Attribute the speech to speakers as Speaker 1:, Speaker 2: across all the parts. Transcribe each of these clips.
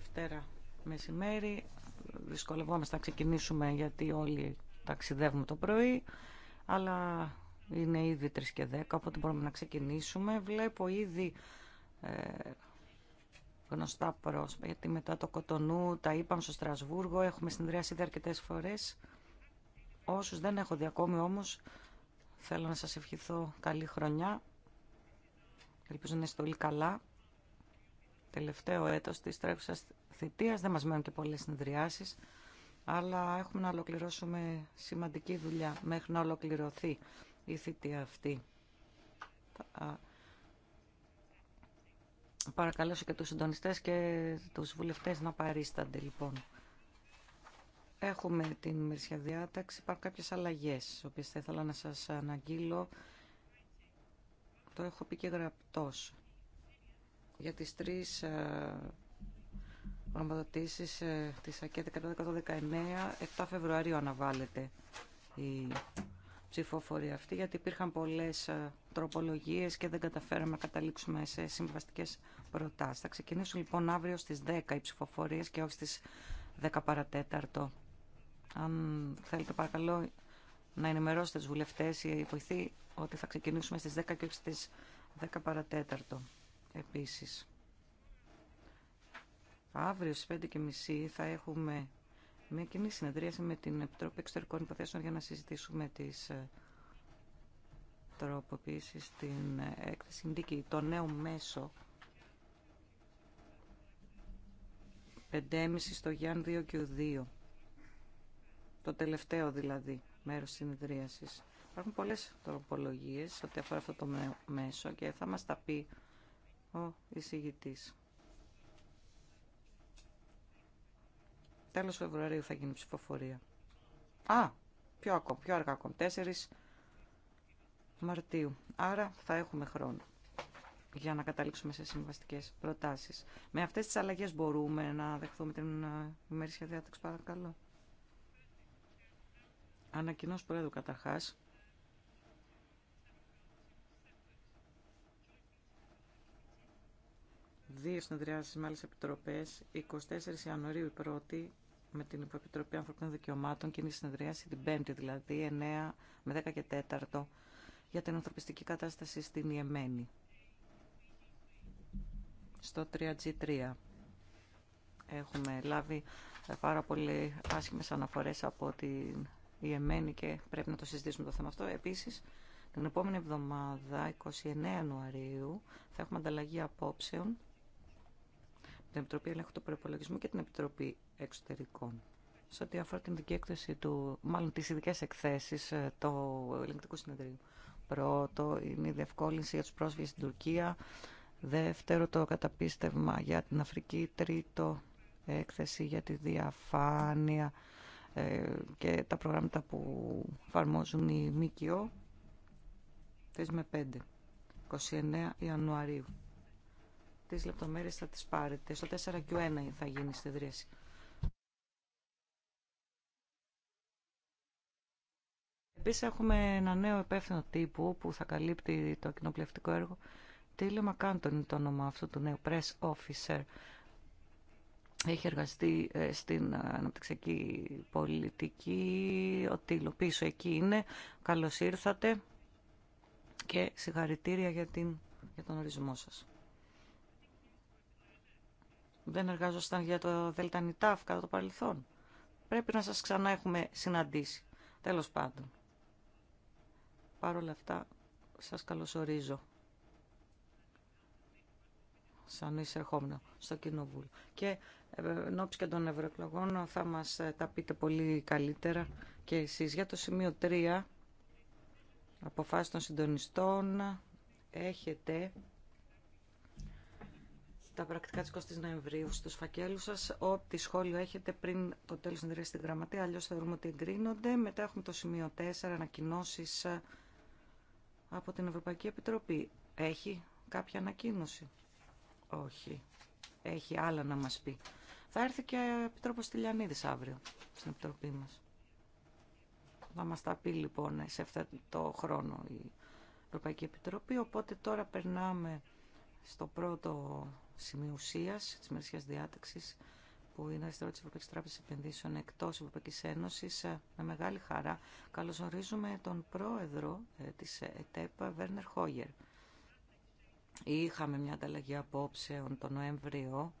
Speaker 1: Δευτέρα μεσημέρι. Δυσκολευόμαστε να ξεκινήσουμε γιατί όλοι ταξιδεύουμε το πρωί, αλλά είναι ήδη 3 και 10, οπότε μπορούμε να ξεκινήσουμε. Βλέπω ήδη ε, γνωστά πρόσωπα, γιατί μετά το Κοτονού τα είπαμε στο Στρασβούργο, έχουμε συνδυάσει ήδη αρκετές φορές. Όσους δεν έχω δει ακόμη όμως, θέλω να σας ευχηθώ καλή χρονιά. Ελπίζω να είστε όλοι καλά τελευταίο έτος της τρέχουσα θητείας. Δεν μας μένουν και πολλές συνδριάσεις, αλλά έχουμε να ολοκληρώσουμε σημαντική δουλειά μέχρι να ολοκληρωθεί η θητεία αυτή. Παρακαλώσω και τους συντονιστές και τους βουλευτές να παρίστανται λοιπόν. Έχουμε την ημερησία διάταξη, υπάρχουν κάποιες αλλαγές, τις οποίες θα ήθελα να σας αναγγείλω. Το έχω πει και γραπτός για τις τρεις ε, ε της ΑΚΕΤ 119, 7 Φεβρουαρίου αναβάλλεται η ψηφοφορία αυτή, γιατί υπήρχαν πολλές ε, τροπολογίες και δεν καταφέραμε να καταλήξουμε σε συμβαστικές προτάσεις. Θα ξεκινήσουν λοιπόν αύριο στις 10 οι ψηφοφορίες και όχι στις 10 παρατέταρτο. Αν θέλετε παρακαλώ να ενημερώσετε τους βουλευτές ή βοηθοί ότι θα ξεκινήσουμε στις 10 και όχι στις 10 παρατέταρτο. Επίσης, αύριο στις 5.30 θα έχουμε μια κοινή συνεδρίαση με την Επιτροπή Εξωτερικών Υποθέσεων για να συζητήσουμε τις ε, τροποποιήσεις στην ε, έκθεση το νέο μέσο 5.30 στο γιαν 2 και 2 το τελευταίο δηλαδή μέρος συνεδρίασης υπάρχουν πολλές τροπολογίες ό,τι αφορά αυτό το μέσο και θα μας τα πει ο εισηγητής. Τέλος Φεβρουαρίου θα γίνει ψηφοφορία. Α, πιο ακόμα, πιο αργά ακόμα, 4 Μαρτίου. Άρα θα έχουμε χρόνο για να καταλήξουμε σε συμβαστικές προτάσεις. Με αυτές τις αλλαγές μπορούμε να δεχθούμε την ε, ημερήσια διάταξη, παρακαλώ. Ανακοινώς πρόεδρου καταρχάς. δύο συνεδριάσεις με επιτροπές, 24 Ιανουαρίου η πρώτη με την Υποεπιτροπή Ανθρωπίνων Δικαιωμάτων, και η συνεδρίαση την Πέμπτη δηλαδή, 9 με 10 και για την ανθρωπιστική κατάσταση στην Ιεμένη. Στο 3G3 έχουμε λάβει ε, πάρα πολύ άσχημες αναφορές από την Ιεμένη και πρέπει να το συζητήσουμε το θέμα αυτό. Επίσης, την επόμενη εβδομάδα, 29 Ιανουαρίου, θα έχουμε ανταλλαγή απόψεων την Επιτροπή Ελέγχου του Προπολογισμού και την Επιτροπή Εξωτερικών. Σε ό,τι αφορά την ειδική έκθεση του, μάλλον τι ειδικέ εκθέσει ε, του Ελληνικού Συνεδρίου. Πρώτο είναι η διευκόλυνση για του πρόσφυγε στην Τουρκία. Δεύτερο, το καταπίστευμα για την Αφρική. Τρίτο, έκθεση για τη διαφάνεια ε, και τα προγράμματα που εφαρμόζουν οι ΜΚΟ. 3 με 5. 29 Ιανουαρίου τις λεπτομέρειες θα τις πάρετε. Στο 4Q1 θα γίνει η συνεδρίαση. Επίσης έχουμε ένα νέο υπεύθυνο τύπου που θα καλύπτει το κοινοπλευτικό έργο. Τίλιο Μακάντον είναι το όνομα αυτού του νέου press officer. Έχει εργαστεί ε, στην αναπτυξιακή πολιτική. Ο Τίλο πίσω εκεί είναι. Καλώς ήρθατε και συγχαρητήρια για, την, για τον ορισμό σας δεν εργάζονταν για το ΔΕΛΤΑΝΙΤΑΦ κατά το παρελθόν. Πρέπει να σας ξανά έχουμε συναντήσει. Τέλος πάντων. Παρ' όλα αυτά, σας καλωσορίζω. Σαν εισερχόμενο στο Κοινοβούλιο. Και ε, ενώπιση και των ευρωεκλογών θα μας ε, τα πείτε πολύ καλύτερα και εσείς. Για το σημείο 3, αποφάσεις των συντονιστών, έχετε τα πρακτικά της 20ης Νοεμβρίου στους φακέλους σας. Ό,τι σχόλιο έχετε πριν το τέλος συνεδρίας στην γραμματεία, αλλιώς θεωρούμε ότι εγκρίνονται. Μετά έχουμε το σημείο 4, ανακοινώσει ε, από την Ευρωπαϊκή Επιτροπή. Έχει κάποια ανακοίνωση. Όχι. Έχει άλλα να μας πει. Θα έρθει και ο Επιτρόπος Τηλιανίδης αύριο στην Επιτροπή μας. Θα μας τα πει λοιπόν σε αυτό το χρόνο η Ευρωπαϊκή Επιτροπή. Οπότε τώρα περνάμε στο πρώτο σημείο ουσία τη διάταξη που είναι αριστερό τη Ευρωπαϊκή Τράπεζα Επενδύσεων εκτό Ευρωπαϊκή Ένωση. Ε, με μεγάλη χαρά καλωσορίζουμε τον πρόεδρο ε, τη ε, ΕΤΕΠΑ, Βέρνερ Χόγερ. Είχαμε μια ανταλλαγή απόψεων τον Νοέμβριο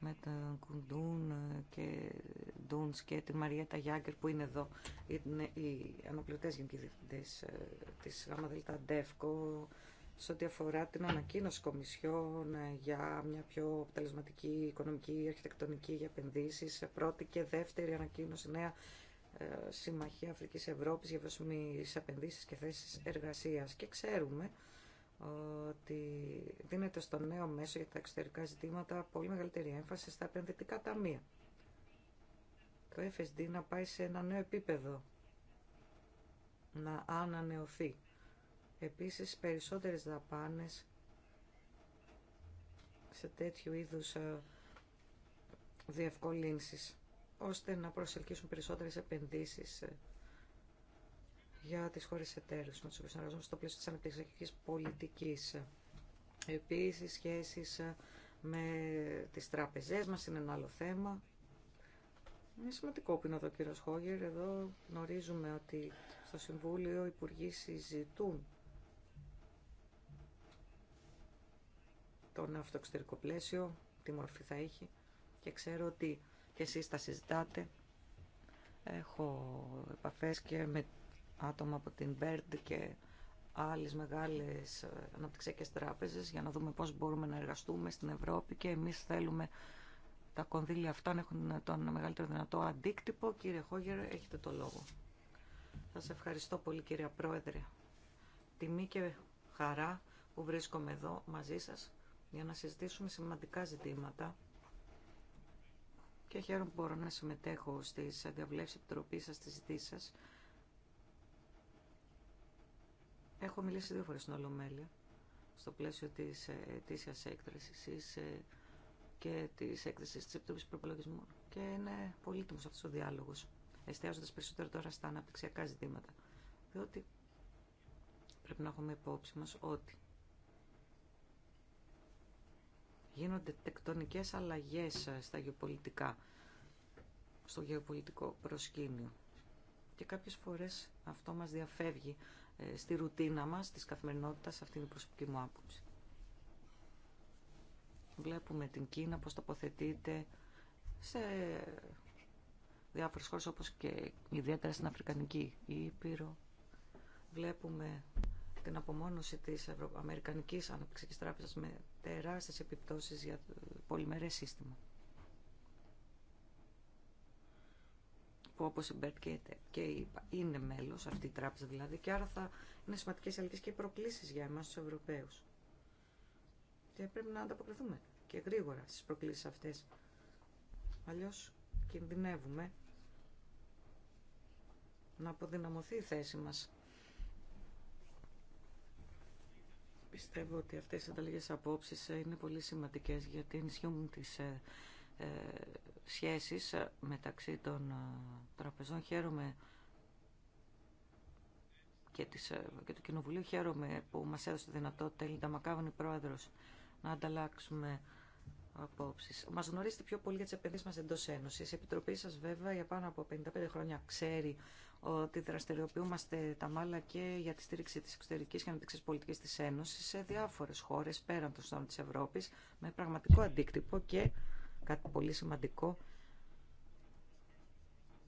Speaker 1: με τον Κουντούν και και την Μαριέτα Γιάγκερ που είναι εδώ. Είναι οι αναπληρωτές γενικοί διευθυντές της σε ό,τι αφορά την ανακοίνωση κομισιών ε, για μια πιο αποτελεσματική οικονομική αρχιτεκτονική για επενδύσει, ε, πρώτη και δεύτερη ανακοίνωση νέα ε, Συμμαχία Αφρικής Ευρώπης για βιώσιμες επενδύσεις και θέσει εργασία. Και ξέρουμε ότι δίνεται στο νέο μέσο για τα εξωτερικά ζητήματα πολύ μεγαλύτερη έμφαση στα επενδυτικά ταμεία. Το FSD να πάει σε ένα νέο επίπεδο, να ανανεωθεί Επίσης, περισσότερες δαπάνες σε τέτοιου είδους ε, διευκολύνσεις, ώστε να προσελκύσουν περισσότερες επενδύσεις ε, για τις χώρες εταίρους με τους οποίους συνεργαζόμαστε στο πλαίσιο της αναπτυξιακής πολιτικής. Επίσης, σχέσεις ε, με τις τράπεζές μας είναι ένα άλλο θέμα. Είναι σημαντικό που είναι εδώ ο κύριος Χόγερ. Εδώ γνωρίζουμε ότι στο Συμβούλιο οι Υπουργοί συζητούν το νέο αυτό εξωτερικό πλαίσιο, τι μορφή θα έχει και ξέρω ότι και εσείς τα συζητάτε. Έχω επαφές και με άτομα από την BERD και άλλες μεγάλες ε, αναπτυξιακές τράπεζες για να δούμε πώς μπορούμε να εργαστούμε στην Ευρώπη και εμείς θέλουμε τα κονδύλια αυτά να έχουν τον μεγαλύτερο δυνατό αντίκτυπο. Κύριε Χόγερ, έχετε το λόγο. Σας ευχαριστώ πολύ κύριε Πρόεδρε. Τιμή και χαρά που βρίσκομαι εδώ μαζί σας για να συζητήσουμε σημαντικά ζητήματα και χαίρομαι που μπορώ να συμμετέχω στις διαβλέψεις επιτροπή σας, στις ζητήσεις σας. Έχω μιλήσει δύο φορές στην Ολομέλεια, στο πλαίσιο της ετήσιας έκθεσης ε, και της έκθεσης της Επιτροπής Προπολογισμού και είναι πολύτιμος αυτός ο διάλογος, εστιάζοντας περισσότερο τώρα στα αναπτυξιακά ζητήματα, διότι πρέπει να έχουμε υπόψη μας ότι Γίνονται τεκτονικές αλλαγές ε, στα γεωπολιτικά, στο γεωπολιτικό προσκήνιο. Και κάποιες φορές αυτό μας διαφεύγει ε, στη ρουτίνα μας, της καθημερινότητας, αυτή είναι η προσωπική μου άποψη. Βλέπουμε την Κίνα πώς τοποθετείται σε διάφορες χώρες όπως και ιδιαίτερα στην Αφρικανική Ήπειρο. Βλέπουμε την απομόνωση της Αμερικανικής Αναπτυξιακής Τράπεζας τεράστιες επιπτώσεις για το πολυμερές σύστημα. Που όπως η και είπα, είναι μέλος αυτή η τράπεζα δηλαδή και άρα θα είναι σημαντικές αλήθειες και προκλήσεις για εμάς τους Ευρωπαίους. Και πρέπει να ανταποκριθούμε και γρήγορα στις προκλήσεις αυτές. Αλλιώς κινδυνεύουμε να αποδυναμωθεί η θέση μας Πιστεύω ότι αυτές οι ανταλλαγές απόψεις ε, είναι πολύ σημαντικές γιατί ενισχύουν τις ε, ε, σχέσεις μεταξύ των τραπεζών. Χαίρομαι και, και του Κοινοβουλίου. Χαίρομαι που μας έδωσε τη δυνατότητα η Λίντα Μακάβανη Πρόεδρος να ανταλλάξουμε απόψεις. Μας γνωρίζετε πιο πολύ για τις επενδύσεις μας εντός Ένωσης. Η Επιτροπή σας βέβαια για πάνω από 55 χρόνια ξέρει ότι δραστηριοποιούμαστε τα μάλα και για τη στήριξη της εξωτερικής και αναπτυξής πολιτικής της Ένωσης σε διάφορες χώρες πέραν των στόνων της Ευρώπης με πραγματικό αντίκτυπο και κάτι πολύ σημαντικό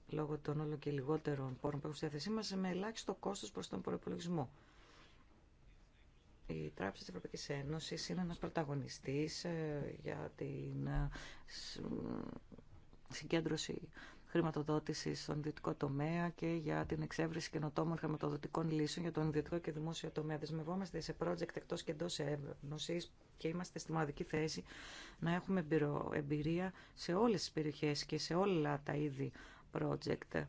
Speaker 1: λόγω των όλων και λιγότερων πόρων που στη μας με ελάχιστο κόστος προς τον προπολογισμό. Η Τράπεζα της Ευρωπαϊκής Ένωσης είναι ένας πρωταγωνιστής ε, για την ε, συγκέντρωση χρηματοδότηση στον ιδιωτικό τομέα και για την εξέβριση καινοτόμων χρηματοδοτικών λύσεων για τον ιδιωτικό και δημόσιο τομέα. Δεσμευόμαστε σε project εκτό και εντό ένωση. και είμαστε στη μοναδική θέση να έχουμε εμπειρία σε όλες τις περιοχές και σε όλα τα είδη project.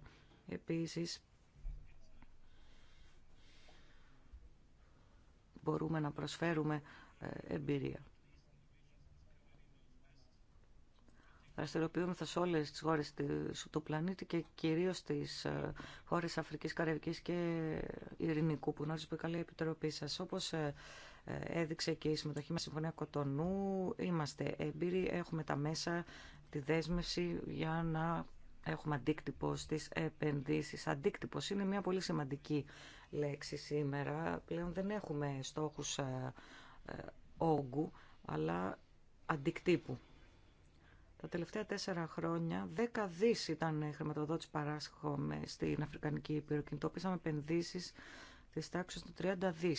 Speaker 1: Επίσης, μπορούμε να προσφέρουμε ε, εμπειρία. Δραστηριοποιούμεθα σε όλε τι χώρε του πλανήτη και κυρίω στι ε, χώρε Αφρική, Καραϊβική και Ειρηνικού, που γνώριζε πολύ καλή η επιτροπή σα. Όπω ε, ε, έδειξε και η συμμετοχή μα Συμφωνία Κοτονού, είμαστε έμπειροι, έχουμε τα μέσα, τη δέσμευση για να έχουμε αντίκτυπο στις επενδύσεις. Αντίκτυπος είναι μια πολύ σημαντική λέξη σήμερα. Πλέον δεν έχουμε στόχους όγκου, αλλά αντικτύπου. Τα τελευταία τέσσερα χρόνια, δέκα δι ήταν χρηματοδότηση παρασχόμε στην Αφρικανική Ήπειρο. Κινητοποίησαμε επενδύσει τη τάξη του 30 δι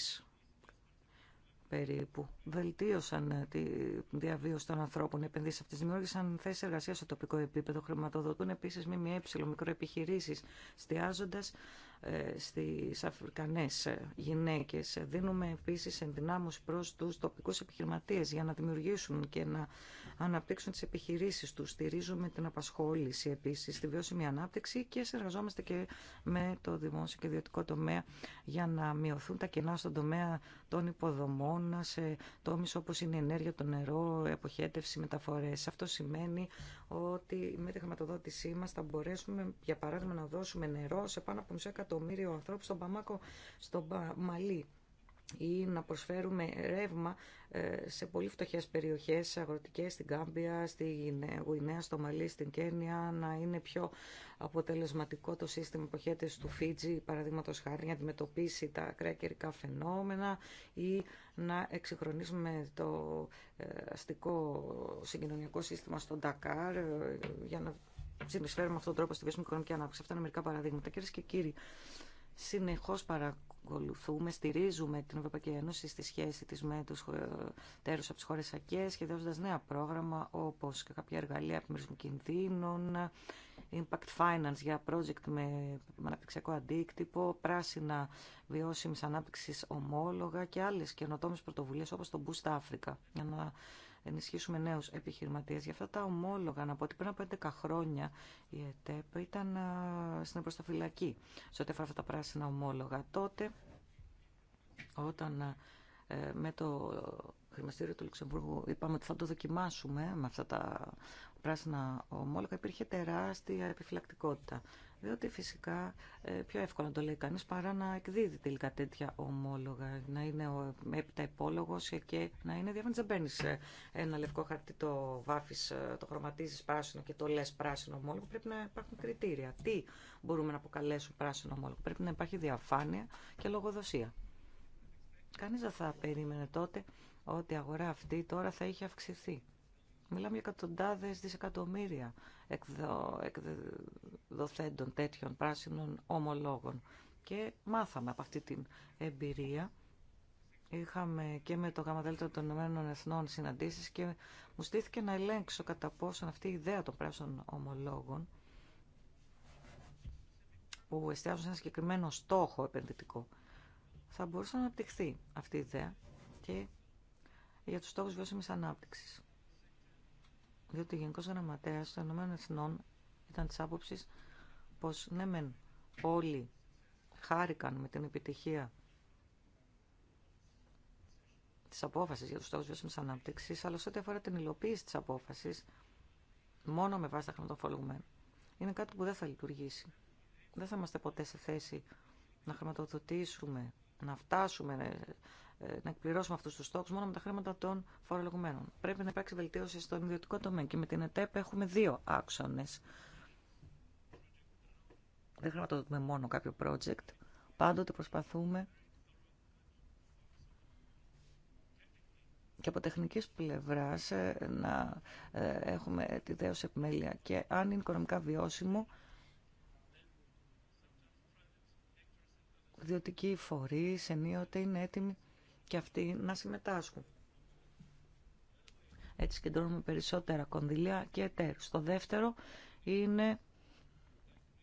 Speaker 1: περίπου. Βελτίωσαν τη διαβίωση των ανθρώπων. Οι επενδύσει αυτέ δημιούργησαν θέσει εργασία στο τοπικό επίπεδο. Χρηματοδοτούν επίση ΜΜΕ, μικροεπιχειρήσει, εστιάζοντα ε, στι Αφρικανέ γυναίκε. Δίνουμε επίση ενδυνάμωση προ του τοπικού επιχειρηματίε για να δημιουργήσουν και να αναπτύξουν τις επιχειρήσεις τους. Στηρίζουμε την απασχόληση επίσης, τη βιώσιμη ανάπτυξη και συνεργαζόμαστε και με το δημόσιο και ιδιωτικό τομέα για να μειωθούν τα κενά στον τομέα των υποδομών, σε τόμει όπως είναι η ενέργεια, το νερό, οι μεταφορές. Αυτό σημαίνει ότι με τη χρηματοδότησή μα θα μπορέσουμε, για παράδειγμα, να δώσουμε νερό σε πάνω από μισό εκατομμύριο ανθρώπου στον Παμάκο, στον Μαλί ή να προσφέρουμε ρεύμα ε, σε πολύ φτωχές περιοχές αγροτικές, στην Κάμπια, στη Γουινέα, στο Μαλί, στην Κένια, να είναι πιο αποτελεσματικό το σύστημα υποχέτευση του Φίτζι, παραδείγματο χάρη, να αντιμετωπίσει τα ακραία καιρικά φαινόμενα ή να εξυγχρονίσουμε το ε, αστικό συγκοινωνιακό σύστημα στο Ντακάρ ε, για να συνεισφέρουμε αυτόν τον τρόπο στη βιώσιμη οικονομική ανάπτυξη. Αυτά είναι μερικά παραδείγματα. Κυρίε και κύριοι, συνεχώ παρακολουθούμε ακολουθούμε, στηρίζουμε την Ευρωπαϊκή Ένωση στη σχέση της με τους τέρους από τις χώρες ΑΚΕ, σχεδιάζοντας νέα πρόγραμμα όπως και κάποια εργαλεία επιμερισμού κινδύνων, impact finance για project με αναπτυξιακό αντίκτυπο, πράσινα βιώσιμης ανάπτυξης ομόλογα και άλλες καινοτόμες πρωτοβουλίες όπως το Boost Africa, για να ενισχύσουμε νέους επιχειρηματίες. Για αυτά τα ομόλογα, να πω ότι πριν από 11 χρόνια η ΕΤΕΠ ήταν στην προσταφυλακή σε ό,τι αφορά αυτά τα πράσινα ομόλογα. Τότε, όταν ε, με το χρηματιστήριο του Λουξεμβούργου είπαμε ότι θα το δοκιμάσουμε με αυτά τα πράσινα ομόλογα, υπήρχε τεράστια επιφυλακτικότητα. Διότι φυσικά ε, πιο εύκολο να το λέει κανείς παρά να εκδίδει τελικά τέτοια ομόλογα, να είναι ο, έπειτα υπόλογος και να είναι διαφανής. Δεν παίρνει ε, ένα λευκό χαρτί, το βάφεις, ε, το χρωματίζεις πράσινο και το λες πράσινο ομόλογο. Πρέπει να υπάρχουν κριτήρια. Τι μπορούμε να αποκαλέσουμε πράσινο ομόλογο. Πρέπει να υπάρχει διαφάνεια και λογοδοσία. Κανείς δεν θα περίμενε τότε ότι η αγορά αυτή τώρα θα είχε αυξηθεί Μιλάμε για εκατοντάδε δισεκατομμύρια εκδο, εκδοθέντων τέτοιων πράσινων ομολόγων. Και μάθαμε από αυτή την εμπειρία. Είχαμε και με το ΓΔ των Ηνωμένων Εθνών συναντήσεις και μου στήθηκε να ελέγξω κατά πόσον αυτή η ιδέα των πράσινων ομολόγων που εστιάζουν σε ένα συγκεκριμένο στόχο επενδυτικό θα μπορούσε να αναπτυχθεί αυτή η ιδέα και για τους στόχους βιώσιμης ανάπτυξης διότι ο Γενικός Γραμματέας των Εθνών ήταν της άποψης πως ναι μεν όλοι χάρηκαν με την επιτυχία της απόφασης για τους στόχους βιώσιμης ανάπτυξη, αλλά σε ό,τι αφορά την υλοποίηση της απόφασης, μόνο με βάση τα χρηματοφορούμενα, είναι κάτι που δεν θα λειτουργήσει. Δεν θα είμαστε ποτέ σε θέση να χρηματοδοτήσουμε, να φτάσουμε ε, ε, να εκπληρώσουμε αυτού του στόχου μόνο με τα χρήματα των φορολογουμένων. Πρέπει να υπάρξει βελτίωση στον ιδιωτικό τομέα και με την ΕΤΕΠ έχουμε δύο άξονε. Δεν χρηματοδοτούμε μόνο κάποιο project. Πάντοτε προσπαθούμε και από τεχνικής πλευράς ε, να ε, έχουμε τη δέωση επιμέλεια και αν είναι οικονομικά βιώσιμο ιδιωτικοί φορείς ενίοτε είναι έτοιμοι και αυτοί να συμμετάσχουν. Έτσι κεντρώνουμε περισσότερα κονδυλία και εταίρους. Το δεύτερο είναι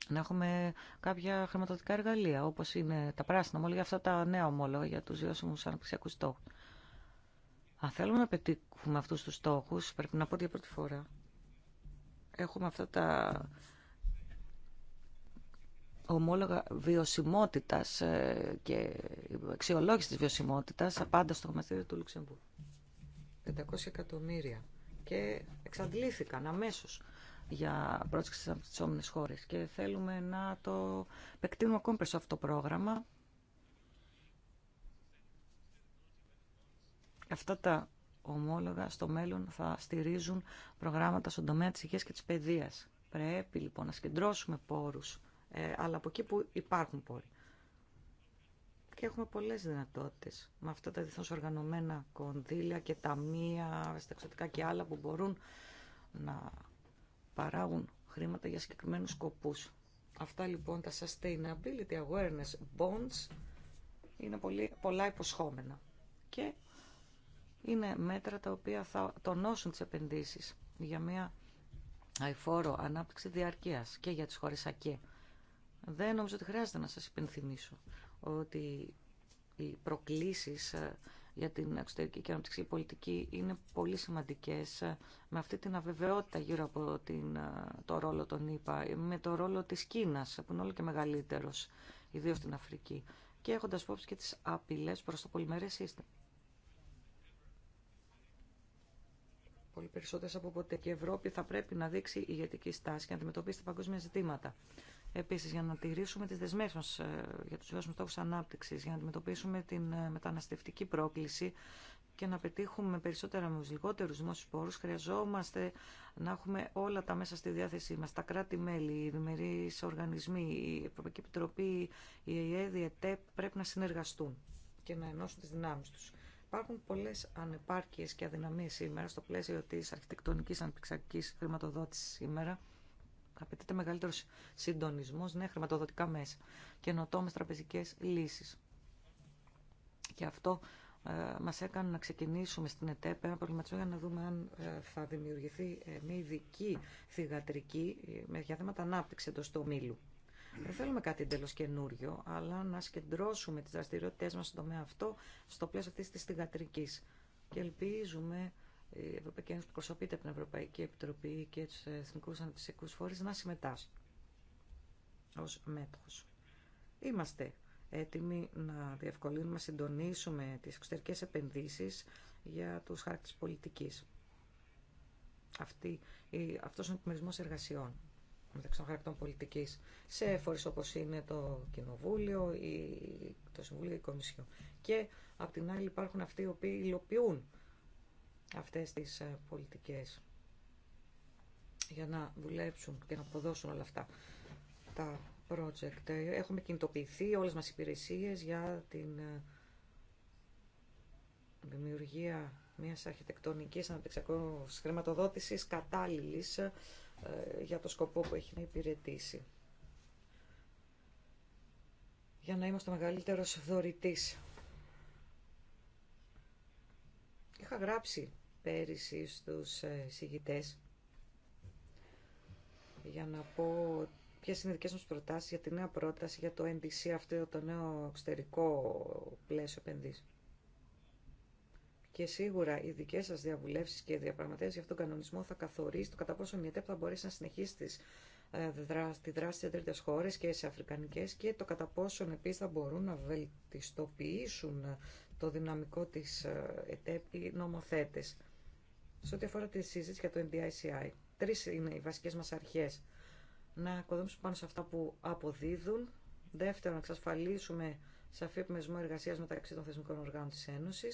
Speaker 1: να έχουμε κάποια χρηματοδοτικά εργαλεία, όπως είναι τα πράσινα ομόλογα, αυτά τα νέα ομόλογα για τους βιώσιμους αναπτυξιακούς στόχους. Αν θέλουμε να πετύχουμε αυτούς τους στόχους, πρέπει να πω για πρώτη φορά, έχουμε αυτά τα ομόλογα βιωσιμότητας ε, και αξιολόγηση τη βιωσιμότητα ε, πάντα στο χρηματιστήριο του Λουξεμβούργου. 500 εκατομμύρια και εξαντλήθηκαν αμέσως για πρόσκληση στι αναπτυσσόμενε χώρες και θέλουμε να το επεκτείνουμε ακόμη περισσότερο αυτό το πρόγραμμα. Αυτά τα ομόλογα στο μέλλον θα στηρίζουν προγράμματα στον τομέα της υγείας και της παιδείας. Πρέπει λοιπόν να συγκεντρώσουμε πόρους ε, αλλά από εκεί που υπάρχουν πόροι. Και έχουμε πολλές δυνατότητες με αυτά τα διεθνώς οργανωμένα κονδύλια και ταμεία, στα και άλλα που μπορούν να παράγουν χρήματα για συγκεκριμένους σκοπούς. Αυτά λοιπόν τα sustainability awareness bonds είναι πολύ, πολλά υποσχόμενα και είναι μέτρα τα οποία θα τονώσουν τις επενδύσεις για μια αηφόρο ανάπτυξη διαρκείας και για τις χώρες δεν νομίζω ότι χρειάζεται να σας υπενθυμίσω ότι οι προκλήσεις ε, για την εξωτερική και αναπτυξιακή πολιτική είναι πολύ σημαντικές ε, με αυτή την αβεβαιότητα γύρω από την, ε, το ρόλο των ΗΠΑ, με το ρόλο της Κίνας που είναι όλο και μεγαλύτερος, ιδίως στην Αφρική και έχοντας πόψη και τις απειλές προς το πολυμερές σύστημα. Πολύ περισσότερες από ποτέ και η Ευρώπη θα πρέπει να δείξει ηγετική στάση και να αντιμετωπίσει τα παγκόσμια ζητήματα. Επίσης, για να τηρήσουμε τις δεσμεύσεις μας ε, για τους βιώσιμού στόχους ανάπτυξης, για να αντιμετωπίσουμε την ε, μεταναστευτική πρόκληση και να πετύχουμε περισσότερα με τους λιγότερους δημόσιους πόρους, χρειαζόμαστε να έχουμε όλα τα μέσα στη διάθεσή μας, τα κράτη-μέλη, οι δημερείς οργανισμοί, η Ευρωπαϊκή Επιτροπή, η ΕΕΔ, η ΕΤΕΠ, πρέπει να συνεργαστούν και να ενώσουν τις δυνάμεις τους. Υπάρχουν πολλέ ανεπάρκειε και αδυναμίε σήμερα στο πλαίσιο τη αρχιτεκτονική χρηματοδότηση σήμερα. Απαιτείται μεγαλύτερο συντονισμό, νέα χρηματοδοτικά μέσα, καινοτόμε τραπεζικέ λύσει. Και αυτό ε, μα έκανε να ξεκινήσουμε στην ΕΤΕΠ ένα προβληματισμό για να δούμε αν ε, θα δημιουργηθεί ε, μια ειδική θηγατρική για ε, θέματα ανάπτυξη εντό του ομίλου. Δεν θέλουμε κάτι εντελώ καινούριο, αλλά να σκεντρώσουμε τι δραστηριότητέ μα στον τομέα αυτό στο πλαίσιο αυτή τη θηγατρική. Και ελπίζουμε η Ευρωπαϊκή Ένωση που προσωπείται από την Ευρωπαϊκή Επιτροπή και τους Εθνικού αναπτυσσιακούς φορείς να συμμετάσχουν ως μέτοχος. Είμαστε έτοιμοι να διευκολύνουμε, να συντονίσουμε τις εξωτερικές επενδύσεις για τους χάρτη πολιτικής. Αυτό αυτός είναι ο επιμερισμός εργασιών μεταξύ των χαρακτών πολιτικής σε φορείς όπως είναι το Κοινοβούλιο, η, το Συμβούλιο, η κομισιον Και απ' την άλλη υπάρχουν αυτοί οι οποίοι υλοποιούν αυτές τις ε, πολιτικές για να δουλέψουν και να αποδώσουν όλα αυτά τα project. Ε, έχουμε κινητοποιηθεί όλες μας οι υπηρεσίες για την ε, δημιουργία μιας αρχιτεκτονικής αναπτυξιακής χρηματοδότησης κατάλληλης για το σκοπό που έχει να υπηρετήσει. Για να είμαστε μεγαλύτερος δωρητής Είχα γράψει πέρυσι στους ε, συγητές για να πω ποιε είναι οι δικέ μα προτάσει για τη νέα πρόταση για το NDC, αυτό το νέο εξωτερικό πλαίσιο επενδύσεων. Και σίγουρα οι δικέ σα διαβουλεύσει και διαπραγματεύσει για αυτόν τον κανονισμό θα καθορίσει το κατά πόσο η θα μπορέσει να συνεχίσει τις, ε, δράση, τη δράση σε τρίτε χώρε και σε αφρικανικέ και το κατά πόσο επίση θα μπορούν να βελτιστοποιήσουν το δυναμικό της ε, ΕΤΕΠ οι νομοθέτες. Σε ό,τι αφορά τη συζήτηση για το NDICI, τρεις είναι οι βασικές μας αρχές. Να κοδόμψουμε πάνω σε αυτά που αποδίδουν. Δεύτερον, να εξασφαλίσουμε σαφή επιμεσμό εργασία μεταξύ των θεσμικών οργάνων τη Ένωση.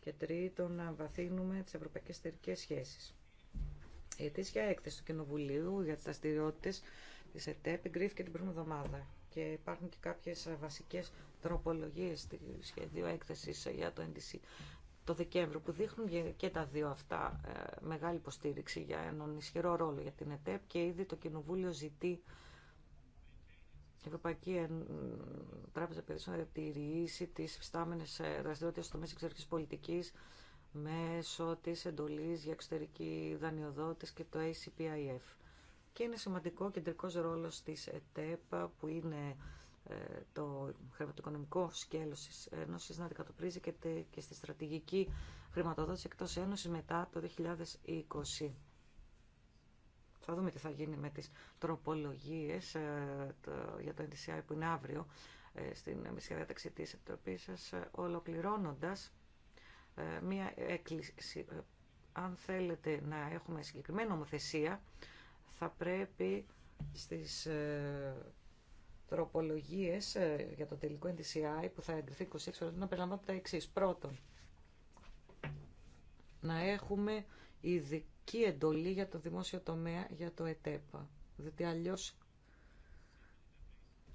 Speaker 1: Και τρίτον, να βαθύνουμε τι ευρωπαϊκέ εταιρικέ σχέσει. Η αιτήσια έκθεση του Κοινοβουλίου για τι δραστηριότητε τη ΕΤΕΠ εγκρίθηκε την εβδομάδα και υπάρχουν και κάποιες βασικές τροπολογίες στη σχέδιο έκθεσης για το NDC το Δεκέμβριο που δείχνουν και τα δύο αυτά ε, μεγάλη υποστήριξη για έναν ισχυρό ρόλο για την ΕΤΕΠ και ήδη το Κοινοβούλιο ζητεί η Ευρωπαϊκή Τράπεζα Επενδύσεων να διατηρήσει τι φυστάμενε δραστηριότητε στο μέσο εξωτερική πολιτικής μέσω τη εντολή για εξωτερική δανειοδότηση και το ACPIF και είναι σημαντικό κεντρικό ρόλο τη ΕΤΕΠ, που είναι ε, το χρηματοοικονομικό σκέλος τη Ένωση, να αντικατοπτρίζει και, και στη στρατηγική χρηματοδότηση εκτός Ένωση μετά το 2020. Θα δούμε τι θα γίνει με τις τροπολογίες ε, για το NDCI που είναι αύριο ε, στην μεσηδιάταξη της Επιτροπής σας, ολοκληρώνοντας μία έκκληση. Αν θέλετε να έχουμε συγκεκριμένη νομοθεσία θα πρέπει στις ε, τροπολογίες ε, για το τελικό NDCI που θα εγκριθεί 26 ώρες να περιλαμβάνουν τα εξή. Πρώτον, να έχουμε ειδική εντολή για το δημόσιο τομέα για το ΕΤΕΠΑ. Διότι αλλιώς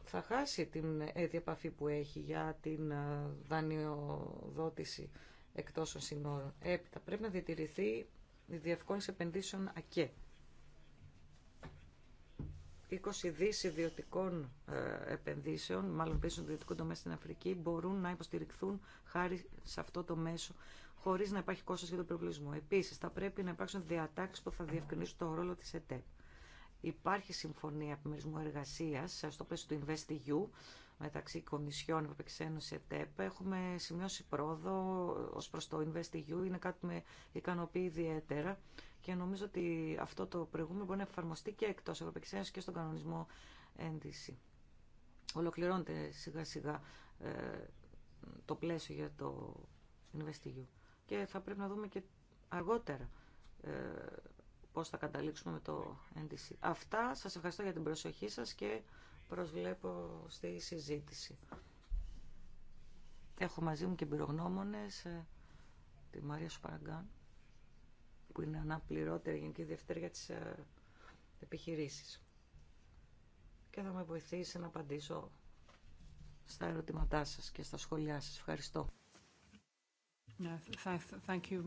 Speaker 1: θα χάσει την επαφή που έχει για την ε, δανειοδότηση εκτός των συνόρων. Έπειτα πρέπει να διατηρηθεί η διευκόλυνση επενδύσεων ΑΚΕ 20 δις ιδιωτικών ε, επενδύσεων, μάλλον πίσω του ιδιωτικού τομέα στην Αφρική, μπορούν να υποστηριχθούν χάρη σε αυτό το μέσο, χωρί να υπάρχει κόστο για τον προβλησμό. Επίση, θα πρέπει να υπάρξουν διατάξει που θα διευκρινίσουν το ρόλο τη ΕΤΕΠ. Υπάρχει συμφωνία επιμερισμού εργασία στο πλαίσιο του InvestEU μεταξύ Κομισιών Ευρωπαϊκής Ένωσης ΕΤΕΠ. Έχουμε σημειώσει πρόοδο ως προς το InvestEU. Είναι κάτι που με ικανοποιεί ιδιαίτερα και νομίζω ότι αυτό το προηγούμενο μπορεί να εφαρμοστεί και εκτός Ευρωπαϊκής Ένωσης και στον κανονισμό ένδυση. Ολοκληρώνεται σιγά σιγά ε, το πλαίσιο για το InvestEU. Και θα πρέπει να δούμε και αργότερα ε, πώς θα καταλήξουμε με το NDC. Αυτά, σας ευχαριστώ για την προσοχή σας και προσβλέπω στη συζήτηση. Έχω μαζί μου και εμπειρογνώμονες, ε, τη Μαρία Σουπαραγκάν, που είναι αναπληρώτερη γενική διευθυντήρια για τις ε, Και θα με βοηθήσει να απαντήσω στα ερωτήματά σας και στα σχόλιά σας. Ευχαριστώ.
Speaker 2: Thank you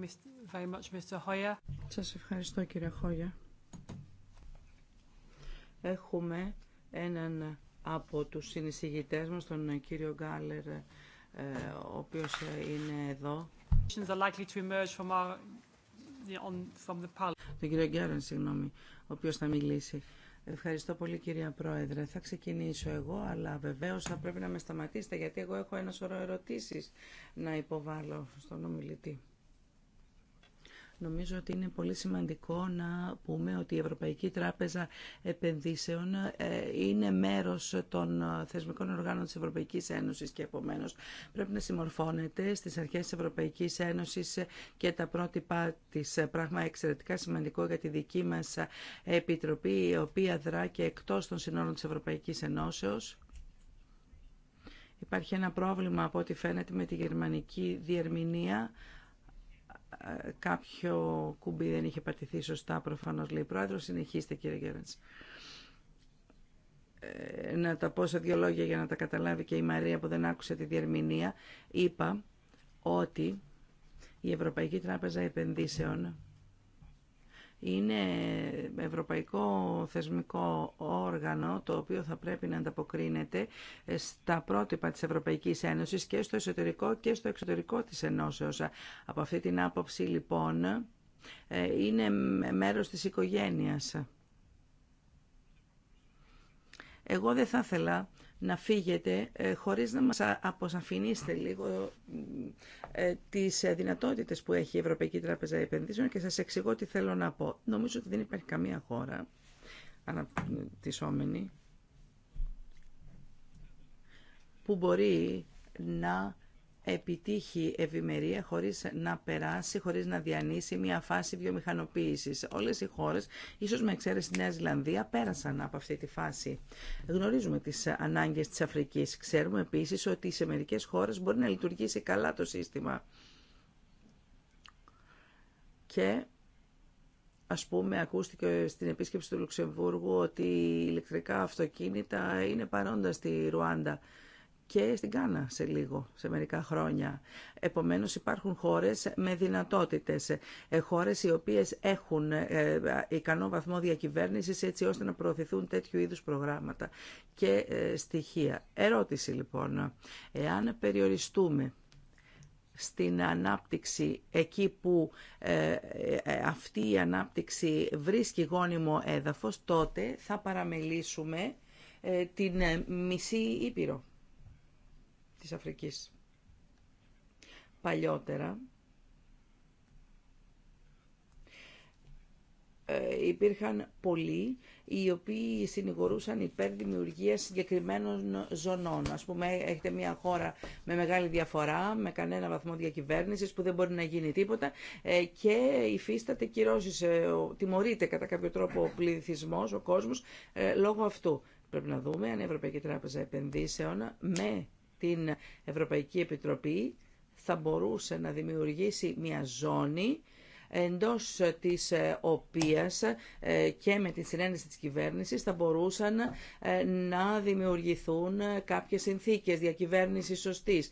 Speaker 2: very much, Mr. Σας ευχαριστώ κύριε Χόγια. Έχουμε έναν από τους συνεισηγητές μας, τον κύριο Γκάλερ, ε, ο οποίος ε, είναι εδώ. Τον κύριο Γκάλερ, συγγνώμη, ο οποίος θα μιλήσει. Ευχαριστώ πολύ κυρία Πρόεδρε. Θα ξεκινήσω εγώ, αλλά βεβαίως θα πρέπει να με σταματήσετε, γιατί εγώ έχω ένα σωρό ερωτήσεις να υποβάλω στον ομιλητή. Νομίζω ότι είναι πολύ σημαντικό να πούμε ότι η Ευρωπαϊκή Τράπεζα Επενδύσεων ε, είναι μέρος των θεσμικών οργάνων της Ευρωπαϊκής Ένωσης και επομένως πρέπει να συμμορφώνεται στις αρχές της Ευρωπαϊκής Ένωσης και τα πρότυπα της πράγμα εξαιρετικά σημαντικό για τη δική μας Επιτροπή η οποία δρά και εκτός των συνόρων της Ευρωπαϊκής Ενώσεως. Υπάρχει ένα πρόβλημα από ό,τι φαίνεται με τη γερμανική διερμηνία κάποιο κουμπί δεν είχε πατηθεί σωστά προφανώς λέει η πρόεδρο. Συνεχίστε κύριε Γέραντς. Ε, να τα πω σε δύο λόγια για να τα καταλάβει και η Μαρία που δεν άκουσε τη διερμηνία. Είπα ότι η Ευρωπαϊκή Τράπεζα Επενδύσεων είναι ευρωπαϊκό θεσμικό όργανο το οποίο θα πρέπει να ανταποκρίνεται στα πρότυπα της Ευρωπαϊκής Ένωσης και στο εσωτερικό και στο εξωτερικό της ενώσεως. Από αυτή την άποψη λοιπόν ε, είναι μέρος της οικογένειας. Εγώ δεν θα ήθελα να φύγετε ε, χωρίς να μας αποσαφηνίσετε λίγο ε, τις ε, δυνατότητες που έχει η Ευρωπαϊκή Τράπεζα Επενδύσεων και σας εξηγώ τι θέλω να πω. Νομίζω ότι δεν υπάρχει καμία χώρα αναπτυσσόμενη που μπορεί να επιτύχει ευημερία χωρίς να περάσει, χωρίς να διανύσει μια φάση βιομηχανοποίησης. Όλες οι χώρες, ίσως με εξαίρεση τη Νέα Ζηλανδία, πέρασαν από αυτή τη φάση. Γνωρίζουμε τις ανάγκες της Αφρικής. Ξέρουμε επίσης ότι σε μερικές χώρες μπορεί να λειτουργήσει καλά το σύστημα. Και ας πούμε, ακούστηκε στην επίσκεψη του Λουξεμβούργου ότι ηλεκτρικά αυτοκίνητα είναι παρόντα στη Ρουάντα και στην Κάνα σε λίγο, σε μερικά χρόνια. Επομένως υπάρχουν χώρες με δυνατότητες, ε, χώρες οι οποίες έχουν ε, ικανό βαθμό διακυβέρνησης έτσι ώστε να προωθηθούν τέτοιου είδους προγράμματα και ε, στοιχεία. Ερώτηση λοιπόν, εάν περιοριστούμε στην ανάπτυξη εκεί που αυτή η ανάπτυξη βρίσκει γόνιμο έδαφος, τότε θα παραμελήσουμε την μισή Ήπειρο της Αφρικής. Παλιότερα ε, υπήρχαν πολλοί οι οποίοι συνηγορούσαν υπέρ δημιουργία συγκεκριμένων ζωνών. Ας πούμε, έχετε μια χώρα με μεγάλη διαφορά, με κανένα βαθμό διακυβέρνησης που δεν μπορεί να γίνει τίποτα ε, και υφίσταται κυρώσεις, ε, Τιμωρείται κατά κάποιο τρόπο ο πληθυσμό, ο κόσμος, λόγω αυτού. Πρέπει να δούμε αν η Ευρωπαϊκή Τράπεζα Επενδύσεων με την Ευρωπαϊκή Επιτροπή θα μπορούσε να δημιουργήσει μια ζώνη εντός της ε, οποίας ε, και με την συνένεση της κυβέρνησης θα μπορούσαν ε, να δημιουργηθούν κάποιες συνθήκες διακυβέρνησης σωστής,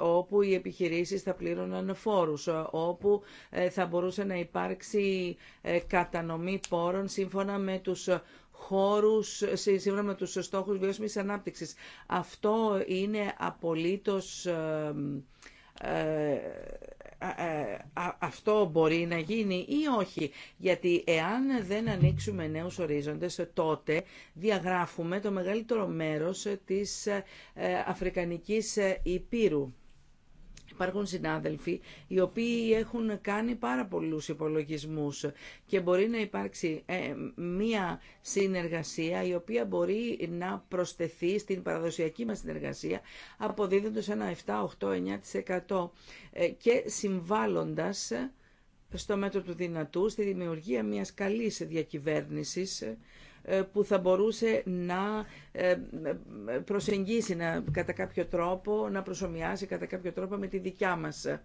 Speaker 2: όπου οι επιχειρήσεις θα πλήρωναν φόρους, όπου θα μπορούσε να υπάρξει κατανομή πόρων σύμφωνα με τους χώρους σύμφωνα με τους στόχους βιώσιμης ανάπτυξης. Αυτό είναι απολύτως... Ε, ε, ε, αυτό μπορεί να γίνει ή όχι. Γιατί εάν δεν ανοίξουμε νέους ορίζοντες, τότε διαγράφουμε το μεγαλύτερο μέρος της Αφρικανικής Υπήρου. Υπάρχουν συνάδελφοι οι οποίοι έχουν κάνει πάρα πολλούς υπολογισμούς και μπορεί να υπάρξει ε, μία συνεργασία η οποία μπορεί να προσθεθεί στην παραδοσιακή μας συνεργασία αποδίδοντας ένα 7-8-9% ε, και συμβάλλοντας στο μέτρο του δυνατού στη δημιουργία μιας καλής διακυβέρνησης ε, που θα μπορούσε να ε, προσεγγίσει να, κατά κάποιο τρόπο, να προσωμιάσει κατά κάποιο τρόπο με τη δικιά μας. Ε,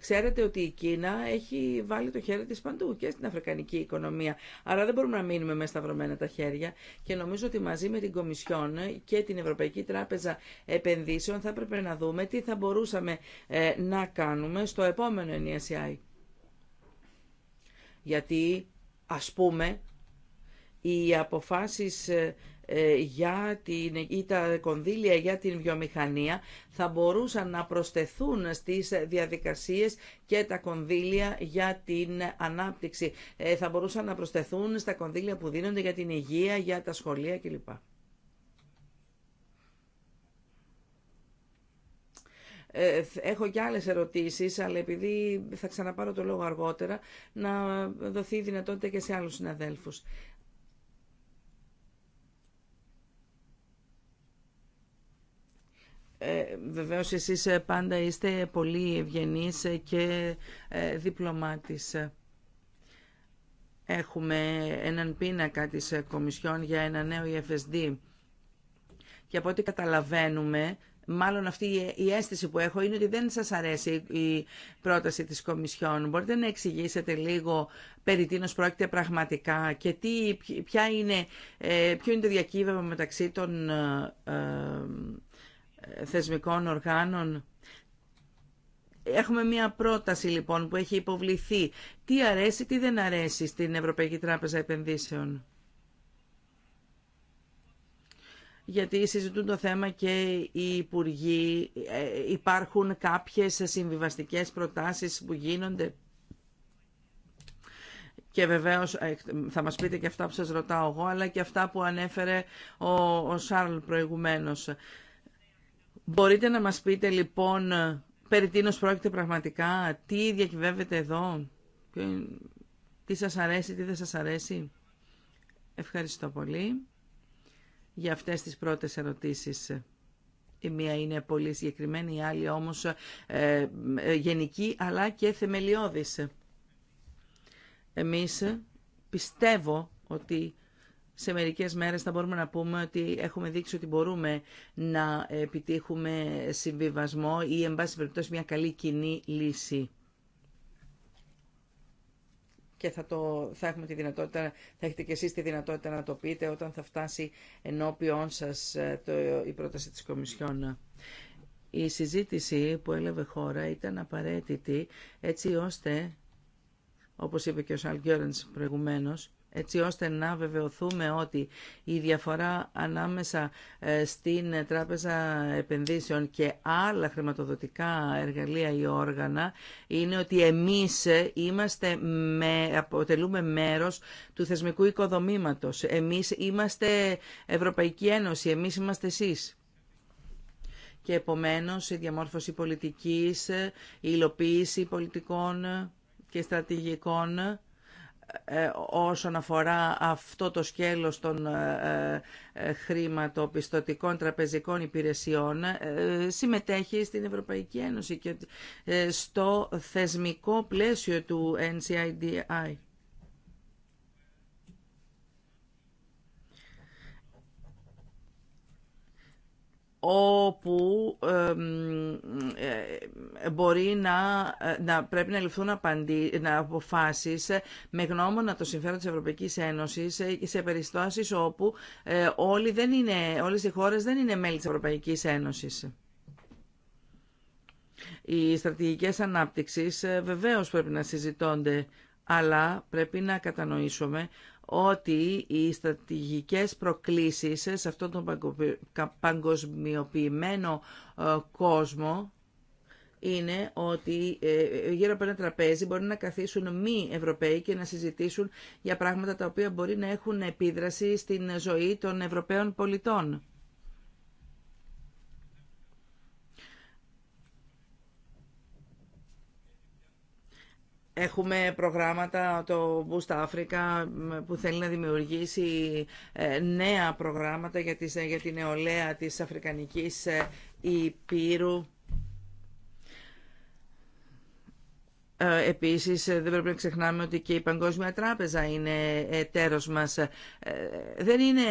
Speaker 2: ξέρετε ότι η Κίνα έχει βάλει το χέρι της παντού και στην αφρικανική οικονομία. Άρα δεν μπορούμε να μείνουμε με σταυρωμένα τα χέρια και νομίζω ότι μαζί με την Κομισιόν και την Ευρωπαϊκή Τράπεζα Επενδύσεων θα έπρεπε να δούμε τι θα μπορούσαμε ε, να κάνουμε στο επόμενο NSI. E Γιατί, ας πούμε, οι αποφάσεις ε, ε, για την, ή τα κονδύλια για την βιομηχανία θα μπορούσαν να προσθεθούν στις διαδικασίες και τα κονδύλια για την ανάπτυξη. Ε, θα μπορούσαν να προσθεθούν στα κονδύλια που δίνονται για την υγεία, για τα σχολεία κλπ. Έχω και άλλες ερωτήσεις, αλλά επειδή θα ξαναπάρω το λόγο αργότερα, να δοθεί δυνατότητα και σε άλλους συναδέλφους. Ε, βεβαίως εσείς ε, πάντα είστε πολύ ευγενείς ε, και ε, διπλωμάτης. Έχουμε έναν πίνακα της ε, Κομισιόν για ένα νέο EFSD. Και από ό,τι καταλαβαίνουμε, μάλλον αυτή η αίσθηση που έχω είναι ότι δεν σας αρέσει η πρόταση της Κομισιόν. Μπορείτε να εξηγήσετε λίγο περί τίνος πρόκειται πραγματικά και τι, ποια είναι, ποιο είναι το διακύβευμα μεταξύ των θεσμικών οργάνων. Έχουμε μια πρόταση λοιπόν που έχει υποβληθεί. Τι αρέσει, τι δεν αρέσει στην Ευρωπαϊκή Τράπεζα Επενδύσεων. Γιατί συζητούν το θέμα και οι υπουργοί. Ε, υπάρχουν κάποιες συμβιβαστικές προτάσεις που γίνονται. Και βεβαίως ε, θα μας πείτε και αυτά που σας ρωτάω εγώ, αλλά και αυτά που ανέφερε ο, ο Σάρλ προηγουμένως. Μπορείτε να μας πείτε λοιπόν περί τίνος πρόκειται πραγματικά, τι διακυβεύεται εδώ, τι σας αρέσει, τι δεν σας αρέσει. Ευχαριστώ πολύ για αυτές τις πρώτες ερωτήσεις. Η μία είναι πολύ συγκεκριμένη, η άλλη όμως ε, ε, γενική αλλά και θεμελιώδης. Εμείς πιστεύω ότι σε μερικές μέρες θα μπορούμε να πούμε ότι έχουμε δείξει ότι μπορούμε να επιτύχουμε συμβιβασμό ή εν πάση περιπτώσει μια καλή κοινή λύση. Και θα, το, θα έχουμε τη δυνατότητα, θα έχετε και εσείς τη δυνατότητα να το πείτε όταν θα φτάσει ενώπιόν σας ε, το, η πρόταση της Κομισιόν. Η συζήτηση που έλαβε χώρα ήταν απαραίτητη έτσι ώστε, όπως είπε και ο Σαλ Γκιόρενς προηγουμένως, έτσι ώστε να βεβαιωθούμε ότι η διαφορά ανάμεσα ε, στην Τράπεζα Επενδύσεων και άλλα χρηματοδοτικά εργαλεία ή όργανα είναι ότι εμείς ε, είμαστε με, αποτελούμε μέρος του θεσμικού οικοδομήματος. Εμείς είμαστε Ευρωπαϊκή Ένωση, εμείς είμαστε εσείς και επομένως η διαμόρφωση πολιτικής, η υλοποίηση πολιτικών και στρατηγικών ε, όσον αφορά αυτό το σκέλος των ε, ε, χρηματοπιστωτικών τραπεζικών υπηρεσιών συμμετέχει στην Ευρωπαϊκή Ένωση και στο θεσμικό πλαίσιο του NCIDI. όπου ε, μπορεί να, να πρέπει να ληφθούν απαντή, να αποφάσεις με γνώμονα το συμφέρον της Ευρωπαϊκής Ένωσης σε περιστάσεις όπου ε, όλοι δεν είναι, όλες οι χώρες δεν είναι μέλη της Ευρωπαϊκής Ένωσης. Οι στρατηγικές ανάπτυξης ε, βεβαίως πρέπει να συζητώνται, αλλά πρέπει να κατανοήσουμε ότι οι στρατηγικές προκλήσεις σε αυτόν τον παγκοσμιοποιημένο ε, κόσμο είναι ότι ε, ε, γύρω από ένα τραπέζι μπορεί να καθίσουν μη Ευρωπαίοι και να συζητήσουν για πράγματα τα οποία μπορεί να έχουν επίδραση στην ζωή των Ευρωπαίων πολιτών. Έχουμε προγράμματα, το Boost Africa που θέλει να δημιουργήσει ε, νέα προγράμματα για, τις, ε, για την νεολαία της Αφρικανικής ε, Υπήρου Ε, επίσης ε, δεν πρέπει να ξεχνάμε ότι και η Παγκόσμια Τράπεζα είναι τέρος μας. Ε, δεν είναι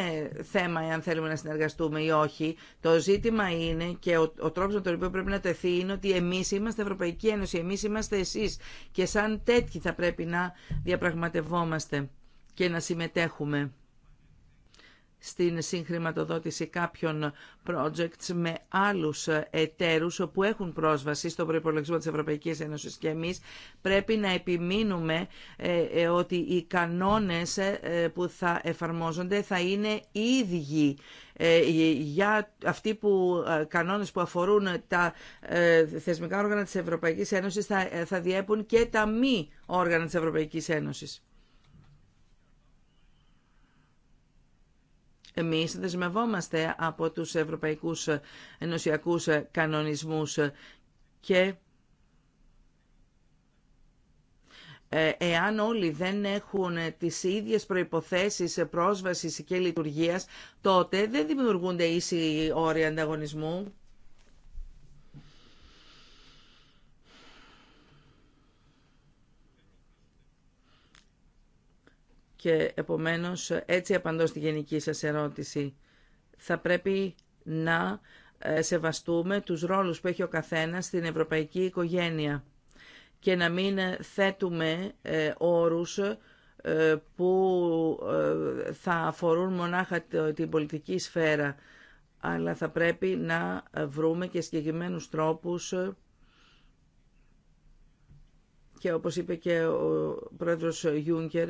Speaker 2: θέμα εάν θέλουμε να συνεργαστούμε ή όχι. Το ζήτημα είναι και ο, ο τρόπος με τον οποίο πρέπει να τεθεί είναι ότι εμείς είμαστε Ευρωπαϊκή Ένωση, εμείς είμαστε εσείς και σαν τέτοιοι θα πρέπει να διαπραγματευόμαστε και να συμμετέχουμε στην συγχρηματοδότηση κάποιων projects με άλλους εταίρους που έχουν πρόσβαση στον προϋπολογισμό της Ευρωπαϊκής Ένωσης και εμείς πρέπει να επιμείνουμε ε, ε, ότι οι κανόνες ε, που θα εφαρμόζονται θα είναι ίδιοι για αυτοί που κανόνες που αφορούν τα θεσμικά όργανα της Ευρωπαϊκής Ένωσης θα, θα διέπουν και τα μη όργανα της Ευρωπαϊκής Ένωσης. Εμείς δεσμευόμαστε από τους ευρωπαϊκούς ενωσιακούς κανονισμούς και ε, εάν όλοι δεν έχουν τις ίδιες προϋποθέσεις πρόσβασης και λειτουργίας, τότε δεν δημιουργούνται ίσοι όροι ανταγωνισμού. Και επομένως έτσι απαντώ στη γενική σας ερώτηση. Θα πρέπει να ε, σεβαστούμε τους ρόλους που έχει ο καθένας στην ευρωπαϊκή οικογένεια και να μην ε, θέτουμε ε, όρους που θα αφορούν μονάχα την πολιτική σφαίρα, αλλά θα πρέπει να βρούμε και συγκεκριμένους τρόπους και όπως είπε και ο πρόεδρος Γιούγκερ,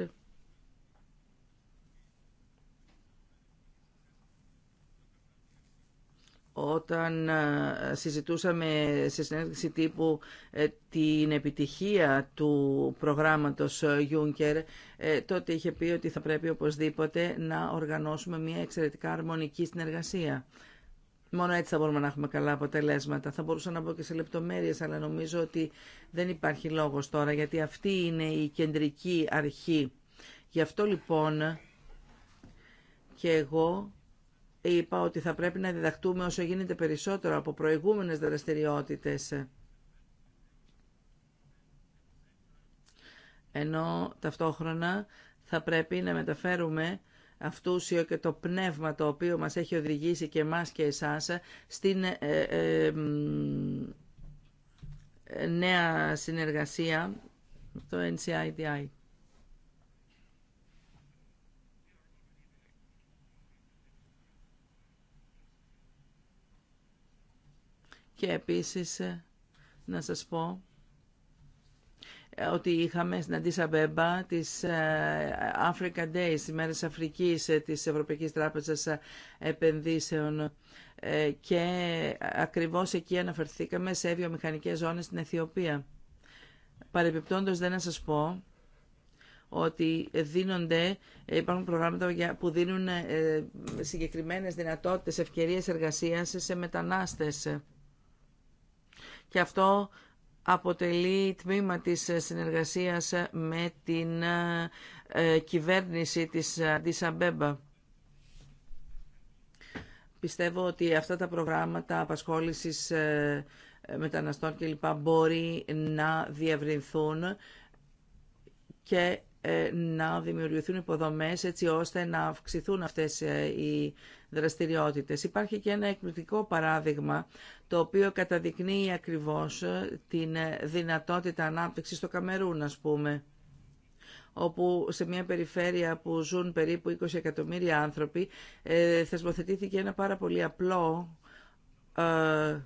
Speaker 2: όταν ε, συζητούσαμε σε συνέντευξη τύπου ε, την επιτυχία του προγράμματος ε, Juncker, τότε είχε πει ότι θα πρέπει οπωσδήποτε να οργανώσουμε μια εξαιρετικά αρμονική συνεργασία. Μόνο έτσι θα μπορούμε να έχουμε καλά αποτελέσματα. Θα μπορούσα να μπω και σε λεπτομέρειες, αλλά νομίζω ότι δεν υπάρχει λόγος τώρα, γιατί αυτή είναι η κεντρική αρχή. Γι' αυτό λοιπόν και εγώ είπα ότι θα πρέπει να διδαχτούμε όσο γίνεται περισσότερο από προηγούμενες δραστηριότητες. Ενώ ταυτόχρονα θα πρέπει να μεταφέρουμε αυτούσιο και το πνεύμα το οποίο μας έχει οδηγήσει και εμάς και εσάς στην ε, ε, νέα συνεργασία, το NCIDI. Και επίσης ε, να σας πω ε, ότι είχαμε στην Αντισαμπέμπα τις ε, Africa Days, τις μέρες Αφρικής της Ευρωπαϊκής Τράπεζας Επενδύσεων και ακριβώς εκεί αναφερθήκαμε σε βιομηχανικές ζώνες στην Αιθιοπία. Παρεπιπτόντως δεν να σας πω ότι δίνονται, υπάρχουν προγράμματα που δίνουν συγκεκριμένες δυνατότητες, ευκαιρίες εργασίας σε μετανάστες και αυτό αποτελεί τμήμα της συνεργασίας με την ε, κυβέρνηση της Αντισαμπέμπα. Πιστεύω ότι αυτά τα προγράμματα απασχόλησης ε, μεταναστών κλπ. μπορεί να διευρυνθούν και ε, να δημιουργηθούν υποδομές έτσι ώστε να αυξηθούν αυτές οι δραστηριότητες. Υπάρχει και ένα εκπληκτικό παράδειγμα το οποίο καταδεικνύει ακριβώς ε, την ε, δυνατότητα ανάπτυξης στο Καμερούν ας πούμε όπου σε μια περιφέρεια που ζουν περίπου 20 εκατομμύρια άνθρωποι ε, θεσμοθετήθηκε ένα πάρα πολύ απλό ε,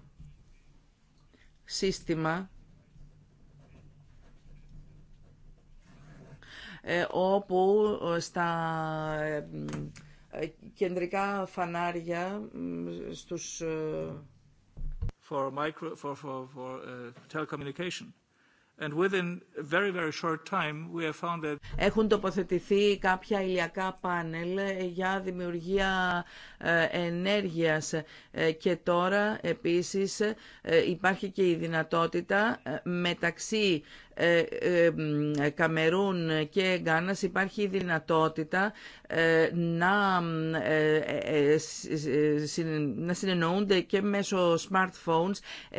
Speaker 2: σύστημα όπου στα ε, κεντρικά φανάρια στους... Ε,
Speaker 3: for micro, for, for, for ε, telecommunication. And within very, very short time we have found that...
Speaker 2: Έχουν τοποθετηθεί κάποια ηλιακά πάνελ για δημιουργία ενέργειας και τώρα επίσης υπάρχει και η δυνατότητα μεταξύ ε, ε, ε, Καμερούν και Γκάνας υπάρχει η δυνατότητα να, να συνεννοούνται και μέσω smartphones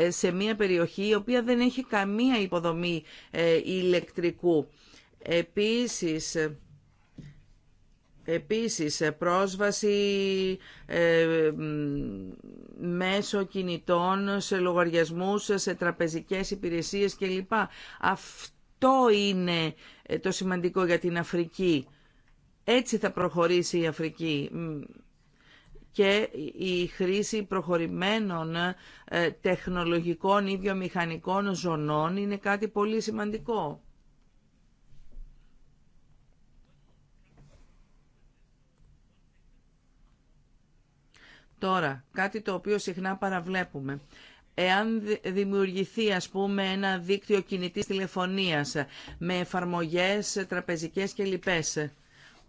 Speaker 2: σε μια περιοχή η οποία δεν έχει καμία υποδομή ηλεκτρικού. Επίσης, Επίσης, ε, πρόσβαση ε, μέσω κινητών σε λογαριασμούς, σε τραπεζικές υπηρεσίες κλπ. Αυτό είναι ε, το σημαντικό για την Αφρική. Έτσι θα προχωρήσει η Αφρική και η χρήση προχωρημένων τεχνολογικών ή βιομηχανικών ζωνών είναι κάτι πολύ σημαντικό. Τώρα, κάτι το οποίο συχνά παραβλέπουμε. Εάν δημιουργηθεί ας πούμε ένα δίκτυο κινητής τηλεφωνίας με εφαρμογές τραπεζικές και λοιπές,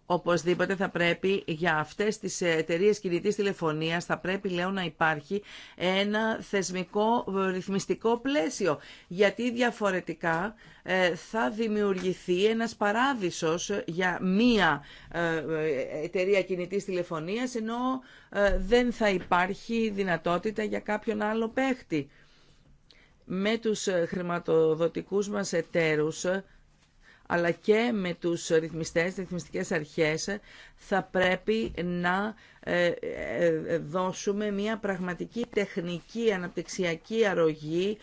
Speaker 2: Οπωσδήποτε θα πρέπει για αυτές τις εταιρείες κινητής τηλεφωνίας θα πρέπει λέω να υπάρχει ένα θεσμικό ρυθμιστικό πλαίσιο γιατί διαφορετικά ε, θα δημιουργηθεί ένας παράδεισος για μία ε, εταιρεία κινητής τηλεφωνίας ενώ ε, δεν θα υπάρχει δυνατότητα για κάποιον άλλο παίχτη. Με τους χρηματοδοτικούς μας εταίρους αλλά και με τους ρυθμιστές, ρυθμιστικές αρχές, θα πρέπει να ε, ε, ε, δώσουμε μια πραγματική τεχνική, αναπτυξιακή αρρωγή,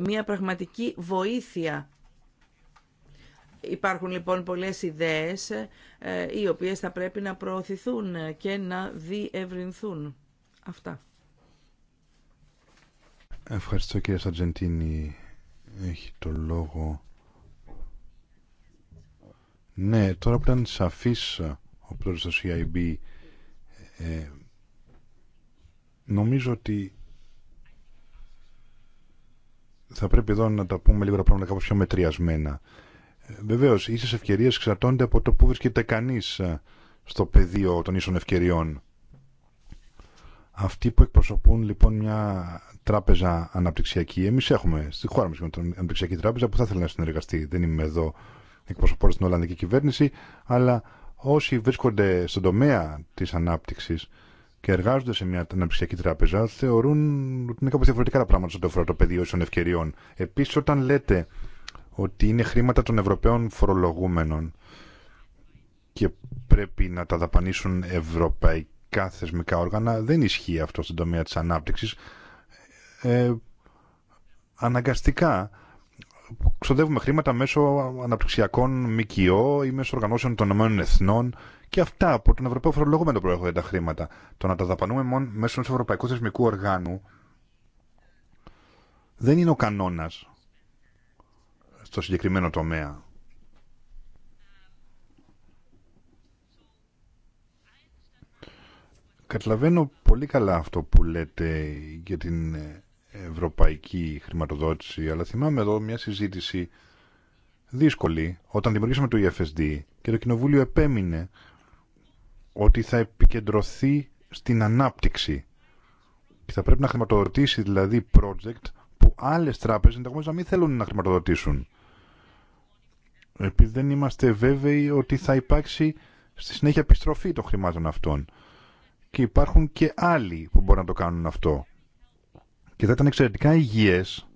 Speaker 2: μια πραγματική βοήθεια. Υπάρχουν λοιπόν πολλές ιδέες οι οποίες θα πρέπει να προωθηθούν και να διευρυνθούν. Αυτά.
Speaker 3: Ευχαριστώ κύριε Σαρτζεντίνη. Έχει το λόγο ναι, τώρα που ήταν σαφής ε, ο πρόεδρος του CIB, ε, νομίζω ότι θα πρέπει εδώ να τα πούμε λίγο τα πράγματα κάπως πιο μετριασμένα. Ε, Βεβαίω, οι ίσε ευκαιρίε εξαρτώνται από το που βρίσκεται κανεί ε, στο πεδίο των ίσων ευκαιριών. Αυτοί που εκπροσωπούν λοιπόν μια τράπεζα αναπτυξιακή, εμεί έχουμε στη χώρα μα μια λοιπόν, αναπτυξιακή τράπεζα που θα ήθελα να συνεργαστεί, δεν είμαι εδώ εκπροσωπώντα στην Ολλανδική κυβέρνηση, αλλά όσοι βρίσκονται στον τομέα τη ανάπτυξη και εργάζονται σε μια αναπτυξιακή τράπεζα, θεωρούν ότι είναι κάπω διαφορετικά τα πράγματα στον αφορά το πεδίο ευκαιριών. Επίση, όταν λέτε ότι είναι χρήματα των Ευρωπαίων φορολογούμενων και πρέπει να τα δαπανίσουν ευρωπαϊκά θεσμικά όργανα, δεν ισχύει αυτό στον τομέα της ανάπτυξης. Ε, αναγκαστικά ξοδεύουμε χρήματα μέσω αναπτυξιακών ΜΚΟ ή μέσω οργανώσεων των ΗΕ εθνών και αυτά από τον Ευρωπαίο Φορολογούμενο προέρχονται τα χρήματα. Το να τα δαπανούμε μόνο μέσω ενό Ευρωπαϊκού Θεσμικού Οργάνου δεν είναι ο κανόνα στο συγκεκριμένο τομέα. Καταλαβαίνω πολύ καλά αυτό που λέτε για την ε, ευρωπαϊκή χρηματοδότηση, αλλά θυμάμαι εδώ μια συζήτηση δύσκολη όταν δημιουργήσαμε το EFSD και το Κοινοβούλιο επέμεινε ότι θα επικεντρωθεί στην ανάπτυξη και θα πρέπει να χρηματοδοτήσει δηλαδή project που άλλες τράπεζες ενδεχομένω να μην θέλουν να χρηματοδοτήσουν επειδή δεν είμαστε βέβαιοι ότι θα υπάρξει στη συνέχεια επιστροφή των χρημάτων αυτών και υπάρχουν και άλλοι που μπορούν να το κάνουν αυτό και θα ήταν εξαιρετικά υγιές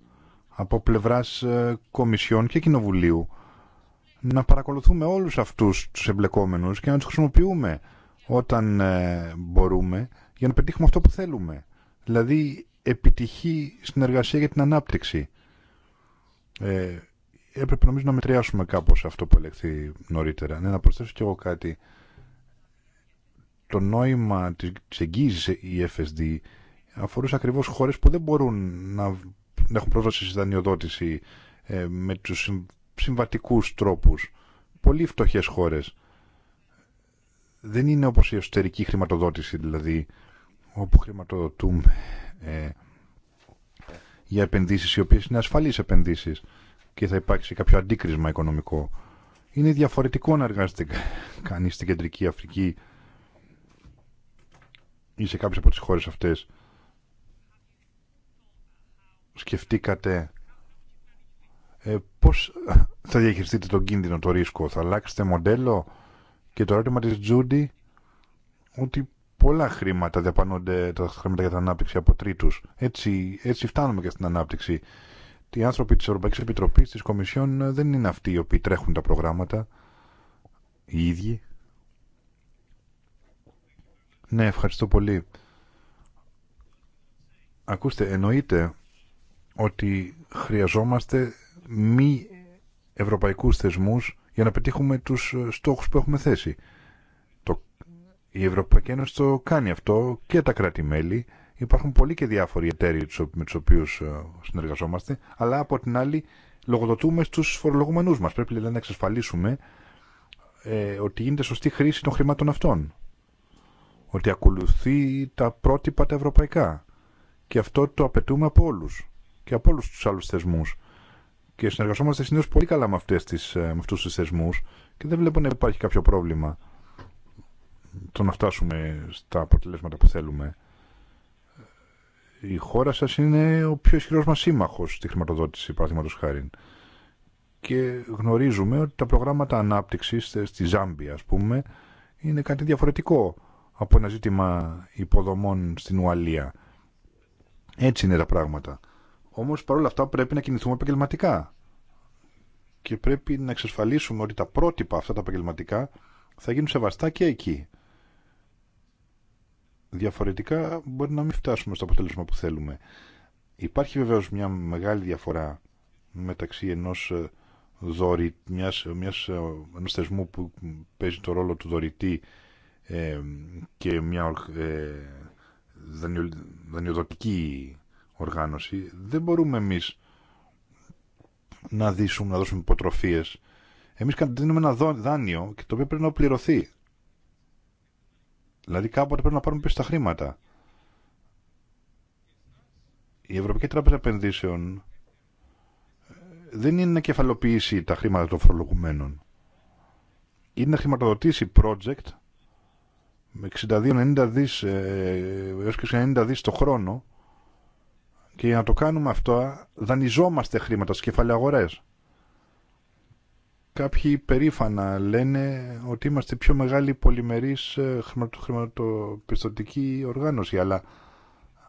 Speaker 3: από πλευράς ε, Κομισιών και Κοινοβουλίου να παρακολουθούμε όλους αυτούς τους εμπλεκόμενους και να τους χρησιμοποιούμε όταν ε, μπορούμε για να πετύχουμε αυτό που θέλουμε. Δηλαδή επιτυχή συνεργασία για την ανάπτυξη. Ε, έπρεπε νομίζω να μετριάσουμε κάπως αυτό που ελεγχθεί νωρίτερα. Ναι, να προσθέσω κι εγώ κάτι. Το νόημα της εγγύησης η FSD αφορούσε ακριβώς χώρες που δεν μπορούν να, έχουν πρόσβαση στη δανειοδότηση ε, με τους συμβατικούς τρόπους. Πολύ φτωχές χώρες. Δεν είναι όπως η εσωτερική χρηματοδότηση, δηλαδή, όπου χρηματοδοτούμε ε, για επενδύσεις οι οποίες είναι ασφαλείς επενδύσεις και θα υπάρξει κάποιο αντίκρισμα οικονομικό. Είναι διαφορετικό να εργάζεται κανείς στην Κεντρική Αφρική ή σε κάποιες από τις χώρες αυτές σκεφτήκατε ε, πώς θα διαχειριστείτε τον κίνδυνο, το ρίσκο, θα αλλάξετε μοντέλο και το ερώτημα της Τζούντι ότι πολλά χρήματα διαπανώνται τα χρήματα για την ανάπτυξη από τρίτους. Έτσι, έτσι φτάνουμε και στην ανάπτυξη. Οι άνθρωποι της Ευρωπαϊκής Επιτροπής, της Κομισιόν δεν είναι αυτοί οι οποίοι τρέχουν τα προγράμματα, οι ίδιοι. Ναι, ευχαριστώ πολύ. Ακούστε, εννοείται ότι χρειαζόμαστε μη ευρωπαϊκούς θεσμούς για να πετύχουμε τους ε, στόχους που έχουμε θέσει. Το... Η Ευρωπαϊκή Ένωση το κάνει αυτό και τα κράτη-μέλη. Υπάρχουν πολλοί και διάφοροι εταίροι με τους οποίους ε, συνεργαζόμαστε, αλλά από την άλλη λογοδοτούμε στους φορολογουμενούς μας. Πρέπει δηλαδή να εξασφαλίσουμε ε, ότι γίνεται σωστή χρήση των χρημάτων αυτών. Ότι ακολουθεί τα πρότυπα τα ευρωπαϊκά. Και αυτό το απαιτούμε από όλους και από όλου του άλλου θεσμού. Και συνεργαζόμαστε συνήθω πολύ καλά με, αυτές τις, ε, με αυτού του θεσμού και δεν βλέπω να υπάρχει κάποιο πρόβλημα το να φτάσουμε στα αποτελέσματα που θέλουμε. Η χώρα σα είναι ο πιο ισχυρό μα σύμμαχο στη χρηματοδότηση, παραδείγματο χάρη. Και γνωρίζουμε ότι τα προγράμματα ανάπτυξη στη Ζάμπια, α πούμε, είναι κάτι διαφορετικό από ένα ζήτημα υποδομών στην Ουαλία. Έτσι είναι τα πράγματα. Όμω, παρόλα αυτά πρέπει να κινηθούμε επαγγελματικά και πρέπει να εξασφαλίσουμε ότι τα πρότυπα αυτά τα επαγγελματικά θα γίνουν σεβαστά και εκεί. Διαφορετικά μπορεί να μην φτάσουμε στο αποτέλεσμα που θέλουμε. Υπάρχει βεβαίως μια μεγάλη διαφορά μεταξύ ενός ε, δωρη, μιας, ε, μιας, ε, θεσμού που παίζει το ρόλο του δωρητή και μια δανειοδοτική οργάνωση, δεν μπορούμε εμείς να δίσουμε, να δώσουμε υποτροφίες. Εμείς δίνουμε ένα δάνειο και το οποίο πρέπει να πληρωθεί. Δηλαδή κάποτε πρέπει να πάρουμε πίσω τα χρήματα. Η Ευρωπαϊκή Τράπεζα Επενδύσεων ε, δεν είναι να κεφαλοποιήσει τα χρήματα των φορολογουμένων. Είναι να χρηματοδοτήσει project με 62-90 δις ε, έως και 90 δις το χρόνο και για να το κάνουμε αυτό δανειζόμαστε χρήματα στις αγορές. Κάποιοι περήφανα λένε ότι είμαστε πιο μεγάλη πολυμερής ε, χρηματοπιστωτική οργάνωση, αλλά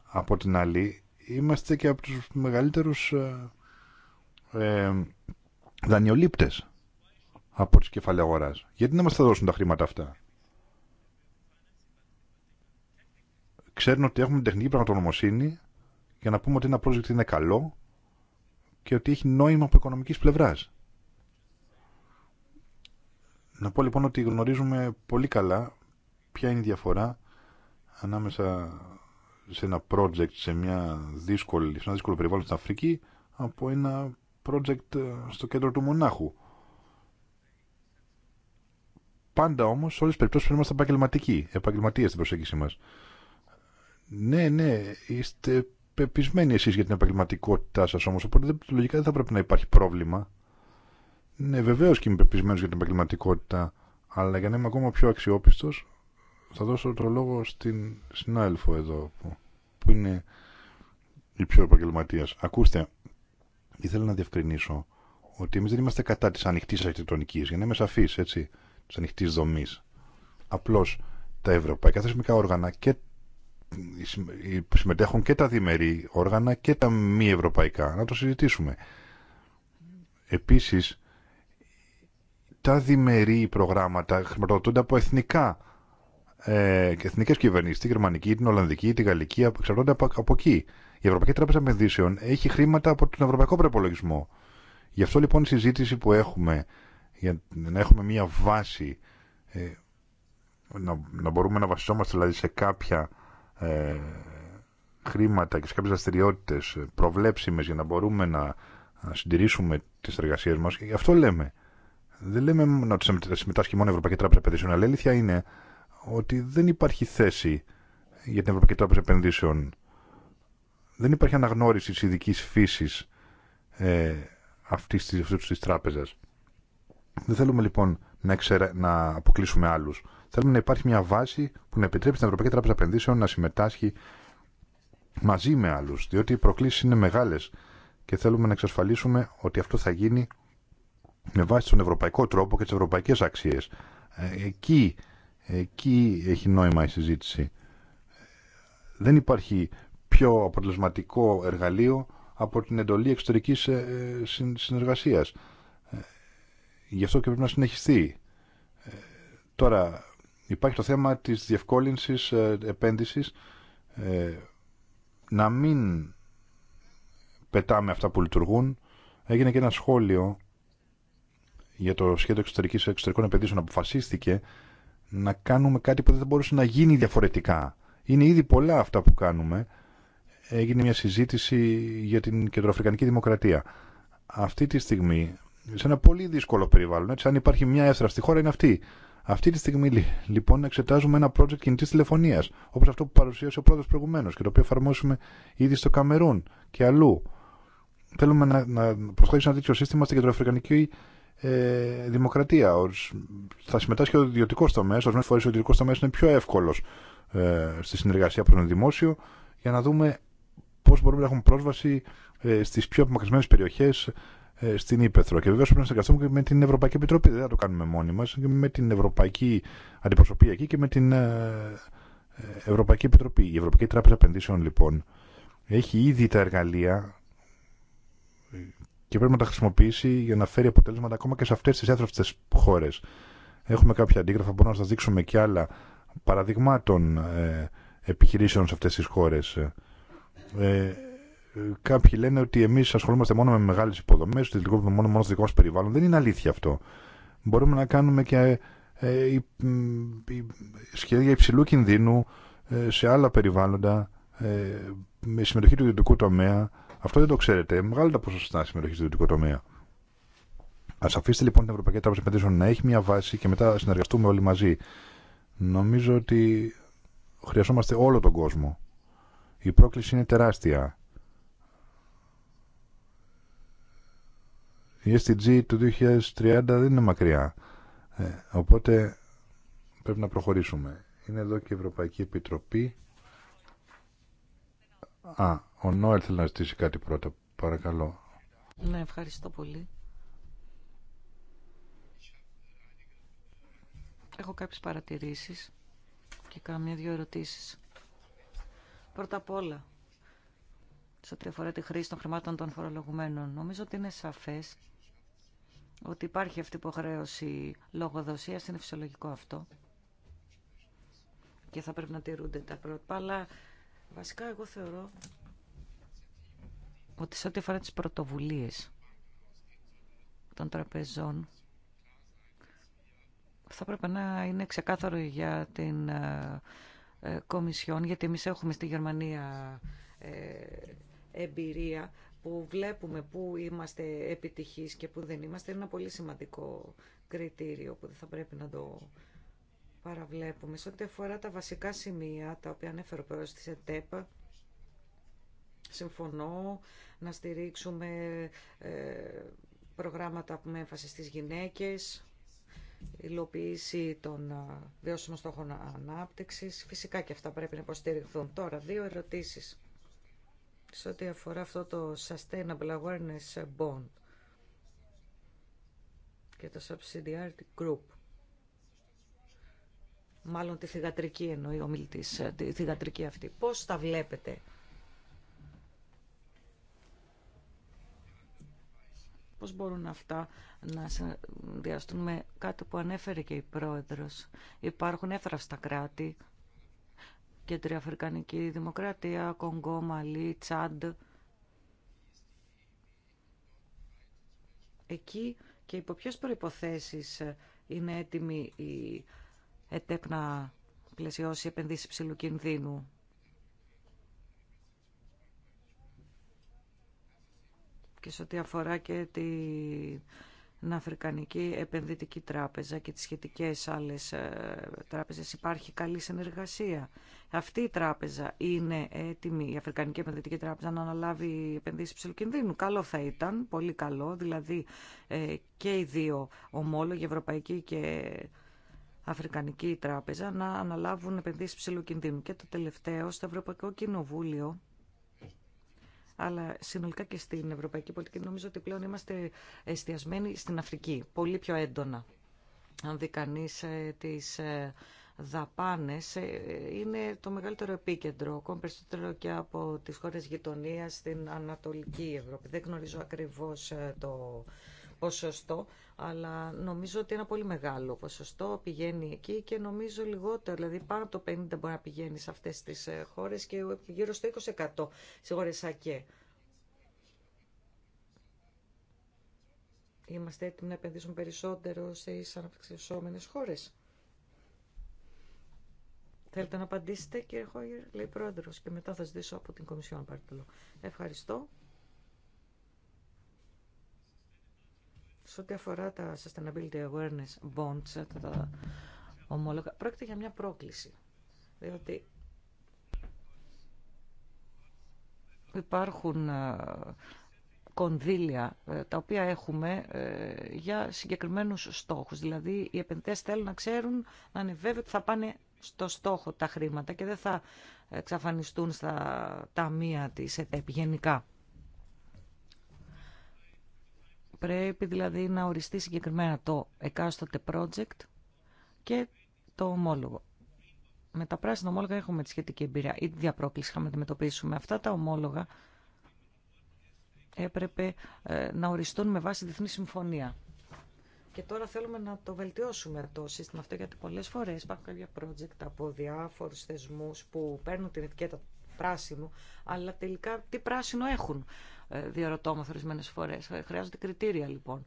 Speaker 3: από την άλλη είμαστε και από τους μεγαλύτερους ε, ε από τις κεφαλαίες Γιατί να μας θα δώσουν τα χρήματα αυτά. Ξέρουν ότι έχουμε τεχνική πραγματονομοσύνη για να πούμε ότι ένα project είναι καλό και ότι έχει νόημα από οικονομικής πλευράς. Να πω λοιπόν ότι γνωρίζουμε πολύ καλά ποια είναι η διαφορά ανάμεσα σε ένα project, σε, μια δύσκολη, σε ένα δύσκολο περιβάλλον στην Αφρική από ένα project ε, στο κέντρο του Μονάχου. Πάντα όμω, σε όλε τι περιπτώσει πρέπει να είμαστε επαγγελματικοί, επαγγελματίε στην προσέγγιση μα. Ναι, ναι, είστε πεπισμένοι εσεί για την επαγγελματικότητά σα όμω οπότε λογικά δεν θα πρέπει να υπάρχει πρόβλημα. Ναι, βεβαίω και είμαι πεπισμένο για την επαγγελματικότητα, αλλά για να είμαι ακόμα πιο αξιόπιστο, θα δώσω το λόγο στην συνάδελφο εδώ, που, είναι η πιο επαγγελματία. Ακούστε, ήθελα να διευκρινίσω ότι εμεί δεν είμαστε κατά τη ανοιχτή αρχιτεκτονική, για να είμαι σαφή, έτσι, τη ανοιχτή δομή. Απλώ τα ευρωπαϊκά θεσμικά όργανα και συμμετέχουν και τα διμερεί όργανα και τα μη ευρωπαϊκά. Να το συζητήσουμε. Επίσης, τα διμερεί προγράμματα χρηματοδοτούνται από εθνικά ε, εθνικές κυβερνήσεις, τη γερμανική, την ολλανδική, τη γαλλική, εξαρτώνται από, από εκεί. Η Ευρωπαϊκή Τράπεζα Μεδίσεων έχει χρήματα από τον ευρωπαϊκό προπολογισμό. Γι' αυτό λοιπόν η συζήτηση που έχουμε, για να έχουμε μια βάση, ε, να, να μπορούμε να βασιζόμαστε δηλαδή σε κάποια ε, χρήματα και σε κάποιες δραστηριότητε προβλέψιμες για να μπορούμε να συντηρήσουμε τις εργασίες μας. Και αυτό λέμε. Δεν λέμε να συμμετάσχει μόνο η Ευρωπαϊκή Τράπεζα Επενδύσεων, αλλά η αλήθεια είναι ότι δεν υπάρχει θέση για την Ευρωπαϊκή Τράπεζα Επενδύσεων. Δεν υπάρχει αναγνώριση της ειδική φύσης ε, αυτής, αυτής της τράπεζας. Δεν θέλουμε λοιπόν να, να αποκλείσουμε άλλου. Θέλουμε να υπάρχει μια βάση που να επιτρέπει στην Ευρωπαϊκή Τράπεζα Επενδύσεων να συμμετάσχει μαζί με άλλου. Διότι οι προκλήσει είναι μεγάλε και θέλουμε να εξασφαλίσουμε ότι αυτό θα γίνει με βάση τον ευρωπαϊκό τρόπο και τι ευρωπαϊκέ αξίε. Ε, εκεί, εκεί έχει νόημα η συζήτηση. Δεν υπάρχει πιο αποτελεσματικό εργαλείο από την εντολή εξωτερικής ε, συνεργασίας. Γι' αυτό και πρέπει να συνεχιστεί. Ε, τώρα, υπάρχει το θέμα της διευκόλυνσης ε, επένδυσης. Ε, να μην πετάμε αυτά που λειτουργούν. Έγινε και ένα σχόλιο για το σχέδιο εξωτερικής, εξωτερικών επενδύσεων αποφασίστηκε να κάνουμε κάτι που δεν μπορούσε να γίνει διαφορετικά. Είναι ήδη πολλά αυτά που κάνουμε. Έγινε μια συζήτηση για την κεντροαφρικανική δημοκρατία. Αυτή τη στιγμή σε ένα πολύ δύσκολο περιβάλλον. Έτσι, αν υπάρχει μια έθρα στη χώρα είναι αυτή. Αυτή τη στιγμή λοιπόν εξετάζουμε ένα project κινητή τηλεφωνία, όπω αυτό που παρουσίασε ο πρόεδρο προηγουμένω και το οποίο εφαρμόσουμε ήδη στο Καμερούν και αλλού. Θέλουμε να, να προσθέσουμε ένα τέτοιο σύστημα στην κεντροαφρικανική ε, δημοκρατία. Ως, θα συμμετάσχει ο ιδιωτικό τομέα, ορισμένε φορέ ο ιδιωτικό τομέα είναι πιο εύκολο ε, στη συνεργασία προ το δημόσιο, για να δούμε πώ μπορούμε να έχουμε πρόσβαση ε, στι πιο απομακρυσμένε περιοχέ, ε, στην Ήπεθρο. Και βεβαίω πρέπει να συνεργαστούμε και με την Ευρωπαϊκή Επιτροπή. Δεν θα το κάνουμε μόνοι μα. Και με την Ευρωπαϊκή Αντιπροσωπεία εκεί και με την ε, ε, Ευρωπαϊκή Επιτροπή. Η Ευρωπαϊκή Τράπεζα Επενδύσεων λοιπόν έχει ήδη τα εργαλεία και πρέπει να τα χρησιμοποιήσει για να φέρει αποτελέσματα ακόμα και σε αυτέ τι έθραυστε χώρε. Έχουμε κάποια αντίγραφα, μπορούμε να σα δείξουμε και άλλα παραδειγμάτων επιχειρήσεων σε αυτέ τι χώρε. Ε, κάποιοι λένε ότι εμεί ασχολούμαστε μόνο με μεγάλε υποδομέ, ότι λειτουργούμε μόνο, μόνο στο δικό μα περιβάλλον. Δεν είναι αλήθεια αυτό. Μπορούμε να κάνουμε και ε, ε, σχέδια υψηλού κινδύνου ε, σε άλλα περιβάλλοντα ε, με συμμετοχή του ιδιωτικού τομέα. Αυτό δεν το ξέρετε. Μεγάλα τα ποσοστά συμμετοχή του ιδιωτικού τομέα. Α αφήσετε λοιπόν την Ευρωπαϊκή Τράπεζα Επενδύσεων να έχει μια βάση και μετά συνεργαστούμε όλοι μαζί. Νομίζω ότι χρειαζόμαστε όλο τον κόσμο. Η πρόκληση είναι τεράστια η SDG του 2030 δεν είναι μακριά. Ε, οπότε πρέπει να προχωρήσουμε. Είναι εδώ και η Ευρωπαϊκή Επιτροπή. Α, ο Νόελ θέλει να ζητήσει κάτι πρώτα. Παρακαλώ.
Speaker 1: Ναι, ευχαριστώ πολύ. Έχω κάποιες παρατηρήσεις και καμία-δυο ερωτήσεις. Πρώτα απ' όλα, σε ό,τι αφορά τη χρήση των χρημάτων των φορολογουμένων. Νομίζω ότι είναι σαφές ότι υπάρχει αυτή η υποχρέωση λογοδοσία είναι φυσιολογικό αυτό και θα πρέπει να τηρούνται τα πρότυπα, αλλά βασικά εγώ θεωρώ ότι σε ό,τι αφορά τι πρωτοβουλίες των τραπεζών θα πρέπει να είναι ξεκάθαρο για την ε, ε Κομισιόν, γιατί εμεί έχουμε στη Γερμανία ε, εμπειρία που βλέπουμε πού είμαστε επιτυχείς και πού δεν είμαστε είναι ένα πολύ σημαντικό κριτήριο που δεν θα πρέπει να το παραβλέπουμε. Σε ό,τι αφορά τα βασικά σημεία τα οποία ανέφερε ο πρόεδρος της συμφωνώ να στηρίξουμε ε, προγράμματα με έμφαση στις γυναίκες, υλοποίηση των ε, βιώσιμων στόχων ανάπτυξης. Φυσικά και αυτά πρέπει να υποστηριχθούν. Τώρα, δύο ερωτήσεις σε ό,τι αφορά αυτό το Sustainable Awareness Bond και το Subsidiarity Group. Μάλλον τη θηγατρική εννοεί ο μιλητής, ε, τη θηγατρική αυτή. Πώς τα βλέπετε. πώς μπορούν αυτά να συνδυαστούν με κάτι που ανέφερε και η πρόεδρος. Υπάρχουν έφραυστα κράτη Αφρικανική Δημοκρατία, Κονγκό, Μαλή, Τσάντ. Εκεί και υπό ποιες προϋποθέσεις είναι έτοιμη η ΕΤΕΠ να πλαισιώσει επενδύσεις ψηλού κινδύνου. Και σε ό,τι αφορά και τη Αφρικανική Επενδυτική Τράπεζα και τις σχετικές άλλες ε, τράπεζες υπάρχει καλή συνεργασία. Αυτή η τράπεζα είναι έτοιμη, η Αφρικανική Επενδυτική Τράπεζα, να αναλάβει επενδύσεις ψηλού Καλό θα ήταν, πολύ καλό, δηλαδή ε, και οι δύο ομόλογοι, Ευρωπαϊκή και Αφρικανική Τράπεζα, να αναλάβουν επενδύσεις ψηλού Και το τελευταίο, στο Ευρωπαϊκό Κοινοβούλιο, αλλά συνολικά και στην ευρωπαϊκή πολιτική νομίζω ότι πλέον είμαστε εστιασμένοι στην Αφρική, πολύ πιο έντονα. Αν δει κανεί ε, τις ε, δαπάνες, ε, είναι το μεγαλύτερο επίκεντρο, ακόμα περισσότερο και από τις χώρες γειτονίας στην Ανατολική Ευρώπη. Δεν γνωρίζω ακριβώς το ποσοστό, αλλά νομίζω ότι ένα πολύ μεγάλο ποσοστό πηγαίνει εκεί και νομίζω λιγότερο, δηλαδή πάνω από το 50 μπορεί να πηγαίνει σε αυτές τις ε, χώρες και γύρω στο 20% σε χώρες ΑΚΕ. Είμαστε έτοιμοι να επενδύσουμε περισσότερο σε εισαναπτυξιωσόμενες χώρες. Θέλετε να απαντήσετε, κύριε Χόγερ, λέει πρόεδρος, και μετά θα ζητήσω από την Κομισιόν πάρει Ευχαριστώ. Σε ό,τι αφορά τα Sustainability Awareness Bonds, τα ομόλογα, πρόκειται για μια πρόκληση. Διότι υπάρχουν ε, κονδύλια ε, τα οποία έχουμε ε, για συγκεκριμένους στόχους. Δηλαδή οι επενδυτές θέλουν να ξέρουν, να είναι βέβαιοι ότι θα πάνε στο στόχο τα χρήματα και δεν θα εξαφανιστούν στα ταμεία της ΕΤΕΠ γενικά. Πρέπει δηλαδή να οριστεί συγκεκριμένα το εκάστοτε project και το ομόλογο. Με τα πράσινα ομόλογα έχουμε τη σχετική εμπειρία. τη διαπρόκληση είχαμε να αντιμετωπίσουμε. Αυτά τα ομόλογα έπρεπε ε, να οριστούν με βάση διεθνή συμφωνία. Και τώρα θέλουμε να το βελτιώσουμε το σύστημα αυτό, γιατί πολλές φορές υπάρχουν κάποια project από διάφορους θεσμούς που παίρνουν την ετικέτα πράσινο, αλλά τελικά τι πράσινο έχουν, ε, διαρωτώ με ορισμένε φορέ. Ε, χρειάζονται κριτήρια λοιπόν.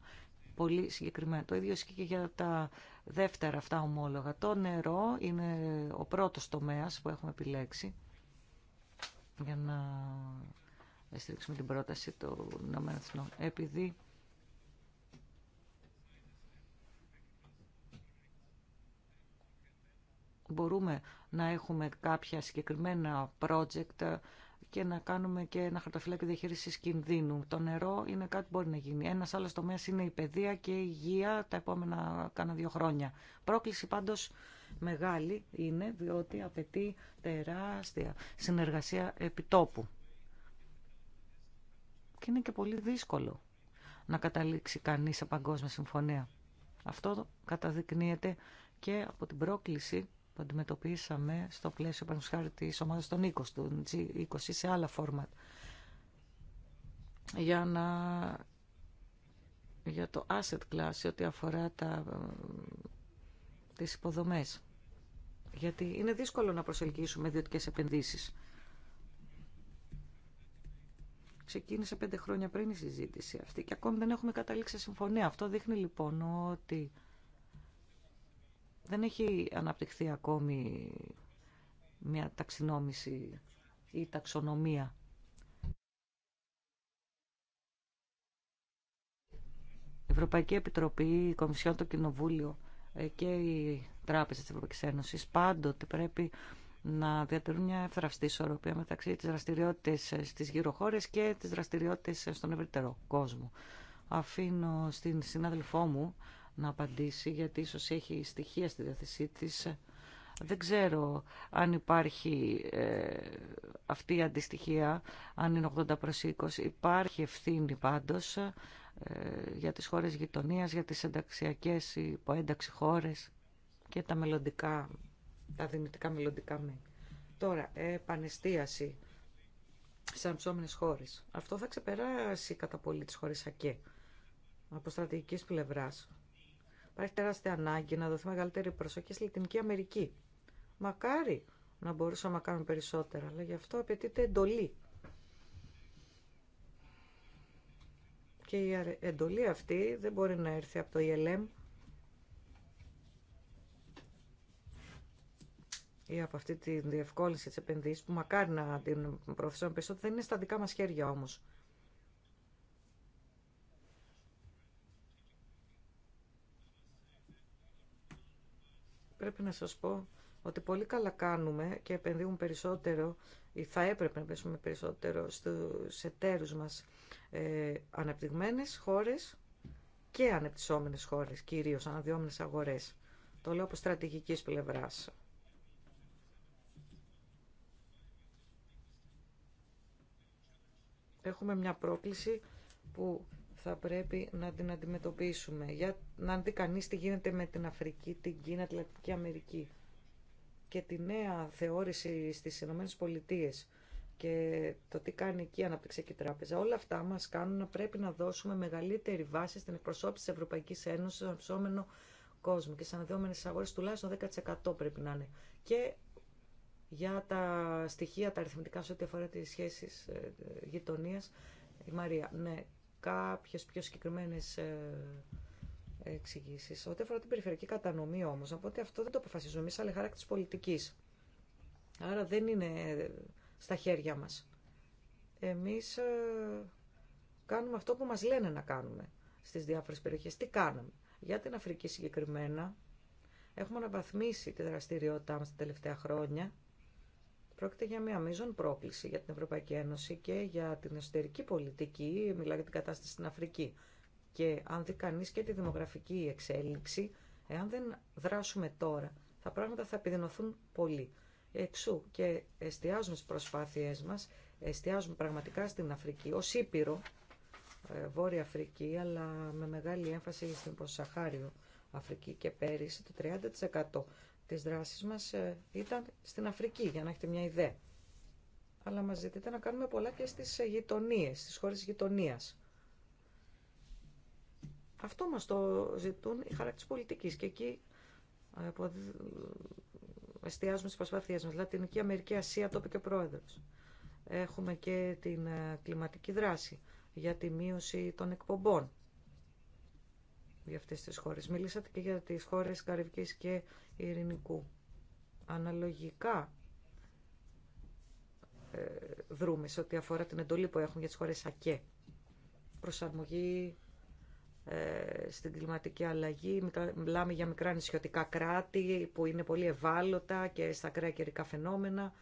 Speaker 1: Πολύ συγκεκριμένα. Το ίδιο ισχύει και για τα δεύτερα αυτά ομόλογα. Το νερό είναι ο πρώτο τομέα που έχουμε επιλέξει για να στηρίξουμε την πρόταση των Ηνωμένου Επειδή μπορούμε να έχουμε κάποια συγκεκριμένα project και να κάνουμε και ένα χαρτοφυλάκι διαχείριση κινδύνου. Το νερό είναι κάτι που μπορεί να γίνει. Ένα άλλο τομέα είναι η παιδεία και η υγεία τα επόμενα κάνα δύο χρόνια. Πρόκληση πάντω μεγάλη είναι διότι απαιτεί τεράστια συνεργασία επιτόπου. Και είναι και πολύ δύσκολο να καταλήξει κανεί σε παγκόσμια συμφωνία. Αυτό καταδεικνύεται και από την πρόκληση που αντιμετωπίσαμε στο πλαίσιο χάρη τη ομάδα των 20, του G20 σε άλλα φόρματ. Για, να... για το asset class, ό,τι αφορά τα... τις υποδομές. Γιατί είναι δύσκολο να προσελκύσουμε ιδιωτικές επενδύσεις. Ξεκίνησε πέντε χρόνια πριν η συζήτηση αυτή και ακόμη δεν έχουμε καταλήξει συμφωνία. Αυτό δείχνει λοιπόν ότι δεν έχει αναπτυχθεί ακόμη μια ταξινόμηση ή ταξονομία. Η Ευρωπαϊκή Επιτροπή, η Κομισιόν, το Κοινοβούλιο ε, και οι Τράπεζε τη Ευρωπαϊκής Ένωση πάντοτε πρέπει να διατηρούν μια ευθραυστή ισορροπία μεταξύ της δραστηριότητα ε, στι γύρω χώρε και της δραστηριότητα ε, στον ευρύτερο κόσμο. Αφήνω στην συνάδελφό μου να απαντήσει, γιατί ίσως έχει στοιχεία στη διάθεσή της. Δεν ξέρω αν υπάρχει ε, αυτή η αντιστοιχεία, αν είναι 80 προς 20. Υπάρχει ευθύνη πάντως ε, για τις χώρες γειτονίας, για τις ενταξιακές υποένταξη χώρες και τα μελλοντικά, τα δυνητικά μελλοντικά μέλη. Τώρα, επανεστίαση σε αμψόμενες χώρες. Αυτό θα ξεπεράσει κατά πολύ τις χώρες ΑΚΕ από στρατηγικής πλευράς. Υπάρχει τεράστια ανάγκη να δοθεί μεγαλύτερη προσοχή στη Λατινική Αμερική. Μακάρι να μπορούσαμε να κάνουμε περισσότερα, αλλά γι' αυτό απαιτείται εντολή. Και η εντολή αυτή δεν μπορεί να έρθει από το ELM ή από αυτή τη διευκόλυνση της επενδύση που μακάρι να την προωθήσουμε περισσότερο, δεν είναι στα δικά μας χέρια όμως. πρέπει να σας πω ότι πολύ καλά κάνουμε και επενδύουμε περισσότερο ή θα έπρεπε να επενδύσουμε περισσότερο στους εταίρους μας ε, αναπτυγμένες χώρες και ανεπτυσσόμενες χώρες, κυρίως αναδυόμενες αγορές. Το λέω από στρατηγικής πλευράς. Έχουμε μια πρόκληση που θα πρέπει να την αντιμετωπίσουμε. Για να δει κανεί τι γίνεται με την Αφρική, την Κίνα, την Λατινική Αμερική και τη νέα θεώρηση στι ΗΠΑ και το τι κάνει εκεί η Αναπτυξιακή Τράπεζα. Όλα αυτά μα κάνουν να πρέπει να δώσουμε μεγαλύτερη βάση στην εκπροσώπηση τη Ευρωπαϊκή Ένωση στον ψώμενο κόσμο και στι αναδεόμενες αγορές τουλάχιστον 10% πρέπει να είναι. Και για τα στοιχεία, τα αριθμητικά σε ό,τι αφορά τις σχέσεις ε, γειτονία, η Μαρία, ναι, Κάποιε πιο συγκεκριμένε ε, εξηγήσει. Ό,τι αφορά την περιφερειακή κατανομή όμως, από ότι αυτό δεν το αποφασίζουμε εμείς, αλλά χάρακτη της πολιτικής. Άρα δεν είναι ε, στα χέρια μας. Εμείς ε, κάνουμε αυτό που μας λένε να κάνουμε στις διάφορε περιοχές. Τι κάναμε. Για την Αφρική συγκεκριμένα, έχουμε αναβαθμίσει τη δραστηριότητά μας τα τελευταία χρόνια Πρόκειται για μια μείζον πρόκληση για την Ευρωπαϊκή Ένωση και για την εσωτερική πολιτική, μιλάει για την κατάσταση στην Αφρική. Και αν δει κανεί και τη δημογραφική εξέλιξη, εάν δεν δράσουμε τώρα, τα πράγματα θα επιδεινωθούν πολύ. Εξού και εστιάζουμε στις προσπάθειε μας, εστιάζουμε πραγματικά στην Αφρική, ω Ήπειρο, ε, Βόρεια Αφρική, αλλά με μεγάλη έμφαση στην Ποσαχάριο Αφρική και πέρυσι το 30% της δράσης μας ε, ήταν στην Αφρική, για να έχετε μια ιδέα. Αλλά μας ζητείτε να κάνουμε πολλά και στις ε, γειτονίε, στις χώρες γειτονία. Αυτό μας το ζητούν οι χαρακτήρες πολιτικής και εκεί ε, εστιάζουμε στις προσπάθειές μας. Λατινική Αμερική, Ασία, το είπε και ο Πρόεδρος. Έχουμε και την κλιματική δράση για τη μείωση των εκπομπών για αυτές τις χώρες. Μιλήσατε και για τις χώρες Καρυβικής και Ειρηνικού. Αναλογικά ε, δρούμε σε ό,τι αφορά την εντολή που έχουν για τις χώρες ΑΚΕ. Προσαρμογή ε, στην κλιματική αλλαγή. Μιλάμε για μικρά νησιωτικά κράτη που είναι πολύ ευάλωτα και στα ακραία καιρικά φαινόμενα.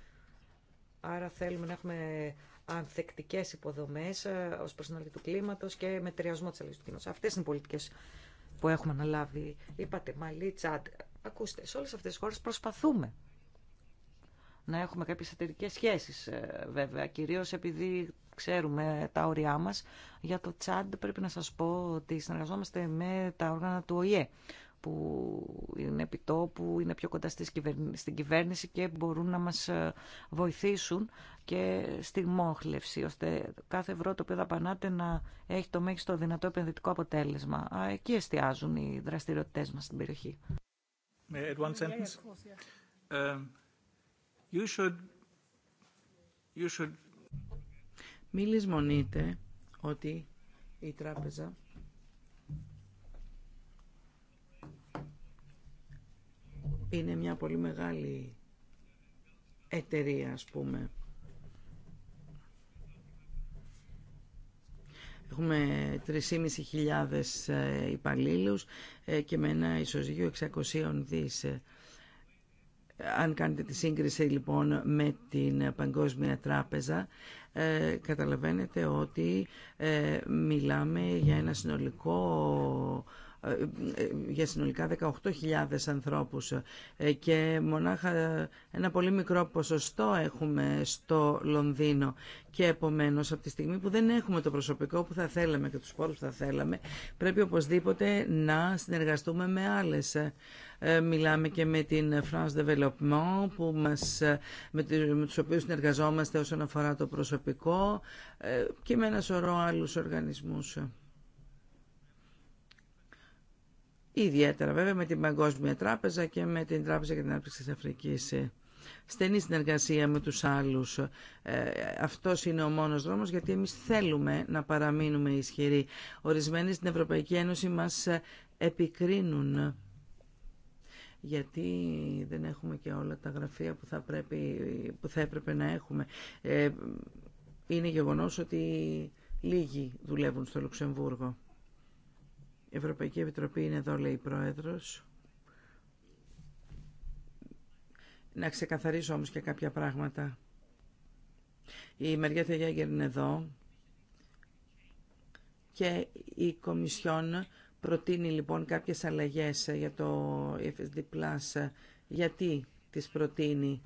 Speaker 1: Άρα θέλουμε να έχουμε ανθεκτικές υποδομές ε, ως αλλαγή του κλίματος και μετριασμό της αλλαγής του κλίματος. Αυτές είναι οι πολιτικές που έχουμε αναλάβει. Είπατε Μαλή, Τσάντ. Ακούστε, σε όλες αυτές τις χώρες προσπαθούμε να έχουμε κάποιες εταιρικέ σχέσεις ε, βέβαια, κυρίως επειδή ξέρουμε τα όρια μας. Για το Τσάντ πρέπει να σας πω ότι συνεργαζόμαστε με τα όργανα του ΟΗΕ που είναι επιτόπου, είναι πιο κοντά στην κυβέρνηση και μπορούν να μας ε, βοηθήσουν και στη μόχλευση, ώστε κάθε ευρώ το οποίο δαπανάτε να έχει το μέγιστο δυνατό επενδυτικό αποτέλεσμα. Εκεί εστιάζουν οι δραστηριότητες μας στην περιοχή.
Speaker 2: You Μη λησμονείτε ότι η τράπεζα είναι μια πολύ μεγάλη εταιρεία, ας πούμε. Έχουμε 3.500 ε, υπαλλήλους ε, και με ένα ισοζύγιο 600 δις. Ε, αν κάνετε τη σύγκριση λοιπόν με την Παγκόσμια Τράπεζα, καταλαβαίνετε ότι μιλάμε για ένα συνολικό για συνολικά 18.000 ανθρώπους ε, και μονάχα ένα πολύ μικρό ποσοστό έχουμε στο Λονδίνο και επομένως από τη στιγμή που δεν έχουμε το προσωπικό που θα θέλαμε και τους πόρους που θα θέλαμε πρέπει οπωσδήποτε να συνεργαστούμε με άλλες ε, μιλάμε και με την France Development που μας, με, τους οποίους συνεργαζόμαστε όσον αφορά το προσωπικό ε, και με ένα σωρό άλλους οργανισμούς. Ιδιαίτερα βέβαια με την Παγκόσμια Τράπεζα και με την Τράπεζα για την Ανάπτυξη της Αφρικής. Ε, στενή συνεργασία με τους άλλους. Ε, αυτός είναι ο μόνος δρόμος γιατί εμείς θέλουμε να παραμείνουμε ισχυροί. Ορισμένοι στην Ευρωπαϊκή Ένωση μας ε, επικρίνουν γιατί δεν έχουμε και όλα τα γραφεία που θα, πρέπει, που θα έπρεπε να έχουμε. Ε, είναι γεγονός ότι λίγοι δουλεύουν στο Λουξεμβούργο. Η Ευρωπαϊκή Επιτροπή είναι εδώ, λέει η Πρόεδρος. Να ξεκαθαρίσω όμως και κάποια πράγματα. Η Μεριά Θεγιάγκερ είναι εδώ και η Κομισιόν προτείνει λοιπόν κάποιες αλλαγές για το FSD+. Γιατί τις προτείνει.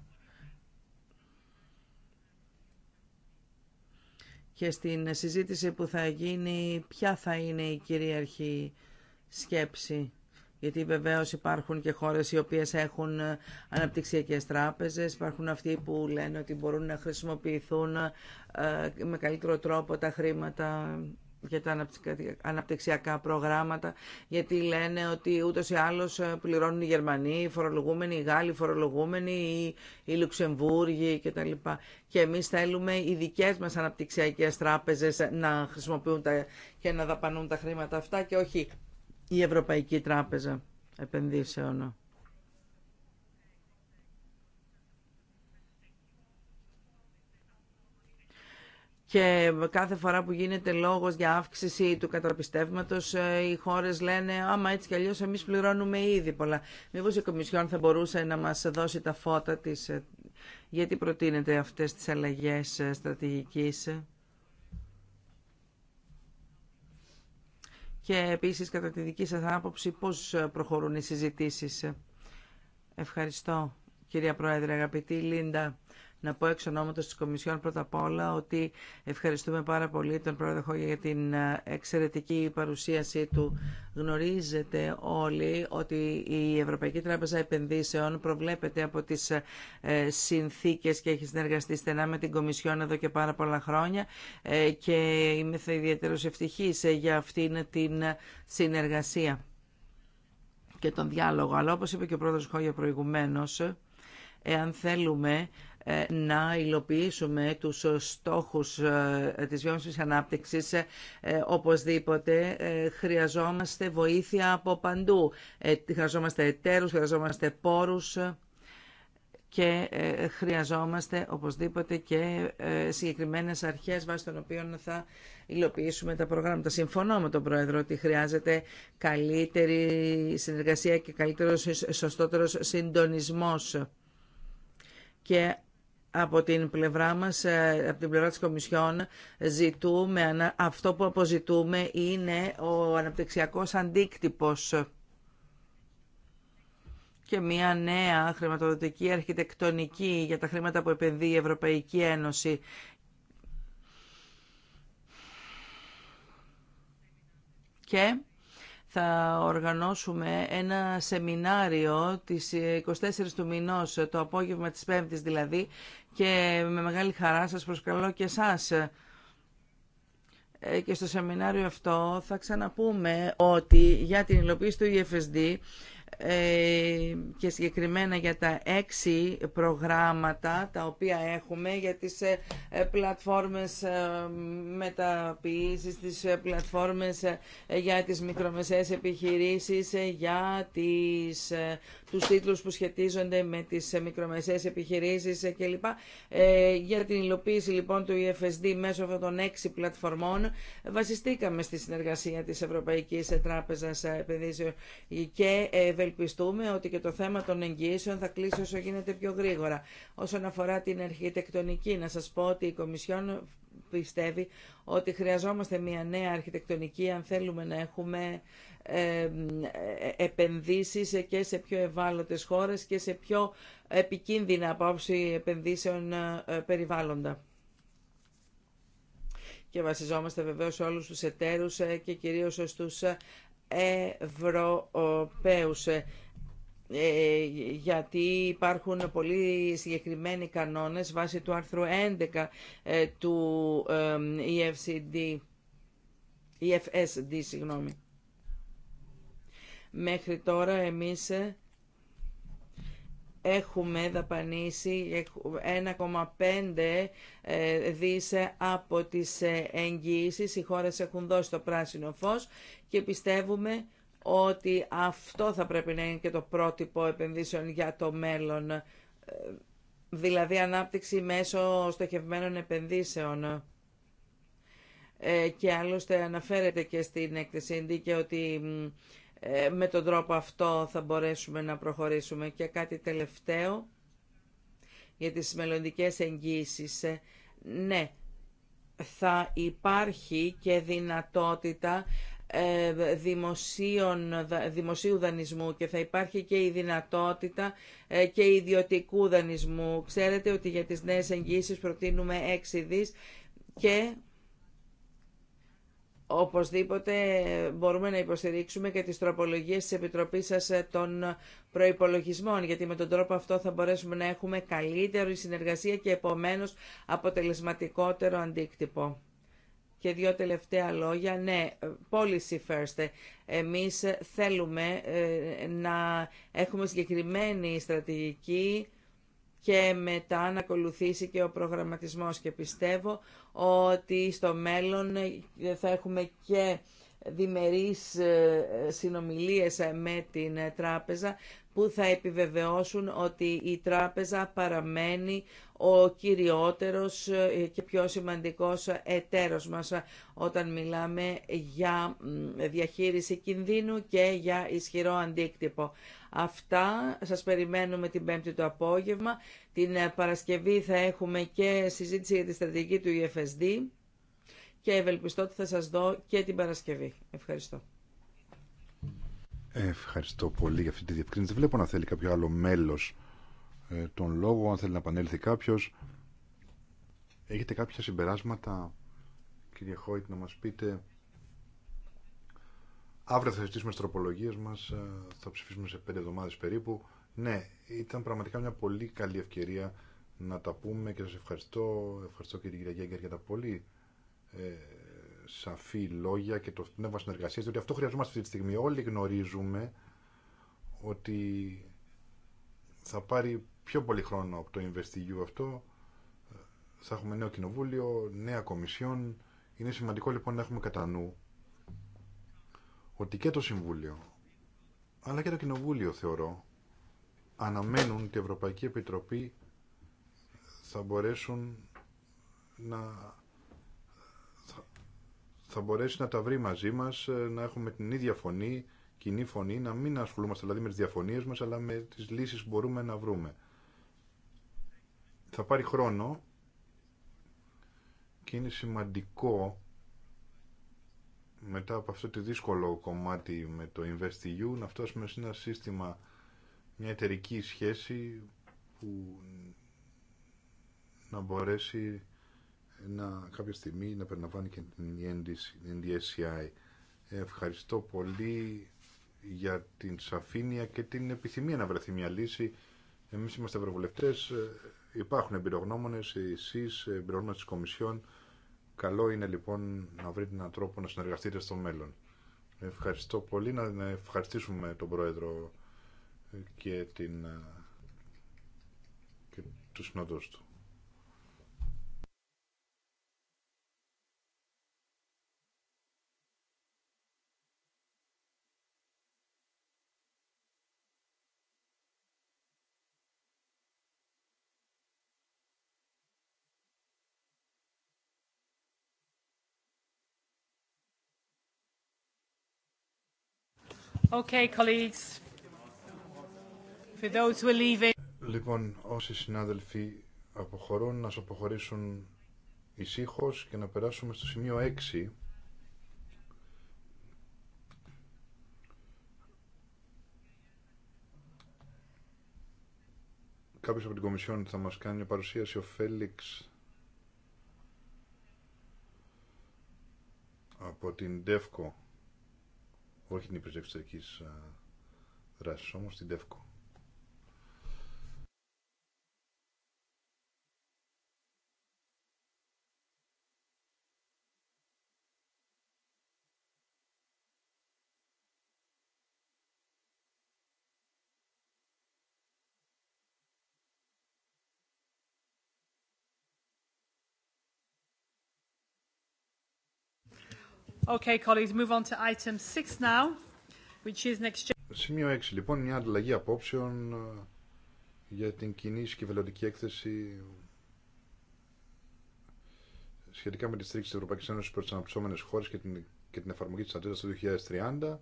Speaker 2: και στην συζήτηση που θα γίνει ποια θα είναι η κυρίαρχη σκέψη. Γιατί βεβαίω υπάρχουν και χώρε οι οποίε έχουν αναπτυξιακέ τράπεζε, υπάρχουν αυτοί που λένε ότι μπορούν να χρησιμοποιηθούν ε, με καλύτερο τρόπο τα χρήματα για τα αναπτυξιακά προγράμματα, γιατί λένε ότι ούτε ή άλλως ε, πληρώνουν οι Γερμανοί, οι φορολογούμενοι, οι Γάλλοι, φορολογούμενοι, οι, Λουξεμβούργοι κτλ. Και εμείς θέλουμε οι δικέ μας αναπτυξιακές τράπεζες να χρησιμοποιούν και να δαπανούν τα χρήματα αυτά και όχι η Ευρωπαϊκή Τράπεζα Επενδύσεων. και κάθε φορά που γίνεται λόγος για αύξηση του καταπιστεύματος ε, οι χώρες λένε άμα έτσι κι αλλιώς εμείς πληρώνουμε ήδη πολλά. Μήπως η Κομισιόν θα μπορούσε να μας δώσει τα φώτα της ε, γιατί προτείνετε αυτές τις αλλαγές ε, στρατηγικής. Και επίσης κατά τη δική σας άποψη πώς προχωρούν οι συζητήσεις. Ευχαριστώ κυρία Πρόεδρε αγαπητή Λίντα να πω εξ ονόματο της Κομισιόν πρώτα απ' όλα ότι ευχαριστούμε πάρα πολύ τον Πρόεδρο Χόγια για την ε, εξαιρετική παρουσίασή του. Γνωρίζετε όλοι ότι η Ευρωπαϊκή Τράπεζα Επενδύσεων προβλέπεται από τις ε, συνθήκες και έχει συνεργαστεί στενά με την Κομισιόν εδώ και πάρα πολλά χρόνια ε, και είμαι ιδιαίτερο ευτυχή για αυτήν την συνεργασία και τον διάλογο. Αλλά όπως είπε και ο πρόεδρος Χόγια προηγουμένως, εάν θέλουμε ε, να υλοποιήσουμε τους στόχους ε, της βιώσιμης ανάπτυξης ε, οπωσδήποτε χρειαζόμαστε βοήθεια από παντού. Χρειαζόμαστε εταίρους, χρειαζόμαστε πόρους και χρειαζόμαστε οπωσδήποτε και συγκεκριμένες αρχές βάσει των οποίων θα υλοποιήσουμε τα προγράμματα. Συμφωνώ με τον Πρόεδρο ότι χρειάζεται καλύτερη συνεργασία και καλύτερος σωστότερος συντονισμός. Και από την πλευρά μας, ε, από την πλευρά της Κομισιόν, ζητούμε, αυτό που αποζητούμε είναι ο αναπτυξιακός αντίκτυπος και μια νέα χρηματοδοτική αρχιτεκτονική για τα χρήματα που επενδύει η Ευρωπαϊκή Ένωση. Και θα οργανώσουμε ένα σεμινάριο τις 24 ε, του μηνός, ε, το απόγευμα της Πέμπτης δηλαδή, και με μεγάλη χαρά σας προσκαλώ και εσάς. Ε, και στο σεμινάριο αυτό θα ξαναπούμε ότι για την υλοποίηση του EFSD ε, και συγκεκριμένα για τα έξι προγράμματα τα οποία έχουμε για τις ε, ε, πλατφόρμες μεταποιήσεις τις πλατφόρμες για τις μικρομεσαίες επιχειρήσεις, για τις, τους τίτλους που σχετίζονται με τις μικρομεσαίες επιχειρήσεις κλπ. Για την υλοποίηση λοιπόν του EFSD μέσω αυτών των έξι πλατφορμών βασιστήκαμε στη συνεργασία της Ευρωπαϊκής Τράπεζας Επενδύσεων και ευελπιστούμε ότι και το θέμα των εγγυήσεων θα κλείσει όσο γίνεται πιο γρήγορα. Όσον αφορά την αρχιτεκτονική, να σας πω ότι η Κομισιόν πιστεύει ότι χρειαζόμαστε μια νέα αρχιτεκτονική αν θέλουμε να έχουμε ε, ε, επενδύσεις και σε πιο ευάλωτες χώρες και σε πιο επικίνδυνα απόψη επενδύσεων ε, περιβάλλοντα. Και βασιζόμαστε βεβαίως σε όλους τους εταίρους και κυρίως στους Ευρωπαίους ε, γιατί υπάρχουν πολύ συγκεκριμένοι κανόνες βάσει του άρθρου 11 ε, του EFCD, EFSD, συγγνώμη. Μέχρι τώρα εμείς ε, έχουμε δαπανίσει 1,5 ε, δίσε από τις ε, εγγυήσεις. Οι χώρες έχουν δώσει το πράσινο φως και πιστεύουμε ότι αυτό θα πρέπει να είναι και το πρότυπο επενδύσεων για το μέλλον, ε, δηλαδή ανάπτυξη μέσω στοχευμένων επενδύσεων. Και άλλωστε αναφέρεται και στην έκθεση ότι ε, με τον τρόπο αυτό θα μπορέσουμε να προχωρήσουμε. Και κάτι τελευταίο για τις μελλοντικέ εγγύσει. Ε, ναι, θα υπάρχει και δυνατότητα ε, δημοσίων, δημοσίου δανεισμού και θα υπάρχει και η δυνατότητα και ιδιωτικού δανεισμού. Ξέρετε ότι για τις νέες εγγύσεις προτείνουμε έξι δις και Οπωσδήποτε μπορούμε να υποστηρίξουμε και τις τροπολογίες της Επιτροπής σας ε, των προϋπολογισμών, γιατί με τον τρόπο αυτό θα μπορέσουμε να έχουμε καλύτερη συνεργασία και επομένως αποτελεσματικότερο αντίκτυπο. Και δύο τελευταία λόγια. Ναι, policy first. Εμείς θέλουμε ε, να έχουμε συγκεκριμένη στρατηγική και μετά να ακολουθήσει και ο προγραμματισμός και πιστεύω ότι στο μέλλον θα έχουμε και διμερείς ε, συνομιλίες ε, με την ε, τράπεζα που θα επιβεβαιώσουν ότι η τράπεζα παραμένει ο κυριότερος ε, και πιο σημαντικός εταίρος μας ε, όταν μιλάμε για διαχείριση κινδύνου και για ισχυρό αντίκτυπο. Αυτά σας περιμένουμε την Πέμπτη το απόγευμα. Την ε, Παρασκευή θα έχουμε και συζήτηση για τη στρατηγική του EFSD και ευελπιστώ ότι θα σας δω και την Παρασκευή. Ευχαριστώ.
Speaker 3: Ευχαριστώ πολύ για αυτή τη διευκρίνηση. Δεν βλέπω να θέλει κάποιο άλλο μέλος ε, τον λόγο, αν θέλει να επανέλθει κάποιο. Έχετε κάποια συμπεράσματα, κύριε Χόιτ, να μας πείτε. Αύριο θα ζητήσουμε τι τροπολογίε μας, ε, θα ψηφίσουμε σε πέντε εβδομάδε περίπου. Ναι, ήταν πραγματικά μια πολύ καλή ευκαιρία να τα πούμε και σα ευχαριστώ. Ευχαριστώ κύριε Γέγκερ για τα πολύ ε, σαφή λόγια και το πνεύμα συνεργασία, διότι αυτό χρειαζόμαστε αυτή τη στιγμή. Όλοι γνωρίζουμε ότι θα πάρει πιο πολύ χρόνο από το InvestEU αυτό. Θα έχουμε νέο κοινοβούλιο, νέα κομισιόν. Είναι σημαντικό λοιπόν να έχουμε κατά νου ότι και το Συμβούλιο, αλλά και το Κοινοβούλιο θεωρώ, αναμένουν ότι η Ευρωπαϊκή Επιτροπή θα μπορέσουν να θα μπορέσει να τα βρει μαζί μας, ε, να έχουμε την ίδια φωνή, κοινή φωνή, να μην ασχολούμαστε δηλαδή με τι διαφωνίε μας, αλλά με τις λύσεις που μπορούμε να βρούμε. Θα πάρει χρόνο και είναι σημαντικό μετά από αυτό το δύσκολο κομμάτι με το InvestEU να φτάσουμε σε ένα σύστημα, μια εταιρική σχέση που να μπορέσει να, κάποια στιγμή να περιλαμβάνει και την NDSCI. Ευχαριστώ πολύ για την σαφήνεια και την επιθυμία να βρεθεί μια λύση. Εμείς είμαστε ευρωβουλευτές, ε, υπάρχουν εμπειρογνώμονες, εσείς εμπειρογνώμονες της Κομισιόν. Καλό είναι λοιπόν να βρείτε έναν τρόπο να συνεργαστείτε στο μέλλον. Ευχαριστώ πολύ. Να ευχαριστήσουμε τον Πρόεδρο ε, και, την, ε, και τους συνοδούς του.
Speaker 1: Okay, colleagues.
Speaker 3: Λοιπόν, όσοι συνάδελφοι αποχωρούν, να σου αποχωρήσουν ησύχως και να περάσουμε στο σημείο 6. Κάποιος από την Κομισιόν θα μας κάνει μια παρουσίαση, ο Φέλιξ από την ΤΕΦΚΟ όχι την υπηρεσία εξωτερικής ε, δράσης όμως, την ΤΕΦΚΟ. Okay, colleagues, move on to item 6 now, which is next... Σημείο 6, λοιπόν, μια ανταλλαγή απόψεων ε, για την κοινή σκευελοντική έκθεση σχετικά με τη στήριξη της Ευρωπαϊκής Ένωσης προς τις αναπτυσσόμενες χώρες και την, και την εφαρμογή της ατζέντας του 2030.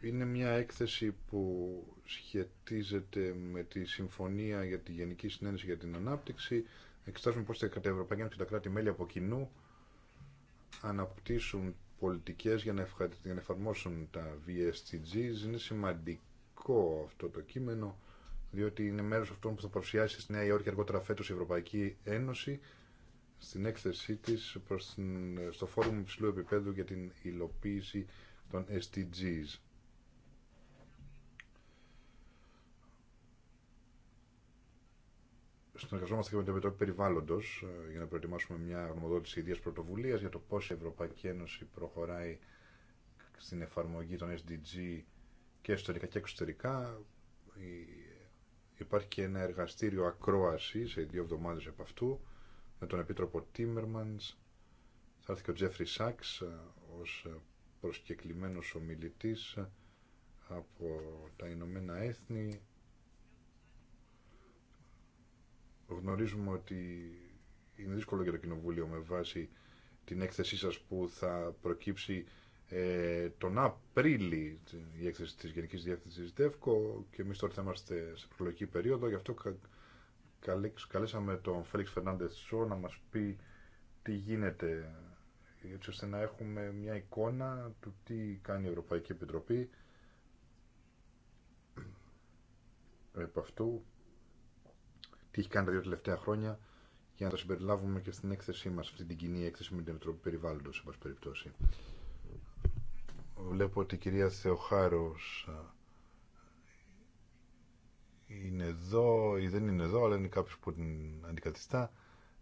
Speaker 3: Είναι μια έκθεση που σχετίζεται με τη Συμφωνία για τη Γενική Συνένεση για την Ανάπτυξη. Εξετάζουμε πώς θα η Ευρωπαϊκή Ένωση και τα κράτη-μέλη από κοινού αναπτύσσουν πολιτικές για να, εφαρμόσουν τα VSTGs. Είναι σημαντικό αυτό το κείμενο, διότι είναι μέρος αυτών που θα παρουσιάσει στη Νέα Υόρκη αργότερα φέτος η Ευρωπαϊκή Ένωση στην έκθεσή της στο Φόρουμ Υψηλού Επιπέδου για την υλοποίηση των STGs. συνεργαζόμαστε και με την Επιτροπή Περιβάλλοντο ε, για να προετοιμάσουμε μια γνωμοδότηση ιδία πρωτοβουλία για το πώ η Ευρωπαϊκή Ένωση προχωράει στην εφαρμογή των SDG και εσωτερικά και εξωτερικά. Υπάρχει και ένα εργαστήριο ακρόαση σε δύο εβδομάδε από αυτού με τον Επίτροπο Τίμερμαντ. Θα έρθει και ο Τζέφρι Σάξ ε, ω προσκεκλημένο ομιλητή από τα Ηνωμένα Έθνη Γνωρίζουμε ότι είναι δύσκολο για το Κοινοβούλιο με βάση την έκθεσή σας που θα προκύψει ε, τον Απρίλη η έκθεση της Γενικής Διεύθυνσης ΔΕΦΚΟ και εμείς τώρα θα είμαστε σε προλογική περίοδο γι' αυτό καλέσαμε τον Φέλιξ Φερνάντες Σο να μας πει τι γίνεται έτσι ώστε να έχουμε μια εικόνα του τι κάνει η Ευρωπαϊκή Επιτροπή επ' αυτού τι έχει κάνει τα δύο τελευταία χρόνια για να το συμπεριλάβουμε και στην έκθεσή μα, αυτή την κοινή έκθεση με την Επιτροπή Περιβάλλοντος, σε περιπτώσει. Βλέπω ότι η κυρία Θεοχάρο είναι εδώ ή δεν είναι εδώ, αλλά είναι κάποιο που την αντικαθιστά.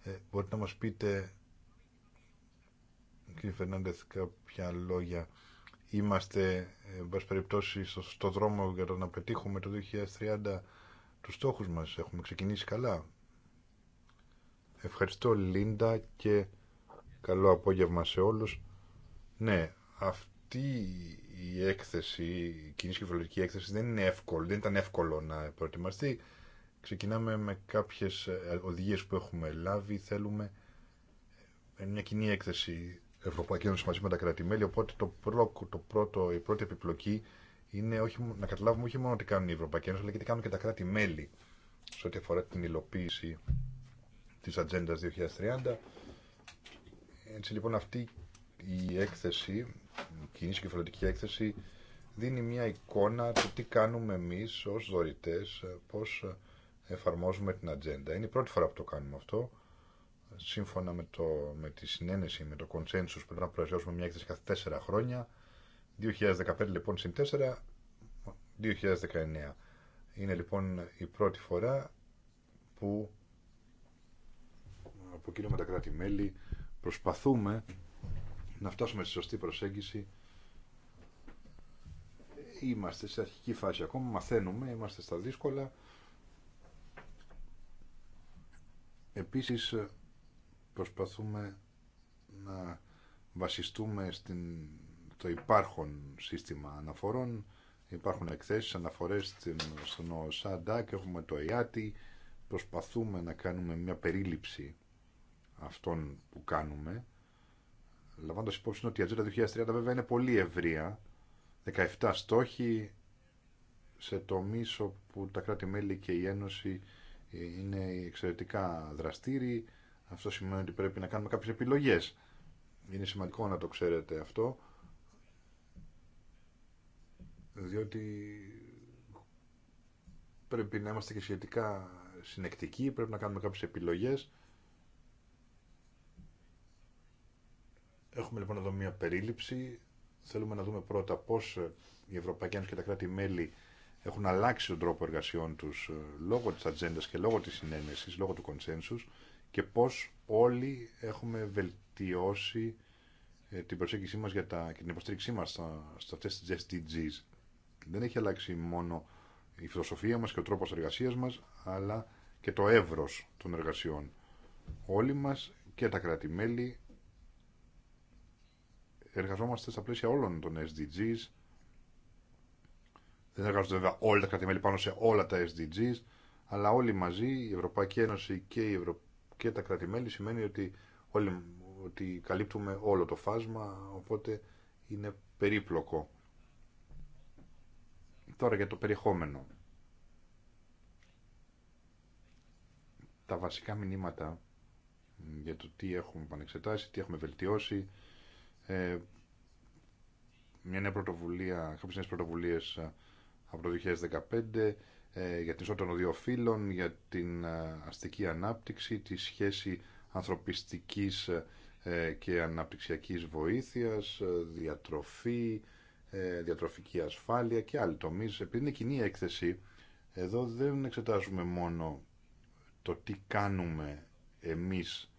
Speaker 3: Ε, μπορείτε να μα πείτε, κύριε Φερνάντε, κάποια λόγια. Είμαστε, ε, εν πάση περιπτώσει, στο, στο δρόμο για το να πετύχουμε το 2030 τους στόχους μας. Έχουμε ξεκινήσει καλά. Ευχαριστώ Λίντα και καλό απόγευμα σε όλους. Ναι, αυτή η έκθεση, η κοινή σκηφολογική έκθεση δεν είναι εύκολο, δεν ήταν εύκολο να προετοιμαστεί. Ξεκινάμε με κάποιες ε, οδηγίες που έχουμε λάβει, θέλουμε ε, μια κοινή έκθεση Ευρωπαϊκή Ένωση μαζί με τα κράτη-μέλη, οπότε το πρώτο, το η πρώτη επιπλοκή είναι όχι, να καταλάβουμε όχι μόνο τι κάνουν οι Ευρωπαϊκοί Ένωση, αλλά και τι κάνουν και τα κράτη-μέλη σε ό,τι αφορά την υλοποίηση τη Ατζέντα 2030. Έτσι λοιπόν αυτή η έκθεση, η κοινή συγκεφαλωτική έκθεση, δίνει μια εικόνα του τι κάνουμε εμεί ω δωρητέ πώ εφαρμόζουμε την ατζέντα. Είναι η πρώτη φορά που το κάνουμε αυτό, σύμφωνα με, το, με τη συνένεση, με το consensus που πρέπει να προεσιώσουμε μια έκθεση κάθε τέσσερα χρόνια. 2015 λοιπόν συν 4, 2019. Είναι λοιπόν η πρώτη φορά που από τα κράτη-μέλη, προσπαθούμε να φτάσουμε στη σωστή προσέγγιση. Είμαστε σε αρχική φάση ακόμα, μαθαίνουμε, είμαστε στα δύσκολα. Επίσης προσπαθούμε να βασιστούμε στην το υπάρχον σύστημα αναφορών. Υπάρχουν εκθέσεις, αναφορές στον ΟΣΑΝΤΑ και έχουμε το ΕΙΑΤΗ. Προσπαθούμε να κάνουμε μια περίληψη αυτών που κάνουμε. Λαμβάνοντα υπόψη ότι η Ατζέντα 2030 βέβαια είναι πολύ ευρεία. 17 στόχοι σε τομεί όπου τα κράτη-μέλη και η Ένωση είναι εξαιρετικά δραστήριοι. Αυτό σημαίνει ότι πρέπει να κάνουμε κάποιε επιλογέ. Είναι σημαντικό να το ξέρετε αυτό διότι πρέπει να είμαστε και σχετικά συνεκτικοί, πρέπει να κάνουμε κάποιες επιλογές. Έχουμε λοιπόν εδώ μια περίληψη. Θέλουμε να δούμε πρώτα πώς οι Ευρωπαϊκή Ένωση και τα κράτη-μέλη έχουν αλλάξει τον τρόπο εργασιών τους ε, λόγω της ατζέντα και λόγω της συνένεσης, λόγω του κονσένσους και πώς όλοι έχουμε βελτιώσει ε, την προσέγγιση μας για τα, και την υποστήριξή μας στα, στα τεστ SDGs. Δεν έχει αλλάξει μόνο η φιλοσοφία μας και ο τρόπος εργασίας μας, αλλά και το εύρος των εργασιών. Όλοι μας και τα κράτη-μέλη εργαζόμαστε στα πλαίσια όλων των SDGs. Δεν εργάζονται βέβαια όλα τα κράτη-μέλη πάνω σε όλα τα SDGs, αλλά όλοι μαζί, η Ευρωπαϊκή Ένωση και, η Ευρω... και τα κράτη-μέλη, σημαίνει ότι, όλοι... ότι καλύπτουμε όλο το φάσμα, οπότε είναι περίπλοκο. Τώρα για το περιεχόμενο. Τα βασικά μηνύματα για το τι έχουμε πανεξετάσει, τι έχουμε βελτιώσει, ε, μια νέα πρωτοβουλία, κάποιες νέες πρωτοβουλίες ε, από το 2015 ε, για την ισότητα των δύο φύλων, για την ε, αστική ανάπτυξη, τη σχέση ανθρωπιστικής και αναπτυξιακής βοήθειας, διατροφή, ε, διατροφική ασφάλεια και άλλοι τομείς. Επειδή είναι κοινή έκθεση, εδώ δεν εξετάζουμε μόνο το τι κάνουμε εμείς,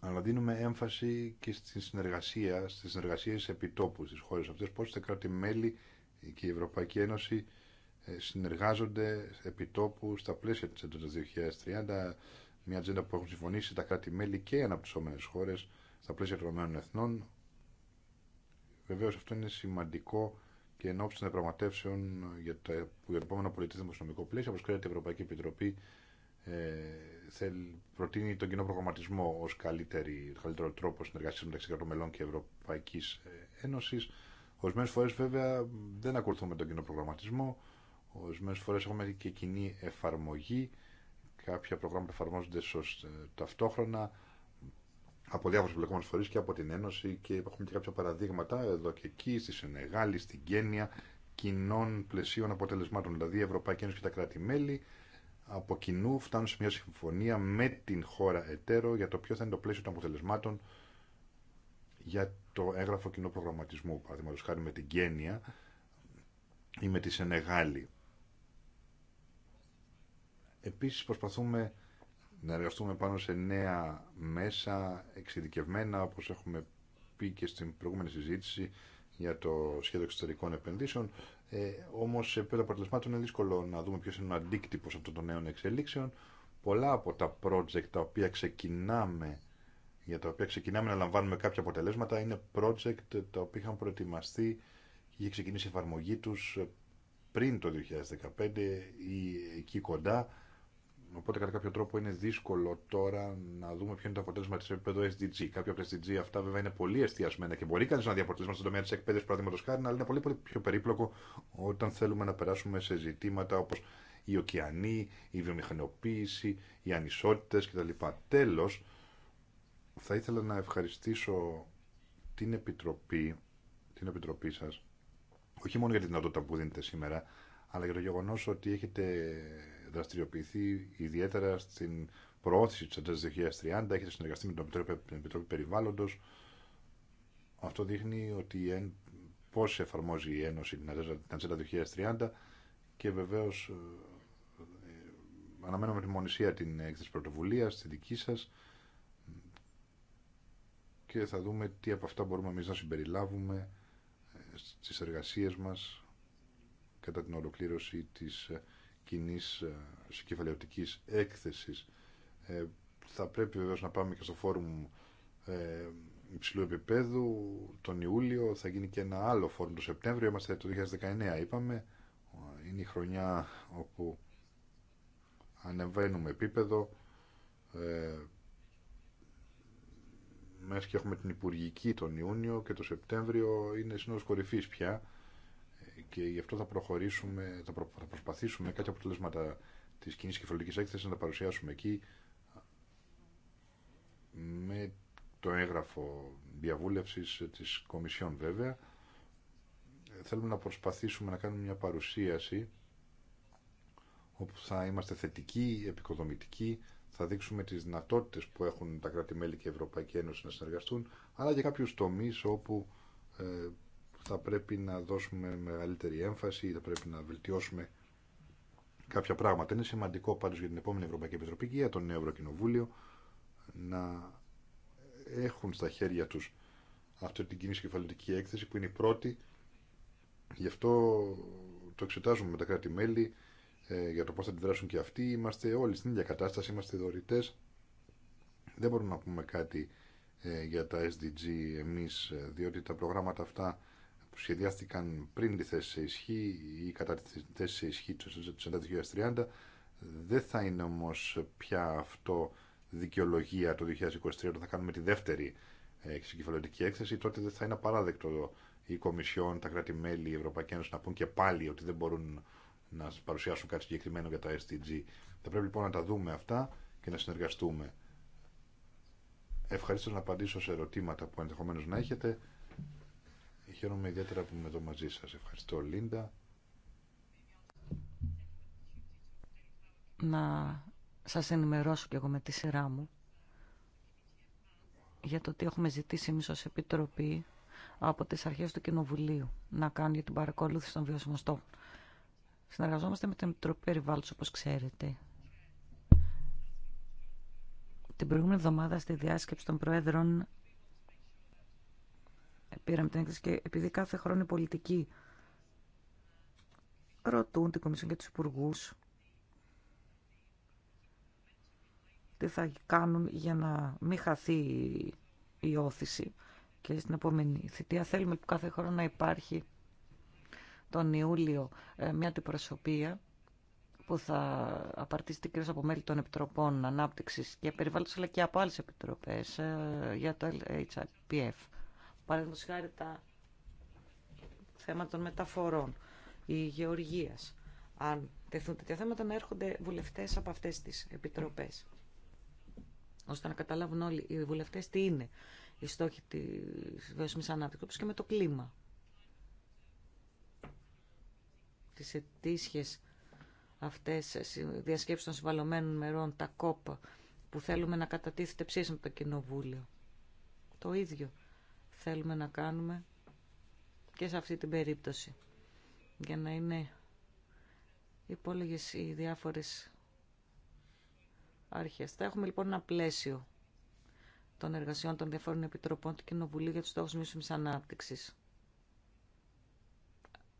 Speaker 3: αλλά δίνουμε έμφαση και στη συνεργασία, στις συνεργασίες επιτόπου στις χώρες αυτές, πώς τα κράτη-μέλη και η Ευρωπαϊκή Ένωση ε, συνεργάζονται επιτόπου στα πλαίσια της έντονας 2030, μια ατζέντα που έχουν συμφωνήσει τα κράτη-μέλη και αναπτυσσόμενες χώρες στα πλαίσια των Ηνωμένων Εθνών, Βεβαίω αυτό είναι σημαντικό και εν ώψη των διαπραγματεύσεων για, τα, για το επόμενο πολιτικό δημοσιονομικό πλαίσιο, Όπω ξέρετε η Ευρωπαϊκή Επιτροπή ε, προτείνει τον κοινό προγραμματισμό ω καλύτερο τρόπο συνεργασίας μεταξύ κρατομελών και Ευρωπαϊκή ε, Ένωση. Ορισμένε φορέ βέβαια δεν ακολουθούμε τον κοινό προγραμματισμό, ορισμένε φορέ έχουμε και κοινή εφαρμογή, κάποια προγράμματα εφαρμόζονται σωστά ε, ταυτόχρονα, από διάφορε εμπλεκόμενε φορέ και από την Ένωση και έχουμε και κάποια παραδείγματα εδώ και εκεί, στη Σενεγάλη, στην Κένια, κοινών πλαισίων αποτελεσμάτων. Δηλαδή η Ευρωπαϊκή Ένωση και τα κράτη-μέλη από κοινού φτάνουν σε μια συμφωνία με την χώρα εταίρο για το ποιο θα είναι το πλαίσιο των αποτελεσμάτων για το έγγραφο κοινού προγραμματισμού, παραδείγματο χάρη με την Κένια ή με τη Σενεγάλη. Επίσης προσπαθούμε να εργαστούμε πάνω σε νέα μέσα εξειδικευμένα όπως έχουμε πει και στην προηγούμενη συζήτηση για το σχέδιο εξωτερικών επενδύσεων. Ε, Όμω σε επίπεδο αποτελεσμάτων είναι δύσκολο να δούμε ποιο είναι ο αντίκτυπο αυτών των νέων εξελίξεων. Πολλά από τα project τα οποία ξεκινάμε, για τα οποία ξεκινάμε να λαμβάνουμε κάποια αποτελέσματα, είναι project τα οποία είχαν προετοιμαστεί και είχε ξεκινήσει η εφαρμογή του πριν το 2015 ή εκεί κοντά Οπότε κατά κάποιο τρόπο είναι δύσκολο τώρα να δούμε ποιο είναι το αποτέλεσμα τη επίπεδο SDG. Κάποια από τα SDG αυτά βέβαια είναι πολύ εστιασμένα και μπορεί κανεί να διαπορτήσει στον τομέα τη εκπαίδευση, παραδείγματο χάρη, αλλά είναι πολύ, πολύ πιο περίπλοκο όταν θέλουμε να περάσουμε σε ζητήματα όπω η ωκεανή, η βιομηχανοποίηση, οι ανισότητε κτλ. Τέλο, θα ήθελα να ευχαριστήσω την Επιτροπή, την Επιτροπή σας, όχι μόνο για τη δυνατότητα που δίνετε σήμερα, αλλά για το γεγονό ότι έχετε δραστηριοποιηθεί ιδιαίτερα στην προώθηση τη Ατζέντα 2030, έχετε συνεργαστεί με τον Επιτροπή περιβάλλοντο. Αυτό δείχνει ότι πώ εφαρμόζει η Ένωση την Ατζέντα 2030 και βεβαίως ε, ε, αναμένουμε τη μονησία την έκθεση πρωτοβουλία, τη δική σα. και θα δούμε τι από αυτά μπορούμε εμείς να συμπεριλάβουμε ε, στις εργασίες μας κατά την ολοκλήρωση της κοινή ε, συγκεφαλαιοτικής έκθεσης. Ε, θα πρέπει βεβαίως να πάμε και στο φόρουμ ε, υψηλού επίπεδου τον Ιούλιο, θα γίνει και ένα άλλο φόρουμ το Σεπτέμβριο, είμαστε το 2019 είπαμε, είναι η χρονιά όπου ανεβαίνουμε επίπεδο, ε, μέσα και έχουμε την Υπουργική τον Ιούνιο και το Σεπτέμβριο είναι σύνοδος κορυφής πια, και γι' αυτό θα προχωρήσουμε, θα, θα προσπαθήσουμε κάποια αποτελέσματα της κοινή κεφαλική έκθεσης να τα παρουσιάσουμε εκεί με το έγγραφο διαβούλευση της Κομισιόν βέβαια. Θέλουμε να προσπαθήσουμε να κάνουμε μια παρουσίαση όπου θα είμαστε θετικοί, επικοδομητικοί, θα δείξουμε τις δυνατότητε που έχουν τα κράτη-μέλη και η Ευρωπαϊκή Ένωση να συνεργαστούν, αλλά και κάποιους τομείς όπου ε, θα πρέπει να δώσουμε μεγαλύτερη έμφαση ή θα πρέπει να βελτιώσουμε κάποια πράγματα. Είναι σημαντικό πάντως για την επόμενη Ευρωπαϊκή Επιτροπή και για τον νέο Ευρωκοινοβούλιο να έχουν στα χέρια τους αυτή την κοινή κεφαλαιοτική έκθεση που είναι η πρώτη. Γι' αυτό το εξετάζουμε με τα κράτη-μέλη ε, για το πώς θα αντιδράσουν και αυτοί. Είμαστε όλοι στην ίδια κατάσταση, είμαστε δωρητές. Δεν μπορούμε να πούμε κάτι ε, για τα SDG εμείς, ε, διότι τα προγράμματα αυτά σχεδιάστηκαν πριν τη θέση σε ισχύ ή κατά τη θέση σε ισχύ του 2030 δεν θα είναι όμω πια αυτό δικαιολογία το 2023 όταν θα κάνουμε τη δεύτερη εξυγκεφαλωτική έκθεση τότε δεν θα είναι απαράδεκτο η Κομισιόν, τα κράτη-μέλη, η Ευρωπαϊκή Ένωση να πούν και πάλι ότι δεν μπορούν να παρουσιάσουν κάτι συγκεκριμένο για τα SDG. Θα πρέπει λοιπόν να τα δούμε αυτά και να συνεργαστούμε. Ευχαριστώ να απαντήσω σε ερωτήματα που ενδεχομένω να έχετε. Χαίρομαι ιδιαίτερα που είμαι εδώ μαζί σας. Ευχαριστώ Λίντα.
Speaker 1: Να σας ενημερώσω κι εγώ με τη σειρά μου για το τι έχουμε ζητήσει εμείς ως Επιτροπή από τις αρχές του Κοινοβουλίου να κάνει για την παρακολούθηση των βιώσιμων στόχων. Συνεργαζόμαστε με την Επιτροπή Περιβάλλοντος, όπως ξέρετε. Την προηγούμενη εβδομάδα στη διάσκεψη των Προέδρων πήραμε την έκθεση και επειδή κάθε χρόνο οι πολιτικοί ρωτούν την Κομισιόν και τους υπουργού τι θα κάνουν για να μην χαθεί η όθηση και στην επόμενη θητεία θέλουμε που κάθε χρόνο να υπάρχει τον Ιούλιο ε, μια αντιπροσωπεία που θα την κυρίως από μέλη των Επιτροπών Ανάπτυξης και Περιβάλλοντος αλλά και από άλλες επιτροπές ε, για το HRPF. Παραδείγματο χάρη τα θέματα των μεταφορών, η γεωργίας, αν τεθούν τέτοια θέματα, να έρχονται βουλευτές από αυτές τις επιτροπές, ώστε να καταλάβουν όλοι οι βουλευτές τι είναι οι στόχοι της ανάπτυξη, ανάπτυξης και με το κλίμα. Τι ετήσιες αυτές διασκέψει των συμβαλωμένων μερών, τα κόπα, που θέλουμε να κατατίθεται ψήφισμα από το Κοινοβούλιο. Το ίδιο θέλουμε να κάνουμε και σε αυτή την περίπτωση για να είναι υπόλογες οι διάφορες αρχές. Θα έχουμε λοιπόν ένα πλαίσιο των εργασιών των διαφόρων επιτροπών του Κοινοβουλίου για τους στόχους μίσης ανάπτυξης.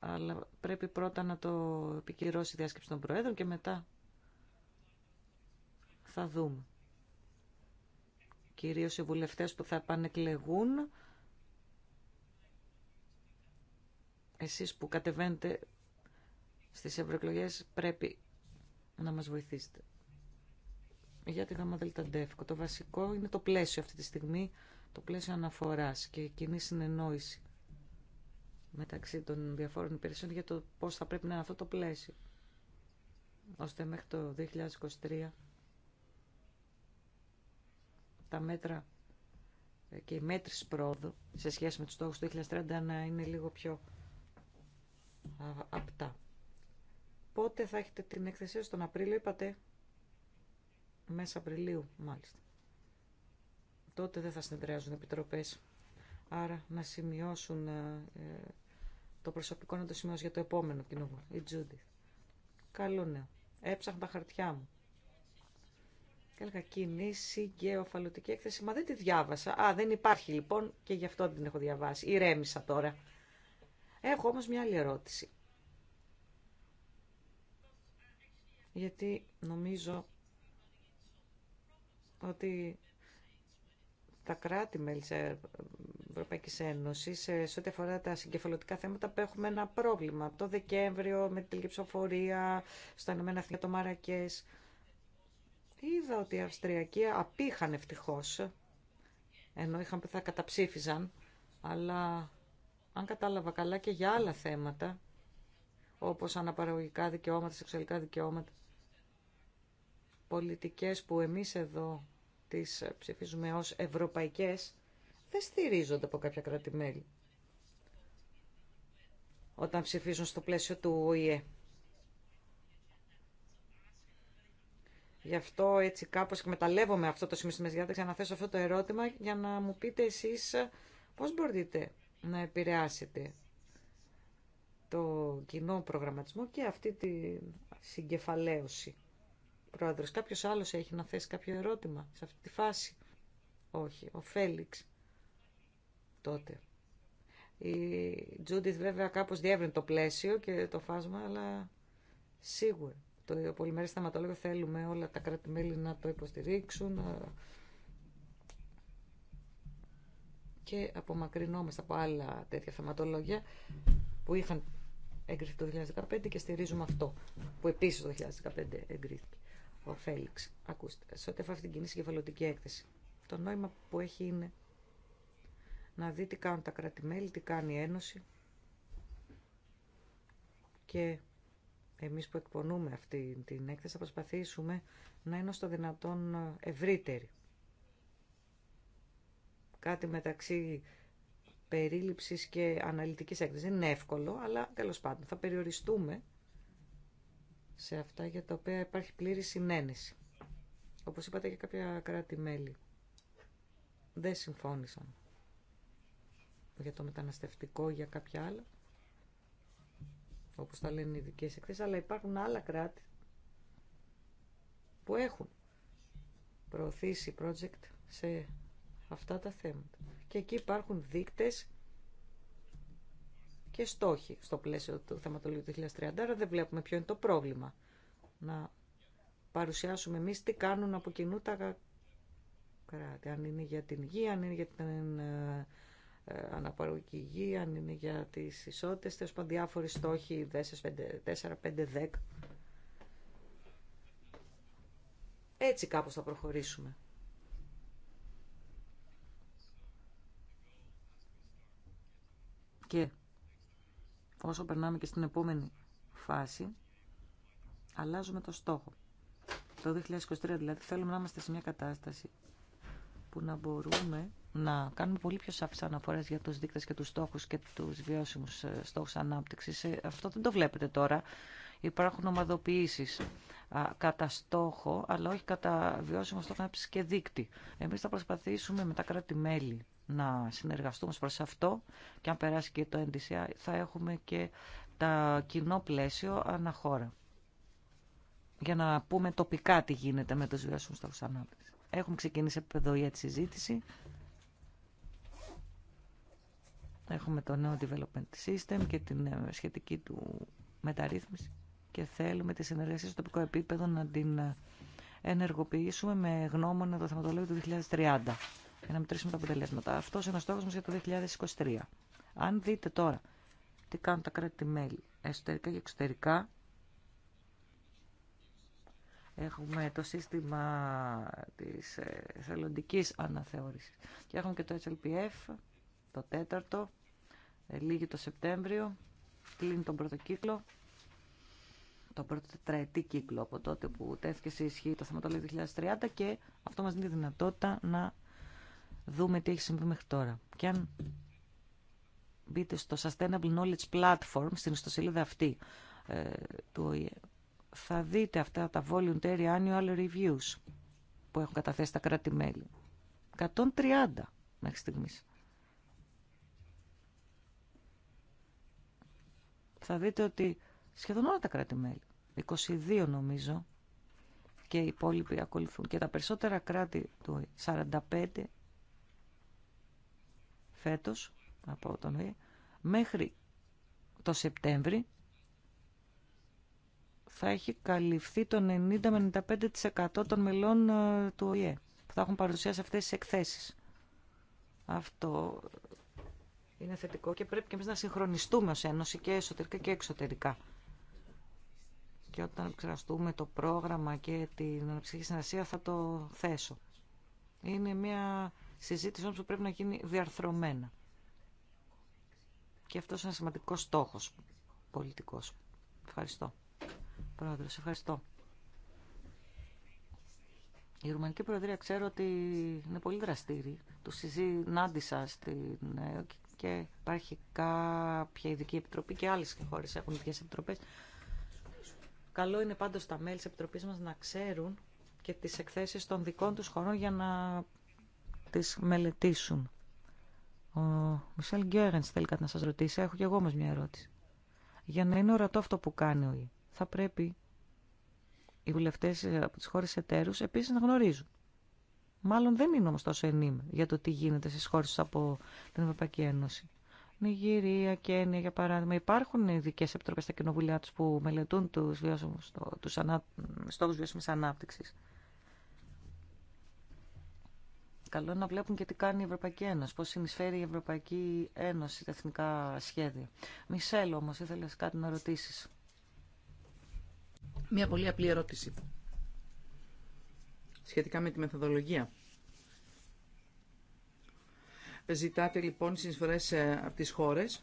Speaker 1: Αλλά πρέπει πρώτα να το επικυρώσει η διάσκεψη των Προέδρων και μετά θα δούμε. Κυρίως οι βουλευτές που θα επανεκλεγούν εσείς που κατεβαίνετε στις ευρωεκλογέ πρέπει να μας βοηθήσετε. Για τη δελταντεύκο. Το βασικό είναι το πλαίσιο αυτή τη στιγμή, το πλαίσιο αναφοράς και κοινή συνεννόηση μεταξύ των διαφόρων υπηρεσιών για το πώς θα πρέπει να είναι αυτό το πλαίσιο. Ώστε μέχρι το 2023 τα μέτρα και η μέτρηση πρόοδου σε σχέση με τους στόχους του 2030 να είναι λίγο πιο απτά. Πότε θα έχετε την έκθεσή στον Απρίλιο, είπατε. Μέσα Απριλίου, μάλιστα. Τότε δεν θα συνεδριάζουν επιτροπές. Άρα να σημειώσουν ε, το προσωπικό να το σημειώσει για το επόμενο κοινό. Η Τζούντιθ. Καλό νέο. Έψαχνα τα χαρτιά μου. έλεγα κινήσει και οφαλωτική έκθεση. Μα δεν τη διάβασα. Α, δεν υπάρχει λοιπόν και γι' αυτό δεν την έχω διαβάσει. Ηρέμησα τώρα. Έχω όμως μια άλλη ερώτηση. Γιατί νομίζω ότι τα κράτη-μέλη της ε- Ευρωπαϊκής Ένωσης ε, σε ό,τι αφορά τα συγκεφαλωτικά θέματα που έχουμε ένα πρόβλημα. Το Δεκέμβριο με την τελική ψηφοφορία στα Ηνωμένα Αθήνα, το Μαρακές. Είδα ότι οι Αυστριακοί απήχαν ευτυχώς, ενώ είχαν που θα καταψήφιζαν, αλλά αν κατάλαβα καλά και για άλλα θέματα, όπως αναπαραγωγικά δικαιώματα, σεξουαλικά δικαιώματα, πολιτικές που εμείς εδώ τις ψηφίζουμε ως ευρωπαϊκές, δεν στηρίζονται από κάποια κράτη-μέλη όταν ψηφίζουν στο πλαίσιο του ΟΗΕ. Γι' αυτό έτσι κάπως εκμεταλλεύομαι αυτό το σημείο στη Μεσδιάταξη να θέσω αυτό το ερώτημα για να μου πείτε εσείς πώς μπορείτε να επηρεάσετε το κοινό προγραμματισμό και αυτή τη συγκεφαλαίωση. Πρόεδρος, κάποιος άλλος έχει να θέσει κάποιο ερώτημα σε αυτή τη φάση. Όχι, ο Φέλιξ τότε. Η Τζούντιθ βέβαια κάπως διεύρυνε το πλαίσιο και το φάσμα, αλλά σίγουρα το πολυμερές θεματολόγιο θέλουμε όλα τα κράτη-μέλη να το υποστηρίξουν, και απομακρυνόμαστε από άλλα τέτοια θεματολόγια που είχαν εγκριθεί το 2015 και στηρίζουμε αυτό που επίσης το 2015 εγκρίθηκε. Ο Φέληξ, ακούστε, σε ό,τι αφορά αυτή την κοινή συγκεφαλωτική έκθεση, το νόημα που έχει είναι να δει τι κάνουν τα κράτη-μέλη, τι κάνει η Ένωση και εμείς που εκπονούμε αυτή την έκθεση θα προσπαθήσουμε να είναι στο δυνατόν ευρύτερη κάτι μεταξύ περίληψης και αναλυτικής έκθεσης. Δεν είναι εύκολο, αλλά τέλος πάντων θα περιοριστούμε σε αυτά για τα οποία υπάρχει πλήρη συνένεση. Όπως είπατε και κάποια κράτη-μέλη δεν συμφώνησαν για το μεταναστευτικό ή για κάποια άλλα, όπως τα λένε οι ειδικές εκθέσεις, αλλά υπάρχουν άλλα κράτη που έχουν προωθήσει project σε αυτά τα θέματα. Και εκεί υπάρχουν δείκτες και στόχοι στο πλαίσιο του θεματολογίου του 2030, άρα δεν βλέπουμε ποιο είναι το πρόβλημα. Να παρουσιάσουμε εμείς τι κάνουν από κοινού τα κράτη, αν είναι για την υγεία, αν είναι για την ε, ε, αναπαραγωγική υγεία, αν είναι για τις ισότητες, τέλος πάντων διάφοροι στόχοι, 4, 5, 10. Έτσι κάπως θα προχωρήσουμε. Και όσο περνάμε και στην επόμενη φάση, αλλάζουμε το στόχο. Το 2023 δηλαδή θέλουμε να είμαστε σε μια κατάσταση που να μπορούμε να κάνουμε πολύ πιο σαφείς αναφορές για τους δείκτες και τους στόχους και τους βιώσιμους ε, στόχους ανάπτυξης. Ε, αυτό δεν το βλέπετε τώρα. Υπάρχουν ομαδοποιήσεις κατά στόχο, αλλά όχι κατά βιώσιμο στόχο ανάπτυξης και δείκτη. Εμείς θα προσπαθήσουμε με τα κράτη-μέλη να συνεργαστούμε προς αυτό και αν περάσει και το NDCI θα έχουμε και τα κοινό πλαίσιο αναχώρα για να πούμε τοπικά τι γίνεται με τους βιώσιμους στόχους ανάπτυξης. Έχουμε ξεκινήσει επίπεδο για τη συζήτηση. Έχουμε το νέο development system και την ε, σχετική του μεταρρύθμιση και θέλουμε τη συνεργασία στο τοπικό επίπεδο να την ε, ενεργοποιήσουμε με γνώμονα το θεματολόγιο του 2030 για να μετρήσουμε τα αποτελέσματα. Αυτό είναι ο στόχο μα για το 2023. Αν δείτε τώρα τι κάνουν τα κράτη-μέλη εσωτερικά και εξωτερικά, έχουμε το σύστημα της ε, θελοντικής αναθεώρησης και έχουμε και το HLPF, το τέταρτο, ε, λίγη το Σεπτέμβριο, κλείνει τον πρώτο κύκλο, τον πρώτο τετραετή κύκλο από τότε που τέθηκε σε ισχύ το θεματολόγιο 2030 και αυτό μας δίνει τη δυνατότητα να δούμε τι έχει συμβεί μέχρι τώρα. Και αν μπείτε στο Sustainable Knowledge Platform, στην ιστοσελίδα αυτή ε, του ΟΗΕ, θα δείτε αυτά τα voluntary annual reviews που έχουν καταθέσει τα κράτη-μέλη. 130 μέχρι στιγμής. Θα δείτε ότι σχεδόν όλα τα κράτη-μέλη, 22 νομίζω, και οι υπόλοιποι ακολουθούν. Και τα περισσότερα κράτη του 45 φέτος από τον μέχρι το Σεπτέμβρη θα έχει καλυφθεί το 90 95% των μελών ε, του ΟΗΕ που θα έχουν παρουσιάσει αυτές τις εκθέσεις. Αυτό είναι θετικό και πρέπει και εμείς να συγχρονιστούμε ως Ένωση και εσωτερικά και εξωτερικά. Και όταν ξεραστούμε το πρόγραμμα και την ψυχική συνεργασία θα το θέσω. Είναι μια Συζήτηση όμως που πρέπει να γίνει διαρθρωμένα. Και αυτός είναι ένα σημαντικό στόχος πολιτικός. Ευχαριστώ. Πρόεδρος, ευχαριστώ. Η Ρουμανική Προεδρία ξέρω ότι είναι πολύ δραστήρη. Του συζήτησα στην και υπάρχει κάποια ειδική επιτροπή και άλλες χώρες έχουν ειδικές επιτροπές. Καλό είναι πάντως τα μέλη της Επιτροπής μας να ξέρουν και τις εκθέσεις των δικών τους χωρών για να τις μελετήσουν. Ο Μισελ Γκέρενς θέλει κάτι να σας ρωτήσει. Έχω κι εγώ όμως μια ερώτηση. Για να είναι ορατό αυτό που κάνει ο θα πρέπει οι βουλευτές ε, από τις χώρες εταίρους επίσης να γνωρίζουν. Μάλλον δεν είναι όμως τόσο για το τι γίνεται στις χώρες από την Ευρωπαϊκή Ένωση. Νιγηρία, Κένια για παράδειγμα. Υπάρχουν ειδικέ επιτροπέ στα κοινοβουλιά του που μελετούν του στόχου βιώσιμη ανάπτυξη. Καλό είναι να βλέπουν και τι κάνει η Ευρωπαϊκή Ένωση, πώς συνεισφέρει η Ευρωπαϊκή Ένωση τα εθνικά σχέδια. Μισελ
Speaker 2: όμως, ήθελες κάτι να ρωτήσεις. Μία πολύ απλή ερώτηση σχετικά με τη μεθοδολογία. Ζητάτε λοιπόν συνεισφορές ε, από τις χώρες